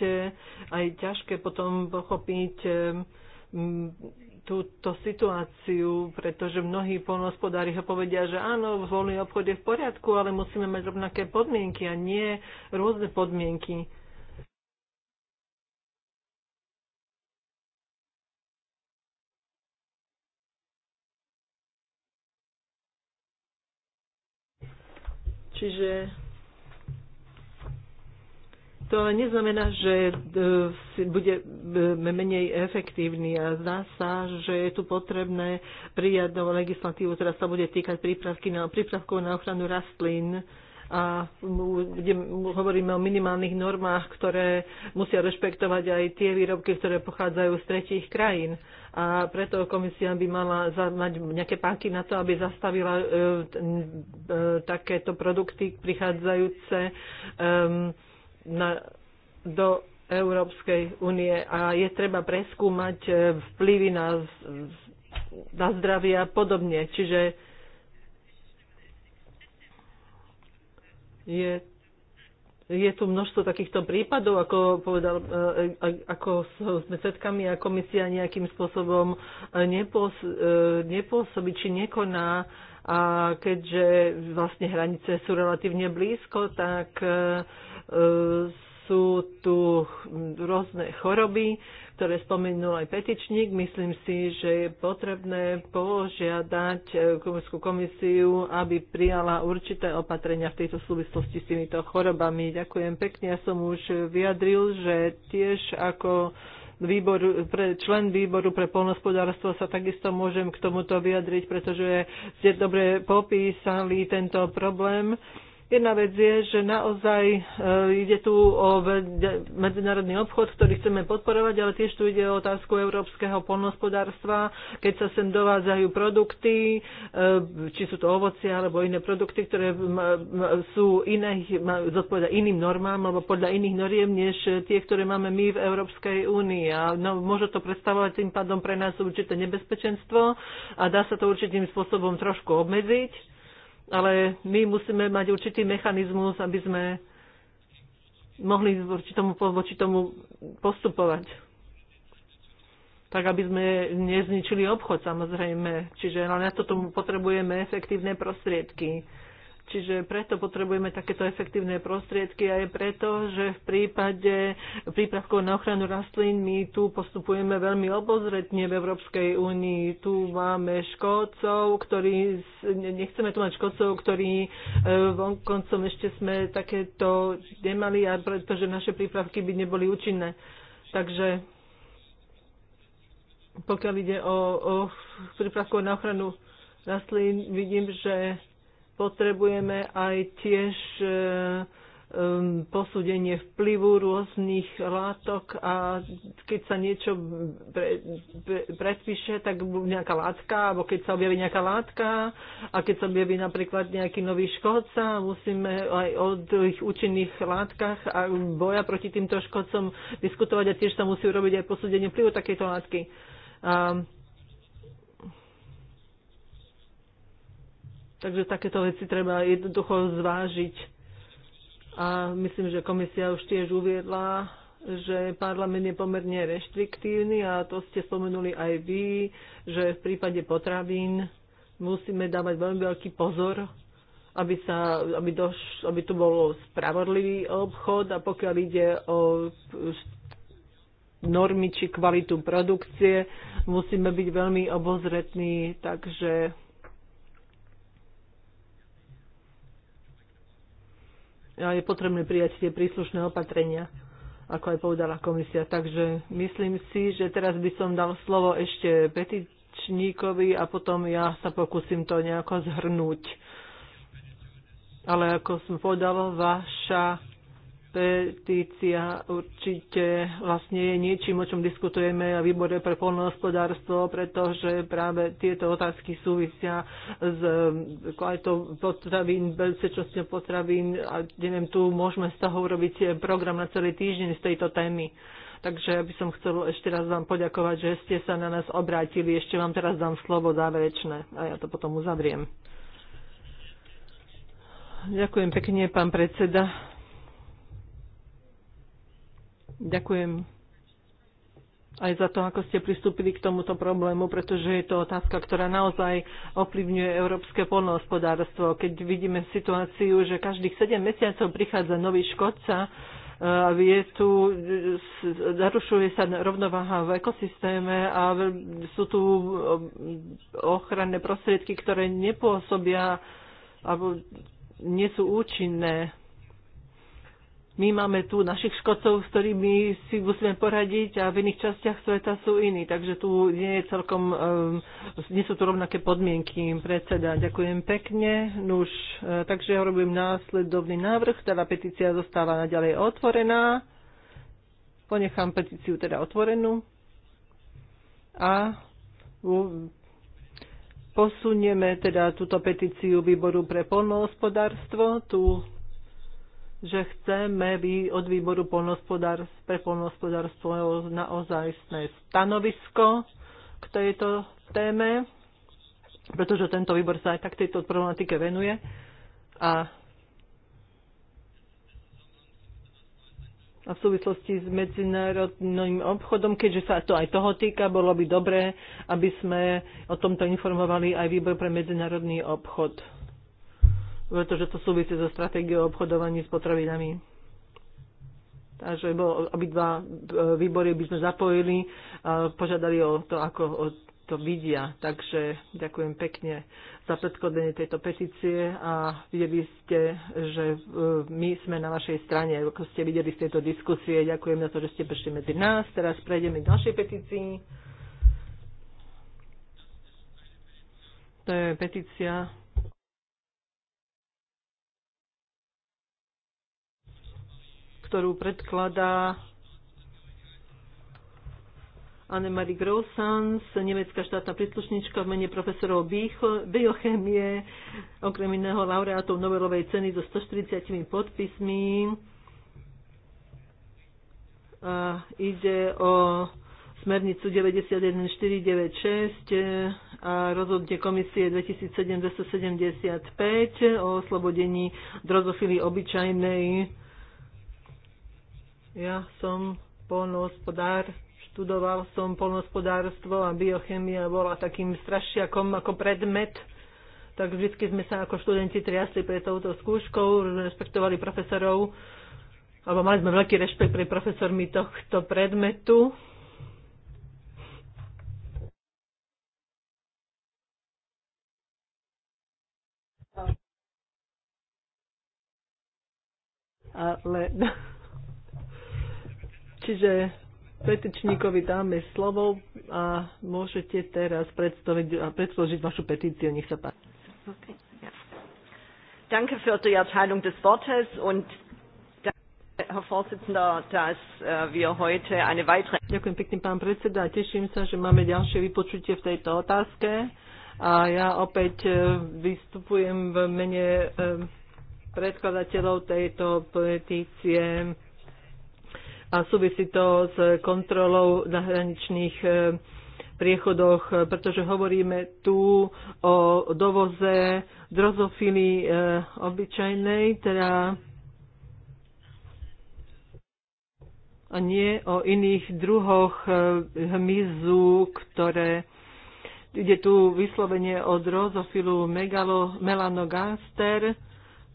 aj ťažké potom pochopiť túto situáciu, pretože mnohí polnospodári ho povedia, že áno, voľný obchod je v poriadku, ale musíme mať rovnaké podmienky a nie rôzne podmienky. Čiže to ale neznamená, že e, budeme menej efektívni a zdá sa, že je tu potrebné prijať novú legislatívu, ktorá sa bude týkať prípravky na, prípravkov na ochranu rastlín a hovoríme o minimálnych normách, ktoré musia rešpektovať aj tie výrobky, ktoré pochádzajú z tretích krajín. A preto komisia by mala mať nejaké páky na to, aby zastavila e, e, takéto produkty prichádzajúce. E, na, do Európskej únie a je treba preskúmať e, vplyvy na, na zdravie a podobne. Čiže je, je tu množstvo takýchto prípadov, ako, povedal, e, e, ako sme svetkami a komisia nejakým spôsobom nepôs, nepôsobí či nekoná. A keďže vlastne hranice sú relatívne blízko, tak sú tu rôzne choroby, ktoré spomenul aj petičník. Myslím si, že je potrebné požiadať Európsku komisiu, aby prijala určité opatrenia v tejto súvislosti s týmito chorobami. Ďakujem pekne. Ja som už vyjadril, že tiež ako výboru, pre, člen výboru pre polnospodárstvo sa takisto môžem k tomuto vyjadriť, pretože ste dobre popísali tento problém. Jedna vec je, že naozaj e, ide tu o medzinárodný obchod, ktorý chceme podporovať, ale tiež tu ide o otázku európskeho polnospodárstva, keď sa sem dovádzajú produkty, e, či sú to ovoci alebo iné produkty, ktoré sú iné, zodpoveda iným normám alebo podľa iných noriem, než tie, ktoré máme my v Európskej únii. A no, môže to predstavovať tým pádom pre nás určité nebezpečenstvo a dá sa to určitým spôsobom trošku obmedziť ale my musíme mať určitý mechanizmus, aby sme mohli voči tomu, voči tomu postupovať. Tak, aby sme nezničili obchod, samozrejme. Čiže na to tomu potrebujeme efektívne prostriedky. Čiže preto potrebujeme takéto efektívne prostriedky aj preto, že v prípade prípravkov na ochranu rastlín my tu postupujeme veľmi obozretne v Európskej únii. Tu máme škodcov, ktorí, nechceme tu mať škodcov, ktorí e, vonkoncom ešte sme takéto nemali, a pretože naše prípravky by neboli účinné. Takže pokiaľ ide o, o prípravkov na ochranu rastlín, vidím, že potrebujeme aj tiež e, posúdenie vplyvu rôznych látok a keď sa niečo pre, pre, predpíše, tak nejaká látka, alebo keď sa objaví nejaká látka a keď sa objaví napríklad nejaký nový škodca, musíme aj o tých účinných látkach a boja proti týmto škodcom diskutovať a tiež sa musí urobiť aj posúdenie vplyvu takejto látky. A Takže takéto veci treba jednoducho zvážiť. A myslím, že komisia už tiež uviedla, že parlament je pomerne reštriktívny a to ste spomenuli aj vy, že v prípade potravín musíme dávať veľmi veľký pozor, aby, sa, aby, doš, aby tu bol spravodlivý obchod a pokiaľ ide o normy či kvalitu produkcie, musíme byť veľmi obozretní, takže a je potrebné prijať tie príslušné opatrenia, ako aj povedala komisia. Takže myslím si, že teraz by som dal slovo ešte petičníkovi a potom ja sa pokúsim to nejako zhrnúť. Ale ako som povedala, vaša petícia určite vlastne je niečím, o čom diskutujeme na výbore pre polnohospodárstvo, pretože práve tieto otázky súvisia s eh, kvalitou potravín, bezpečnosťou potravín a neviem, tu môžeme z toho urobiť eh, program na celý týždeň z tejto témy. Takže ja by som chcel ešte raz vám poďakovať, že ste sa na nás obrátili. Ešte vám teraz dám slovo záverečné a ja to potom uzavriem. Ďakujem pekne, pán predseda. Ďakujem aj za to, ako ste pristúpili k tomuto problému, pretože je to otázka, ktorá naozaj ovplyvňuje európske polnohospodárstvo. Keď vidíme situáciu, že každých 7 mesiacov prichádza nový škodca, e, je tu, zarušuje e, sa rovnováha v ekosystéme a sú tu e, ochranné prostriedky, ktoré nepôsobia alebo nie sú účinné my máme tu našich škodcov, s ktorými si musíme poradiť a v iných častiach sveta sú iní. Takže tu nie je celkom, ehm, nie sú tu rovnaké podmienky predseda. Ďakujem pekne. Nuž, e, takže ja robím následovný návrh, teda petícia zostáva naďalej otvorená. Ponechám petíciu teda otvorenú a posunieme teda túto petíciu výboru pre polnohospodárstvo. Tu že chceme by od výboru pre polnohospodárstvo naozaj stanovisko k tejto téme, pretože tento výbor sa aj tak tejto problematike venuje. A, a v súvislosti s medzinárodným obchodom, keďže sa to aj toho týka, bolo by dobré, aby sme o tomto informovali aj výbor pre medzinárodný obchod pretože to súvisí so stratégiou obchodovaní s potravinami. Takže obidva e, výbory by sme zapojili a požiadali o to, ako o to vidia. Takže ďakujem pekne za predkladenie tejto petície a videli ste, že e, my sme na vašej strane, ako ste videli z tejto diskusie. Ďakujem za to, že ste prišli medzi nás. Teraz prejdeme k ďalšej petícii. To je petícia ktorú predkladá Anne Anne-Marie Grossans, nemecká štátna príslušnička v mene profesorov biochemie, okrem iného laureátov Nobelovej ceny so 140 podpismi. A ide o smernicu 91496 eh, a rozhodne komisie 2775 o oslobodení drozofily obyčajnej ja som polnohospodár, študoval som polnohospodárstvo a biochemia bola takým strašiakom ako predmet, tak vždy sme sa ako študenti triasli pre touto skúškou, respektovali profesorov, alebo mali sme veľký rešpekt pre profesormi tohto predmetu. Ale Čiže petičníkovi dáme slovo a môžete teraz predstaviť, a predložiť vašu petíciu. Nech sa páči. Danke für die Erteilung des Wortes und Herr Vorsitzender, dass äh, wir heute eine weitere... Ďakujem pekne, pán predseda. Teším sa, že máme ďalšie vypočutie v tejto otázke. A ja opäť e, vystupujem v mene e, predkladateľov tejto petície a súvisí to s kontrolou na hraničných e, priechodoch, e, pretože hovoríme tu o dovoze drozofily e, obyčajnej, teda a nie o iných druhoch hmyzu, ktoré ide tu vyslovene o drozofilu megalo, melanogaster,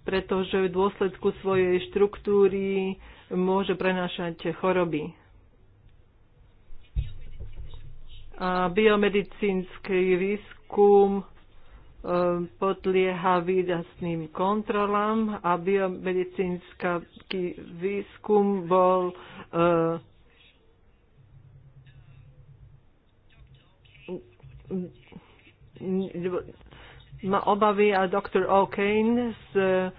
pretože v dôsledku svojej štruktúry môže prenášať choroby. A biomedicínsky výskum podlieha výdasným kontrolám a biomedicínsky výskum bol má obavy a doktor O'Kane z uh,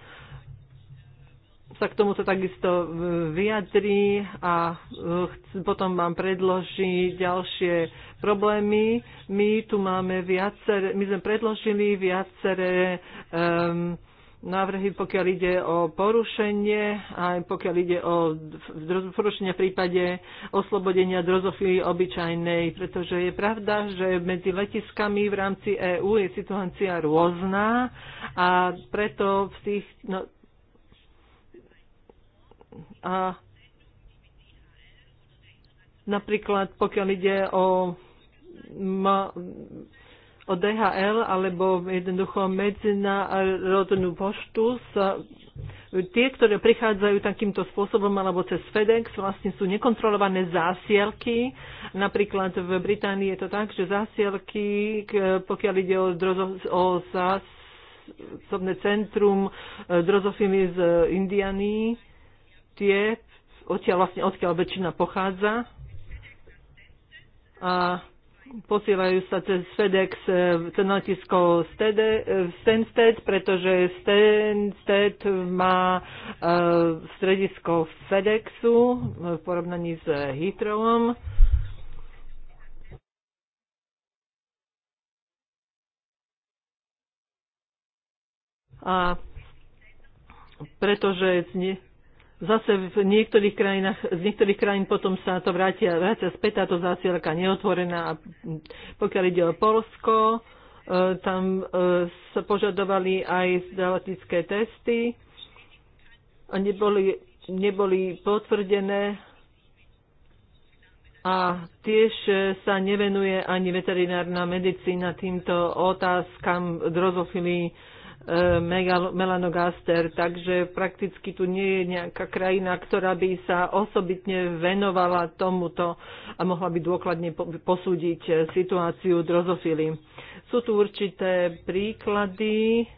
sa k tomuto takisto e, vyjadrí a e, potom vám predloží ďalšie problémy. My tu máme viacere, my sme predložili viaceré um, návrhy, pokiaľ ide o porušenie, aj pokiaľ ide o porušenie v prípade oslobodenia drozofily obyčajnej, pretože je pravda, že medzi letiskami v rámci EÚ je situácia rôzna a preto v tých, no, a napríklad pokiaľ ide o, o DHL alebo jednoducho medzinárodnú poštu, sa, tie, ktoré prichádzajú takýmto spôsobom alebo cez FedEx, vlastne sú nekontrolované zásielky. Napríklad v Británii je to tak, že zásielky, pokiaľ ide o, drozo, o zás, osobné centrum e, drozofimy z Indiany, tie, odtiaľ vlastne odkiaľ väčšina pochádza a posielajú sa cez FedEx e, cez letisko Stansted, e, pretože Stansted má e, stredisko FedExu v porovnaní s Heathrowom. A pretože zase v niektorých krajinách, z niektorých krajín potom sa to vrátia, vrátia späť táto zásielka neotvorená. Pokiaľ ide o Polsko, e, tam e, sa požadovali aj zdravotnícke testy a neboli, neboli potvrdené a tiež sa nevenuje ani veterinárna medicína týmto otázkam drozofilii E, melanogaster, takže prakticky tu nie je nejaká krajina, ktorá by sa osobitne venovala tomuto a mohla by dôkladne posúdiť e, situáciu drozofily. Sú tu určité príklady,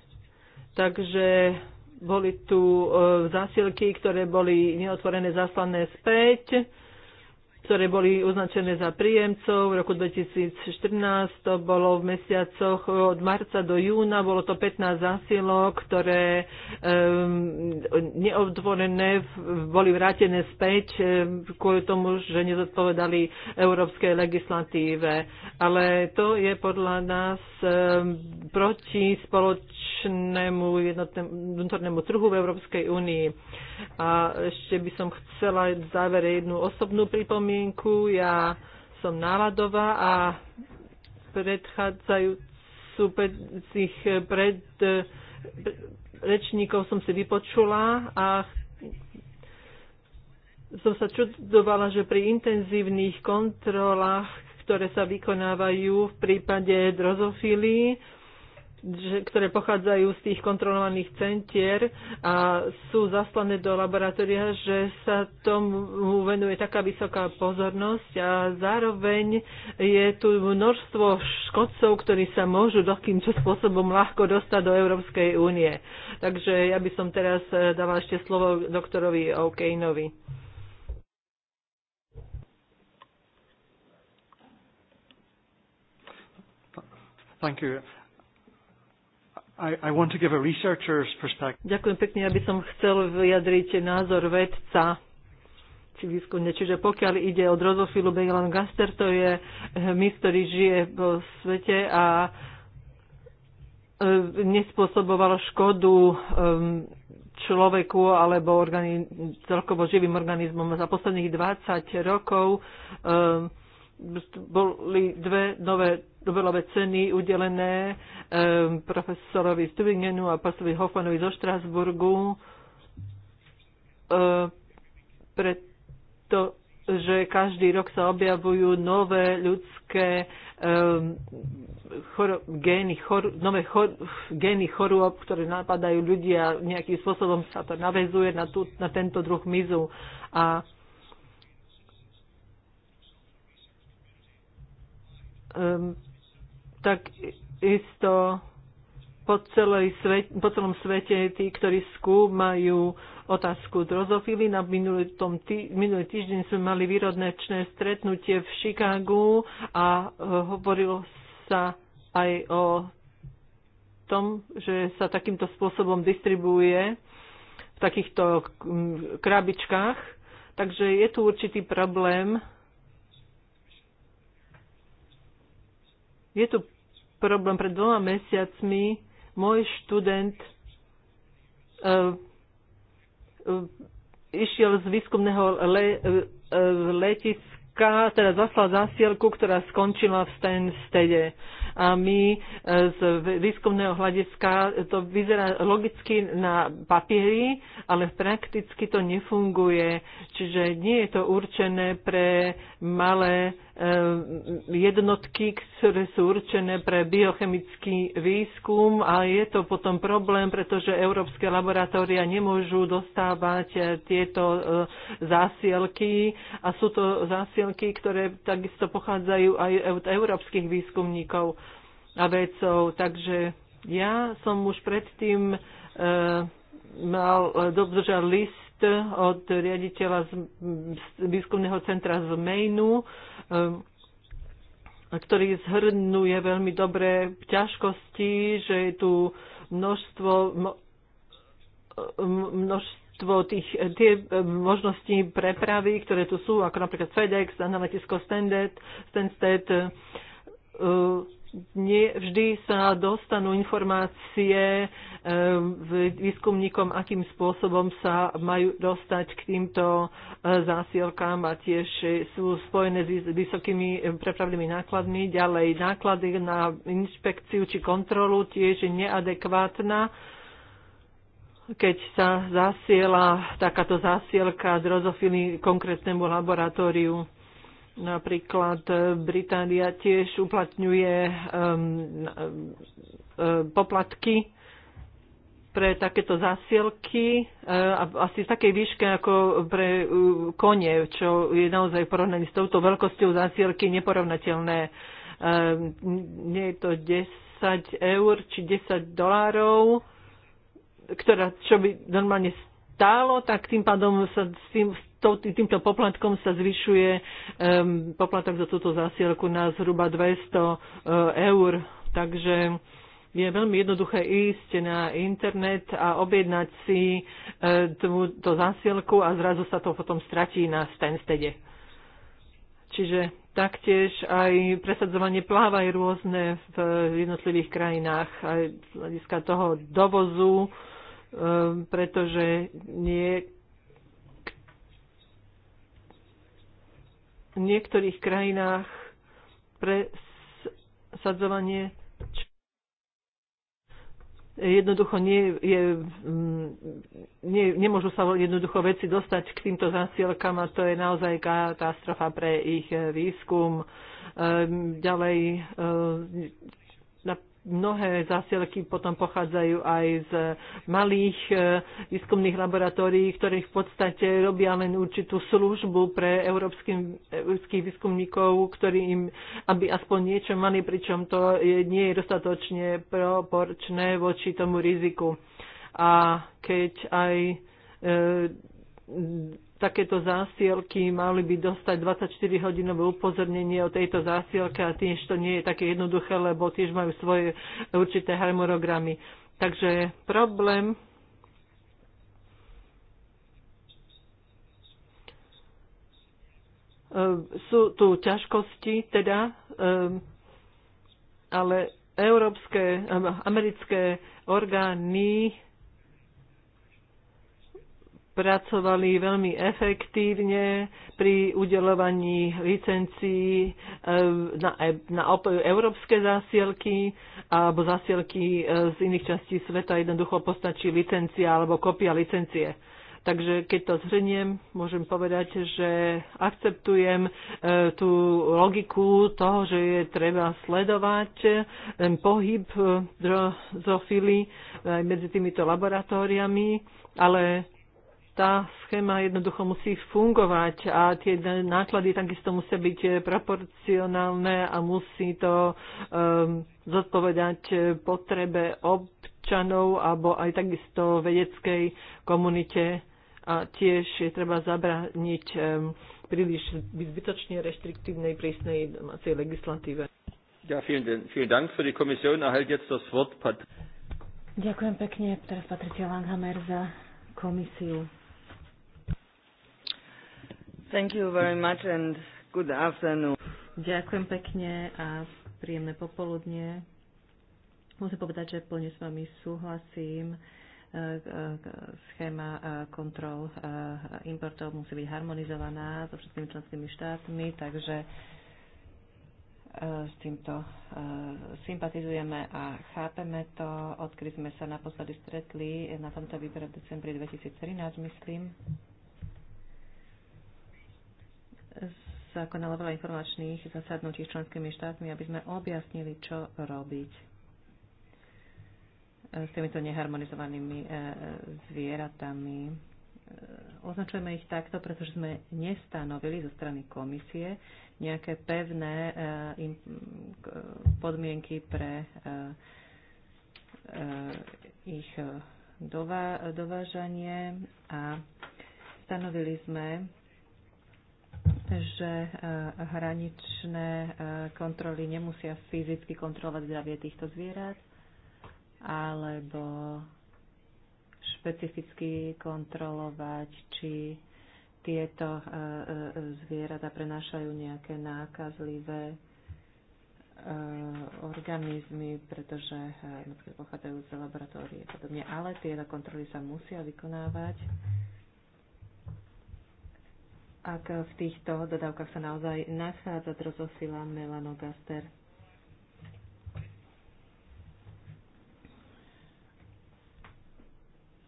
takže boli tu e, zásilky, ktoré boli neotvorené zaslané späť ktoré boli označené za príjemcov. V roku 2014 to bolo v mesiacoch od marca do júna, bolo to 15 zásilok, ktoré um, neodvorené boli vrátené späť kvôli tomu, že nezodpovedali európskej legislatíve. Ale to je podľa nás um, proti spoločnému jednotnému vnútornému trhu v Európskej únii. A ešte by som chcela v závere jednu osobnú pripomínku pripomienku. Ja som náladová a predchádzajúcich pred, e, rečníkov som si vypočula a som sa čudovala, že pri intenzívnych kontrolách, ktoré sa vykonávajú v prípade drozofílii, ktoré pochádzajú z tých kontrolovaných centier a sú zaslané do laboratória, že sa tomu venuje taká vysoká pozornosť a zároveň je tu množstvo škodcov, ktorí sa môžu takýmto spôsobom ľahko dostať do Európskej únie. Takže ja by som teraz eh, dala ešte slovo doktorovi O'Kaneovi. Thank you. I, want to give a researcher's perspective. Ďakujem pekne, aby som chcel vyjadriť názor vedca či výskumne. Čiže pokiaľ ide o rozofilu Bejlan Gaster, to je eh, my, ktorý žije v svete a eh, nespôsoboval škodu eh, človeku alebo organi- celkovo živým organizmom. Za posledných 20 rokov boli dve nové Nobelové ceny udelené um, profesorovi Stuvingenu a profesorovi Hoffmanovi zo Štrásburgu, um, pretože každý rok sa objavujú nové ľudské um, ehm, chor- gény, chor- nové chor- gény chorôb, ktoré napadajú ľudí a nejakým spôsobom sa to navezuje na, tú, na tento druh mizu. A um, tak isto po, celej svet, po celom svete tí, ktorí skúmajú otázku drozofily. Na minulý, tom tý, minulý týždeň sme mali výrodnečné stretnutie v Chicagu a uh, hovorilo sa aj o tom, že sa takýmto spôsobom distribuuje v takýchto krabičkách. Takže je tu určitý problém. Je tu problém pred dvoma mesiacmi. Môj študent uh, išiel z výskumného le, e, letiska, teda zaslal zásielku, ktorá skončila v stede. A my z výskumného hľadiska to vyzerá logicky na papieri, ale prakticky to nefunguje. Čiže nie je to určené pre malé Eh, jednotky, ktoré sú určené pre biochemický výskum a je to potom problém, pretože európske laboratória nemôžu dostávať eh, tieto eh, zásielky a sú to zásielky, ktoré takisto pochádzajú aj od európskych výskumníkov a vedcov. Takže ja som už predtým mal, dobržal list od riaditeľa z výskumného centra z Mainu, Ehm, ktorý zhrnuje veľmi dobré ťažkosti, že je tu množstvo, množstvo tých, tie možností prepravy, ktoré tu sú, ako napríklad FedEx, na letisko Stansted, Stansted ehm, nie vždy sa dostanú informácie eh, výskumníkom, akým spôsobom sa majú dostať k týmto eh, zásielkám a tiež sú spojené s vysokými eh, prepravnými nákladmi. Ďalej náklady na inšpekciu či kontrolu tiež je neadekvátna keď sa zasiela takáto zásielka z rozofily konkrétnemu laboratóriu. Napríklad e, Británia tiež uplatňuje e, poplatky pre takéto zasielky e, asi v takej výške ako pre kone, čo je naozaj porovnaní s touto veľkosťou zasielky neporovnateľné. Nie je to 10 eur či 10 dolárov, ktorá, čo by normálne stálo, tak tým pádom sa s tým, s týmto poplatkom sa zvyšuje um, poplatok za túto zásielku na zhruba 200 uh, eh, eur. Takže je veľmi jednoduché ísť na internet a objednať si e, túto zásielku a zrazu sa to potom stratí na Stanstede. Čiže taktiež aj presadzovanie pláva je rôzne v jednotlivých krajinách aj z hľadiska toho dovozu, eh, pretože nie v niektorých krajinách presadzovanie jednoducho nie je, mm, nie, nemôžu sa jednoducho veci dostať k týmto zásielkám a to je naozaj katastrofa pre ich výskum. Ehm, ďalej ehm, mnohé zásielky potom pochádzajú aj z malých e, výskumných laboratórií, ktorí v podstate robia len určitú službu pre európskych výskumníkov, ktorí im, aby aspoň niečo mali, pričom to je, nie je dostatočne proporčné voči tomu riziku. A keď aj e, takéto zásielky mali by dostať 24-hodinové upozornenie o tejto zásielke a tiež to nie je také jednoduché, lebo tiež majú svoje určité harmonogramy. Takže problém e, sú tu ťažkosti, teda, e, ale európske, e, americké orgány pracovali veľmi efektívne pri udelovaní licencií e, na, e, na európske zásielky alebo zásielky e, z iných častí sveta. Jednoducho postačí licencia alebo kopia licencie. Takže keď to zhrniem, môžem povedať, že akceptujem tú logiku toho, že je treba sledovať ten pohyb drozofily aj medzi týmito laboratóriami, ale tá schéma jednoducho musí fungovať a tie náklady takisto musia byť eh, proporcionálne a musí to um, zodpovedať eh, potrebe občanov alebo aj takisto vedeckej komunite a tiež je treba zabrániť um, ehm, príliš zbytočne reštriktívnej prísnej domácej legislatíve. Ja, vielen, vielen Dank für die Kommission. Erhält jetzt das Wort Pat Ďakujem pekne. Teraz Patricia Langhammer za komisiu. Thank you very much and good afternoon. Ďakujem pekne a príjemné popoludne. Musím povedať, že plne s vami súhlasím. E, e, schéma e, kontrol importov musí byť harmonizovaná so všetkými členskými štátmi, takže s týmto sympatizujeme a chápeme to. Odkedy sme sa naposledy stretli na tomto výbere v decembri 2013, myslím sa konalo veľa informačných zasadnutí s členskými štátmi, aby sme objasnili, čo robiť s týmito neharmonizovanými e, e, zvieratami. E, označujeme ich takto, pretože sme nestanovili zo strany komisie nejaké pevné podmienky pre ich dovážanie a stanovili sme že e, hraničné e, kontroly nemusia fyzicky kontrolovať zdravie týchto zvierat, alebo špecificky kontrolovať, či tieto e, zvieratá prenášajú nejaké nákazlivé organizmy, pretože napríklad pochádzajú z laboratórie a podobne. Ale tieto kontroly sa musia vykonávať ak v týchto dodávkach sa naozaj nachádza drozofila melanogaster.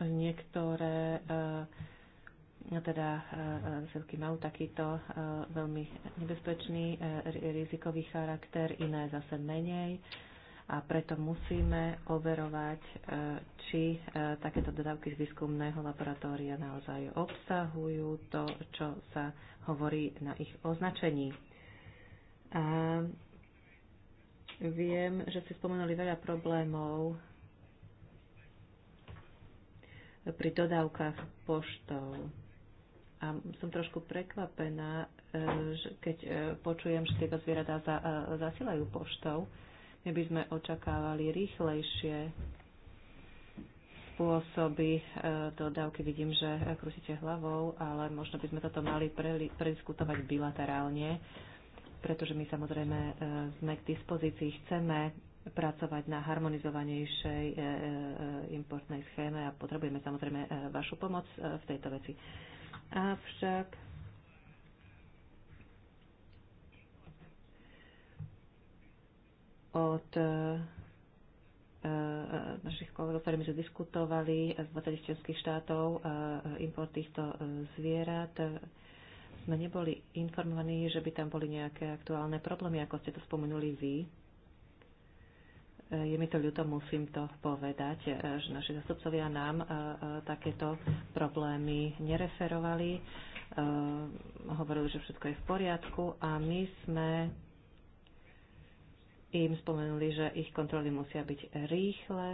Niektoré eh, teda eh, zelky majú takýto eh, veľmi nebezpečný rizikový charakter, iné zase menej a preto musíme overovať, e, či e, takéto dodávky z výskumného laboratória naozaj obsahujú to, čo sa hovorí na ich označení. A viem, že ste spomenuli veľa problémov pri dodávkach poštou. A som trošku prekvapená, e, keď počujem, že tieto zvieratá zasilajú poštou my vlastne by sme očakávali rýchlejšie spôsoby dodávky. E, vidím, že e, krútite hlavou, ale možno by sme toto mali prediskutovať bilaterálne, pretože my samozrejme e, sme k dispozícii, chceme pracovať na harmonizovanejšej importnej schéme a potrebujeme samozrejme vašu pomoc v tejto veci. Avšak od e, e, našich kolegov, ktorými sme diskutovali z 20 členských štátov e, import týchto zvierat. Sme neboli informovaní, že by tam boli nejaké aktuálne problémy, ako ste to spomenuli vy. Je mi to ľúto, musím to povedať, že naši zastupcovia nám takéto problémy nereferovali. Hovorili, že všetko je v poriadku a my sme im spomenuli, že ich kontroly musia byť rýchle,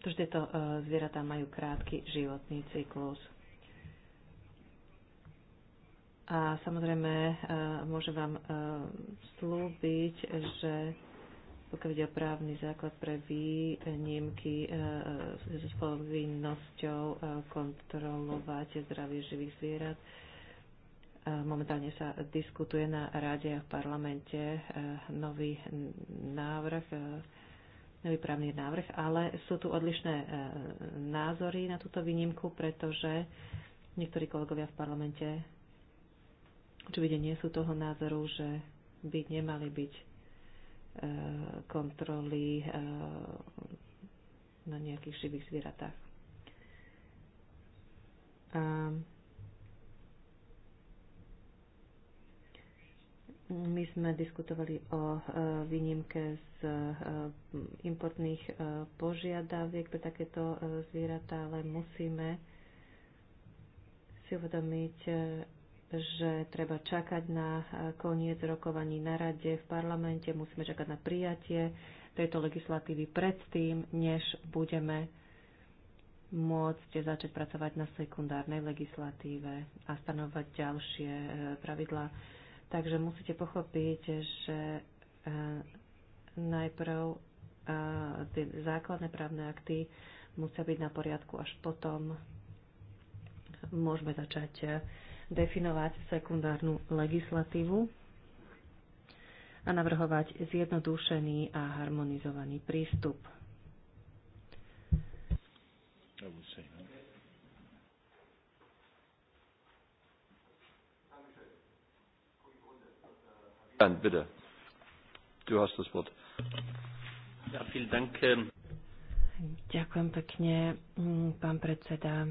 pretože tieto e, zvieratá majú krátky životný cyklus. A samozrejme, e, môžem vám e, slúbiť, že pokiaľ ide o právny základ pre výnimky s povinnosťou kontrolovať zdravie živých zvierat, Momentálne sa diskutuje na rade a v parlamente eh, nový návrh, eh, nový právny návrh, ale sú tu odlišné eh, názory na túto výnimku, pretože niektorí kolegovia v parlamente určite nie sú toho názoru, že by nemali byť kontroly na nejakých živých zvieratách. My sme diskutovali o e, výnimke z e, importných e, požiadaviek pre takéto zvieratá, ale musíme si uvedomiť, že treba čakať na koniec rokovaní na rade, v parlamente, musíme čakať na prijatie tejto legislatívy predtým, než budeme môcť začať pracovať na sekundárnej legislatíve a stanovať ďalšie pravidlá Takže musíte pochopiť, že eh, najprv eh, tie základné právne akty musia byť na poriadku, až potom môžeme začať eh, definovať sekundárnu legislatívu a navrhovať zjednodušený a harmonizovaný prístup. I would say. bitte. Du hast das Wort. Ja, vielen Dank. Ähm, Ďakujem pekne, mm, pán predseda.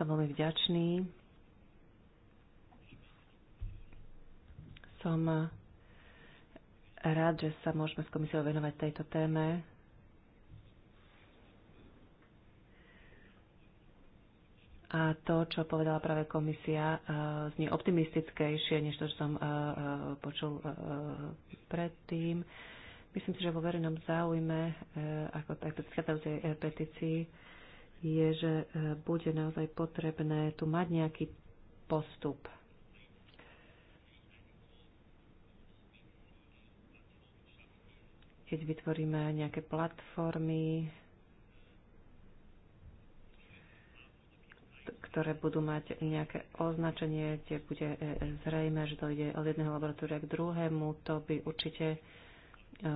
Som veľmi vďačný. Som eh, rád, že sa môžeme s komisiou venovať tejto téme. a to, čo povedala práve komisia, e, znie optimistickejšie, než to, čo som e, e, počul predtým. Myslím si, že vo verejnom záujme, ako takto predchádzajúcej petícii, je, že bude naozaj potrebné tu mať nejaký postup. Keď vytvoríme nejaké platformy, ktoré budú mať nejaké označenie, kde bude e, zrejme, že dojde od jedného laboratória k druhému, to by určite e,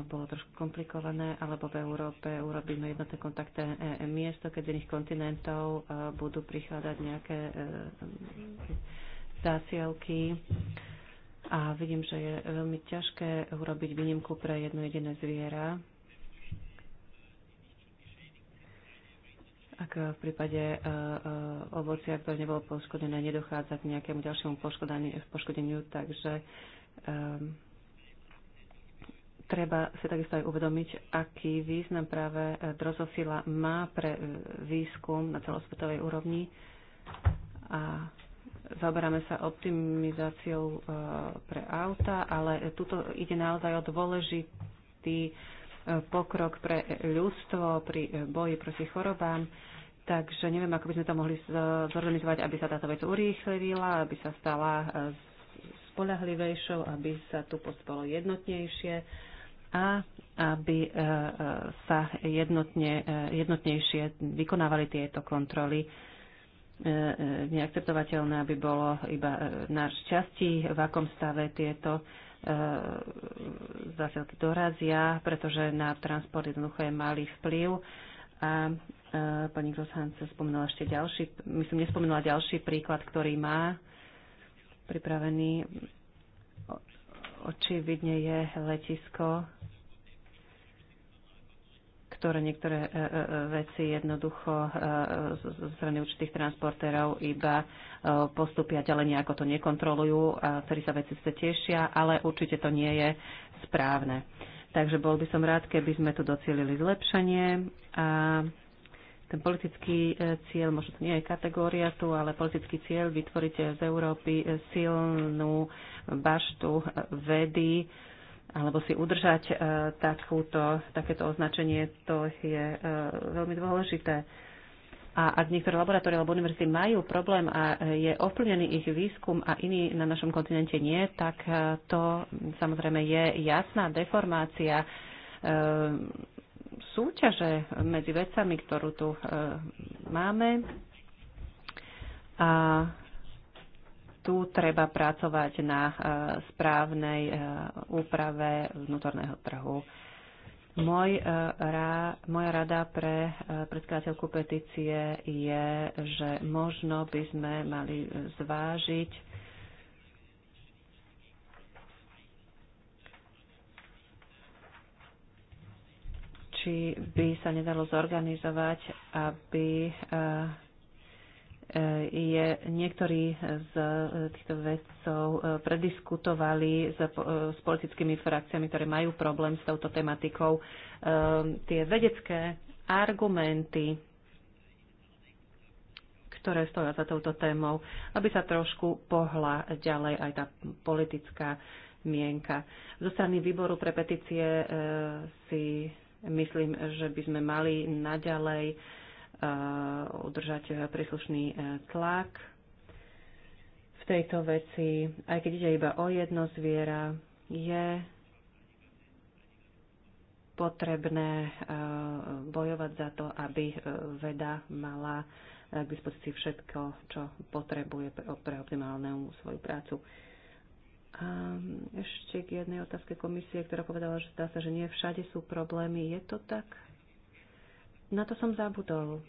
bolo trošku komplikované, alebo v Európe urobíme jednotné kontaktné e, miesto, keď z iných kontinentov budú prichádzať nejaké zásielky. A vidím, že je veľmi ťažké urobiť výnimku pre jedno jediné zviera, Ak v prípade e, e, ovocia, ktoré nebolo poškodené, nedochádza k nejakému ďalšiemu poškodeniu, takže um, treba si takisto aj uvedomiť, aký význam práve e, drozofila má pre výskum na celosvetovej úrovni a zaoberáme sa optimizáciou pre auta, ale tuto ide naozaj o dôležitý pokrok pre ľudstvo pri boji proti chorobám. Takže neviem, ako by sme to mohli zorganizovať, aby sa táto vec urýchlila, aby sa stala e, spolahlivejšou, aby sa tu postalo jednotnejšie a aby e, e, sa jednotne, jednotnejšie vykonávali tieto kontroly neakceptovateľné, aby bolo iba na šťastí, v akom stave tieto E, zásielky dorazia, pretože na transport jednoducho je malý vplyv. A e, pani Grosshance spomenula ešte ďalší, myslím, nespomenula ďalší príklad, ktorý má pripravený. Očividne je letisko ktoré niektoré e, e, e, veci jednoducho zo strany určitých transportérov iba postupia ďalej nejako to nekontrolujú, a ktorí sa veci sa tešia, ale určite to nie je správne. Takže bol by som rád, keby sme tu docielili zlepšenie a ten politický cieľ, možno to nie je kategória tu, ale politický cieľ vytvoriť z Európy silnú baštu vedy, alebo si udržať e, takúto, takéto označenie, to je e, veľmi dôležité. A ak niektoré laboratórie alebo univerzity majú problém a e, je ovplyvnený ich výskum a iný na našom kontinente nie, tak to samozrejme je jasná deformácia súťaže medzi vecami, ktorú tu máme. A tu treba pracovať na e, správnej e, úprave vnútorného trhu. Môj, e, rá, moja rada pre predkladateľku petície je, že možno by sme mali zvážiť či by sa nedalo zorganizovať, aby je niektorí z e, týchto vedcov e, prediskutovali s, e, s politickými frakciami, ktoré majú problém s touto tematikou, tie vedecké argumenty, ktoré stoja za touto témou, aby sa trošku pohla ďalej aj tá politická mienka. Zo strany výboru pre petície si myslím, že by sme mali naďalej Eh, udržať eh, príslušný eh, tlak v tejto veci. Aj keď ide iba o jedno zviera, je potrebné bojovať za to, aby veda mala k dispozícii všetko, čo potrebuje pre optimálnu svoju prácu. A ešte k jednej otázke komisie, ktorá povedala, že zdá sa, že nie všade sú problémy. Je to tak? Na to som zabudol.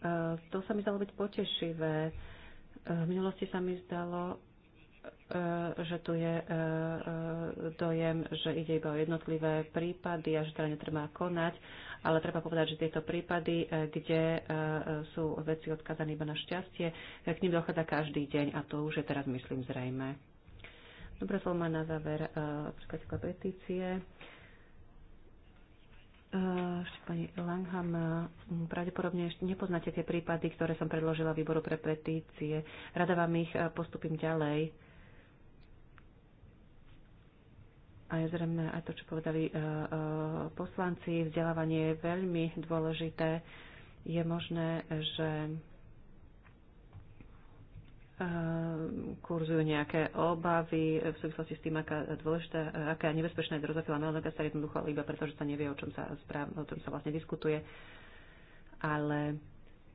Eh, to sa mi zdalo byť potešivé. Eh, v minulosti sa mi zdalo, eh, že tu je dojem, že ide iba o jednotlivé prípady a že teda netreba konať, ale treba povedať, že tieto prípady, kde sú veci odkazané iba na šťastie, k ním dochádza každý deň a to už je teraz, myslím, zrejme. Dobre slovo má na záver predkladateľka petície. Eh, pani Langham, eh, pravdepodobne ešte nepoznáte tie prípady, ktoré som predložila výboru pre petície. Rada vám ich eh, postupím ďalej. A je zrejme aj to, čo povedali poslanci, vzdelávanie je veľmi dôležité. Je možné, že Ehm, kurzujú nejaké obavy v súvislosti s tým, aká dôležitá, aká nebezpečná je drozofila melanogaster jednoducho iba preto, že sa nevie, o čom sa, správ, o čom sa vlastne diskutuje. Ale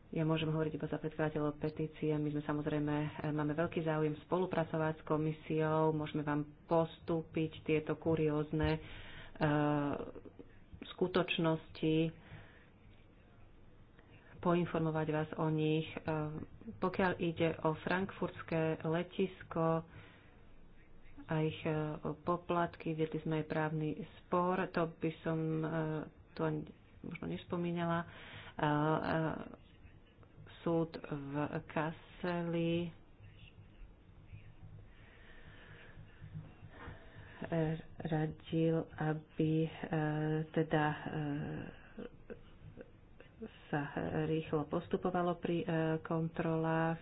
ja môžem hovoriť iba za predkladateľov petície. My sme samozrejme, e, máme veľký záujem spolupracovať s komisiou, môžeme vám postúpiť tieto kuriózne uh, skutočnosti, poinformovať vás o nich. E, pokiaľ ide o frankfurtské letisko a ich e, poplatky, viedli sme aj právny spor, to by som e, tu ani možno nespomínala. Súd v Kaseli radil, aby teda sa e, rýchlo postupovalo pri e, kontrolách.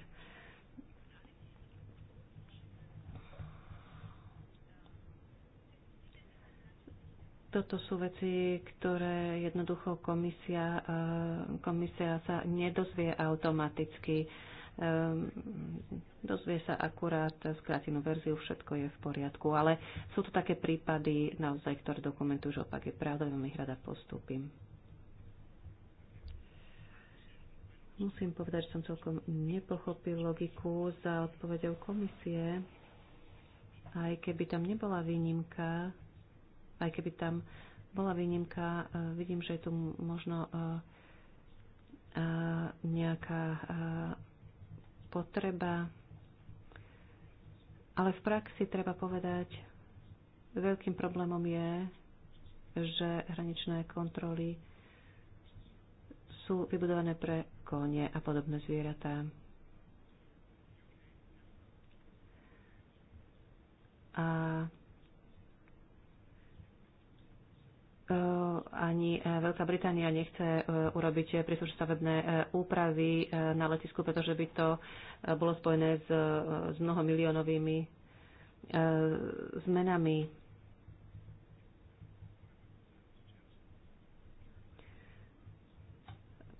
Toto sú veci, ktoré jednoducho komisia, e, komisia sa nedozvie automaticky. Dozvie sa akurát skrátenú verziu, všetko je v poriadku. Ale sú to také prípady, naozaj, ktoré dokumentujú, že opak je pravda, veľmi rada postúpim. Musím povedať, že som celkom nepochopil logiku za odpovedou komisie. Aj keby tam nebola výnimka, aj keby tam bola výnimka, e, vidím, že je tu možno e, e, nejaká potreba. Ale v praxi treba povedať, veľkým problémom je, že hraničné kontroly sú vybudované pre kone a podobné zvieratá. A e, ani e, Veľká Británia nechce e, urobiť príslušné stavebné úpravy na letisku, pretože by to bolo spojené s, s mnohomiliónovými zmenami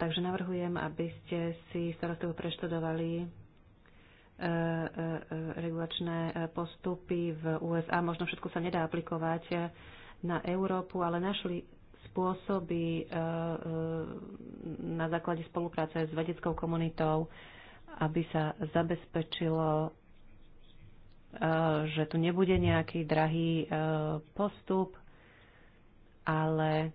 Takže navrhujem, aby ste si starostlivo preštudovali e, e, e, regulačné postupy v USA. Možno všetko sa nedá aplikovať na Európu, ale našli spôsoby na základe spolupráce s vedeckou komunitou, aby sa zabezpečilo, že tu nebude nejaký drahý postup, ale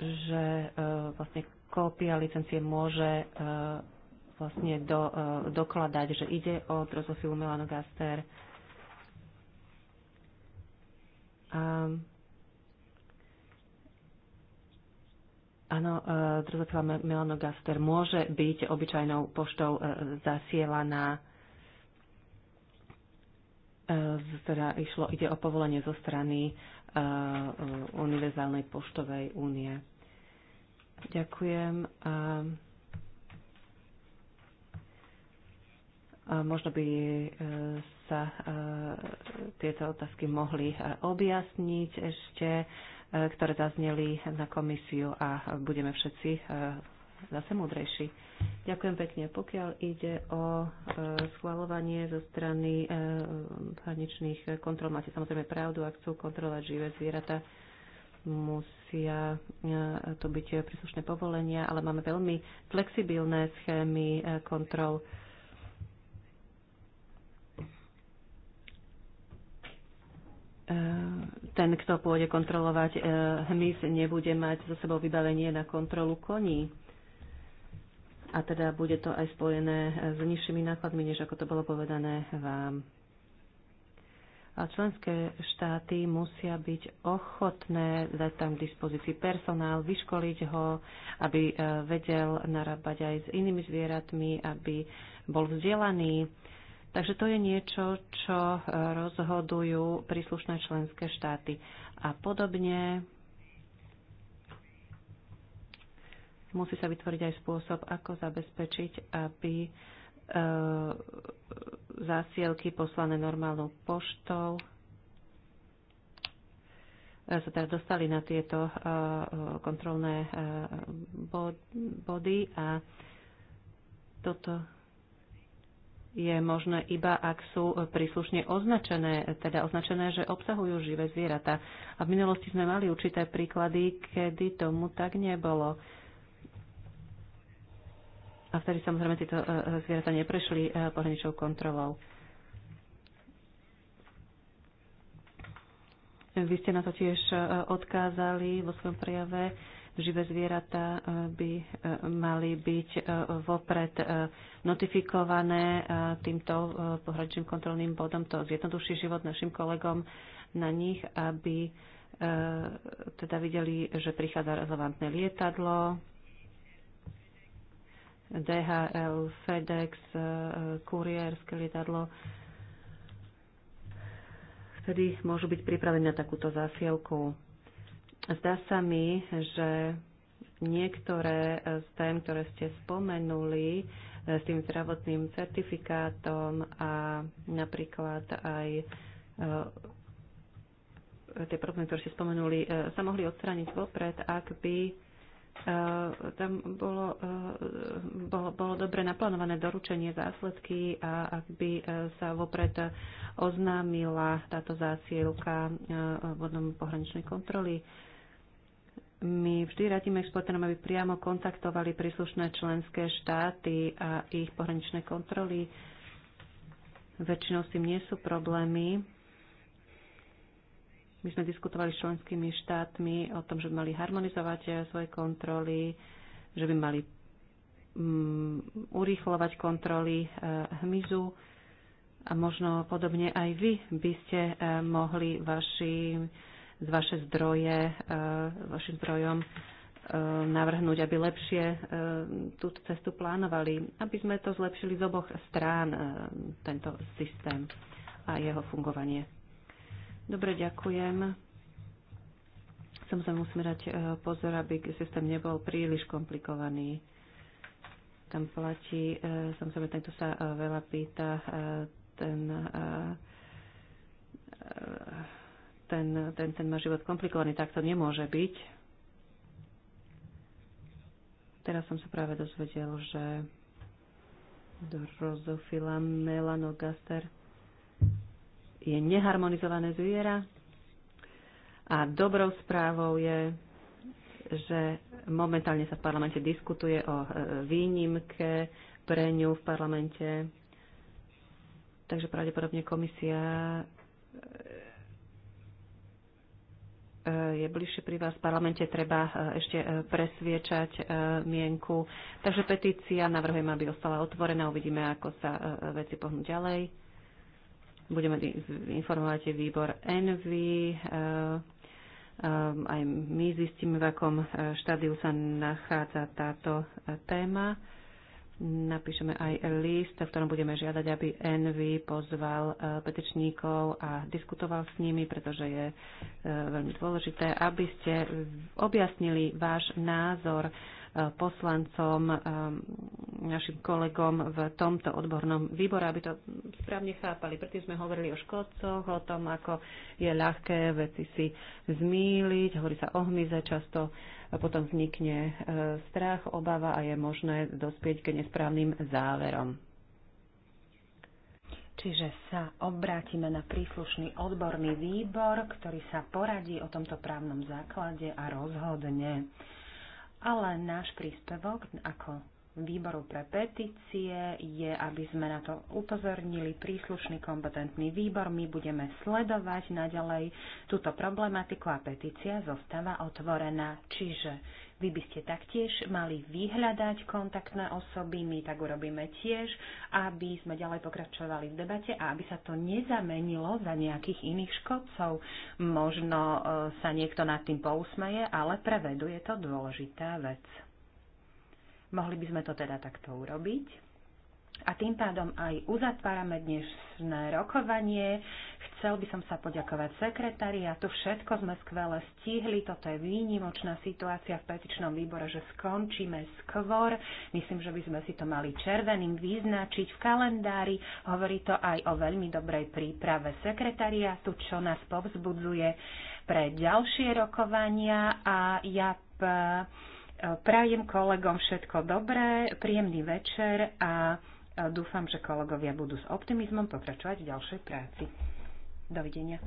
že e, vlastne kópia licencie môže e, vlastne do, e, dokladať, že ide o drozofilu melanogaster. A, áno, drozofila melanogaster môže byť obyčajnou poštou zasielaná teda išlo, ide o povolenie zo strany Univerzálnej poštovej únie. Ďakujem. A, a možno by e, sa e, tieto otázky mohli e, objasniť ešte, ktoré zazneli na komisiu a budeme všetci zase múdrejší. Ďakujem pekne. Pokiaľ ide o schvalovanie zo strany hraničných kontrol, máte samozrejme pravdu, ak chcú kontrolovať živé zvieratá, musia e, to byť príslušné povolenia, ale máme veľmi flexibilné schémy e, kontrol. E, ten, kto pôjde kontrolovať hmyz, nebude mať so sebou vybavenie na kontrolu koní. A teda bude to aj spojené s nižšími nákladmi, než ako to bolo povedané vám. A členské štáty musia byť ochotné dať tam k dispozícii personál, vyškoliť ho, aby e, vedel narábať aj s inými zvieratmi, aby bol vzdelaný. Takže to je niečo, čo e, rozhodujú príslušné členské štáty. A podobne musí sa vytvoriť aj spôsob, ako zabezpečiť, aby E, zásielky poslané normálnou poštou e, sa teda dostali na tieto e, kontrolné body a toto je možné iba, ak sú príslušne označené, teda označené, že obsahujú živé zvieratá. A v minulosti sme mali určité príklady, kedy tomu tak nebolo a vtedy samozrejme tieto e, e, zvieratá neprešli e, pohraničnou kontrolou. Vy ste na to tiež odkázali vo svojom prejave. Živé zvieratá by mali byť vopred notifikované týmto pohraničným kontrolným bodom. To zjednoduší život našim kolegom na nich, aby teda videli, že prichádza relevantné lietadlo, DHL, FedEx, eh, kuriérske lietadlo, vtedy môžu byť pripravení na takúto zásielku. Zdá sa mi, že niektoré z tém, ktoré ste spomenuli, eh, s tým zdravotným certifikátom a napríklad aj eh, tie problémy, ktoré ste spomenuli, sa mohli odstrániť vopred, ak by Eh, tam bolo, eh, bolo, bolo dobre naplánované doručenie zásledky a ak by eh, sa vopred oznámila táto zásielka vodnom pohraničnej kontroly, my vždy radíme exportérom, aby priamo kontaktovali príslušné členské štáty a ich pohraničné kontroly. Väčšinou s tým nie sú problémy my sme diskutovali s členskými štátmi o tom, že by mali harmonizovať eh, svoje kontroly, že by mali mm, urýchlovať kontroly eh, hmyzu a možno podobne aj vy by ste eh, mohli vaši, z vaše zdroje, vašim zdrojom navrhnúť, aby lepšie túto cestu plánovali, aby sme to zlepšili z oboch strán, tento systém a jeho fungovanie. Dobre, ďakujem. Samozrejme musíme dať e, pozor, aby systém nebol príliš komplikovaný. Tam platí, e, samozrejme, kto sa e, veľa pýta, ten, ten, ten, ten má život komplikovaný, tak to nemôže byť. Teraz som sa práve dozvedel, že Drozofila melanogaster je neharmonizované zviera. A dobrou správou je, že momentálne sa v parlamente diskutuje o e, výnimke pre ňu v parlamente. Takže pravdepodobne komisia e, e, je bližšie pri vás v parlamente, treba ešte presviečať mienku. Takže petícia navrhujem, aby ostala otvorená, uvidíme, ako sa veci pohnú ďalej. Budeme informovať výbor Envy, e, aj my zistíme, v akom e, štádiu sa nachádza táto e, téma. Napíšeme aj list, v ktorom budeme žiadať, aby Envy pozval petičníkov a diskutoval s nimi, pretože je veľmi dôležité, aby ste objasnili váš názor poslancom, eh, našim kolegom v tomto odbornom výbore, aby to správne chápali. Predtým sme hovorili o škodcoch, o tom, ako je ľahké veci si zmýliť, hovorí sa o hmyze často, potom vznikne eh, strach, obava a je možné dospieť k nesprávnym záverom. Čiže sa obrátime na príslušný odborný výbor, ktorý sa poradí o tomto právnom základe a rozhodne ale náš príspevok ako výboru pre petície je, aby sme na to upozornili príslušný kompetentný výbor. My budeme sledovať naďalej túto problematiku a petícia zostáva otvorená. Čiže vy by ste taktiež mali vyhľadať kontaktné osoby, my tak urobíme tiež, aby sme ďalej pokračovali v debate a aby sa to nezamenilo za nejakých iných škodcov. Možno e, sa niekto nad tým pousmeje, ale pre vedu je to dôležitá vec. Mohli by sme to teda takto urobiť. A tým pádom aj uzatvárame dnešné rokovanie. Chcel by som sa poďakovať sekretariatu. Všetko sme skvele stihli. Toto je výnimočná situácia v petičnom výbore, že skončíme skôr. Myslím, že by sme si to mali červeným vyznačiť v kalendári. Hovorí to aj o veľmi dobrej príprave sekretariatu, čo nás povzbudzuje pre ďalšie rokovania. A ja prajem kolegom všetko dobré, príjemný večer a Dúfam, že kolegovia budú s optimizmom pokračovať v ďalšej práci. Dovidenia.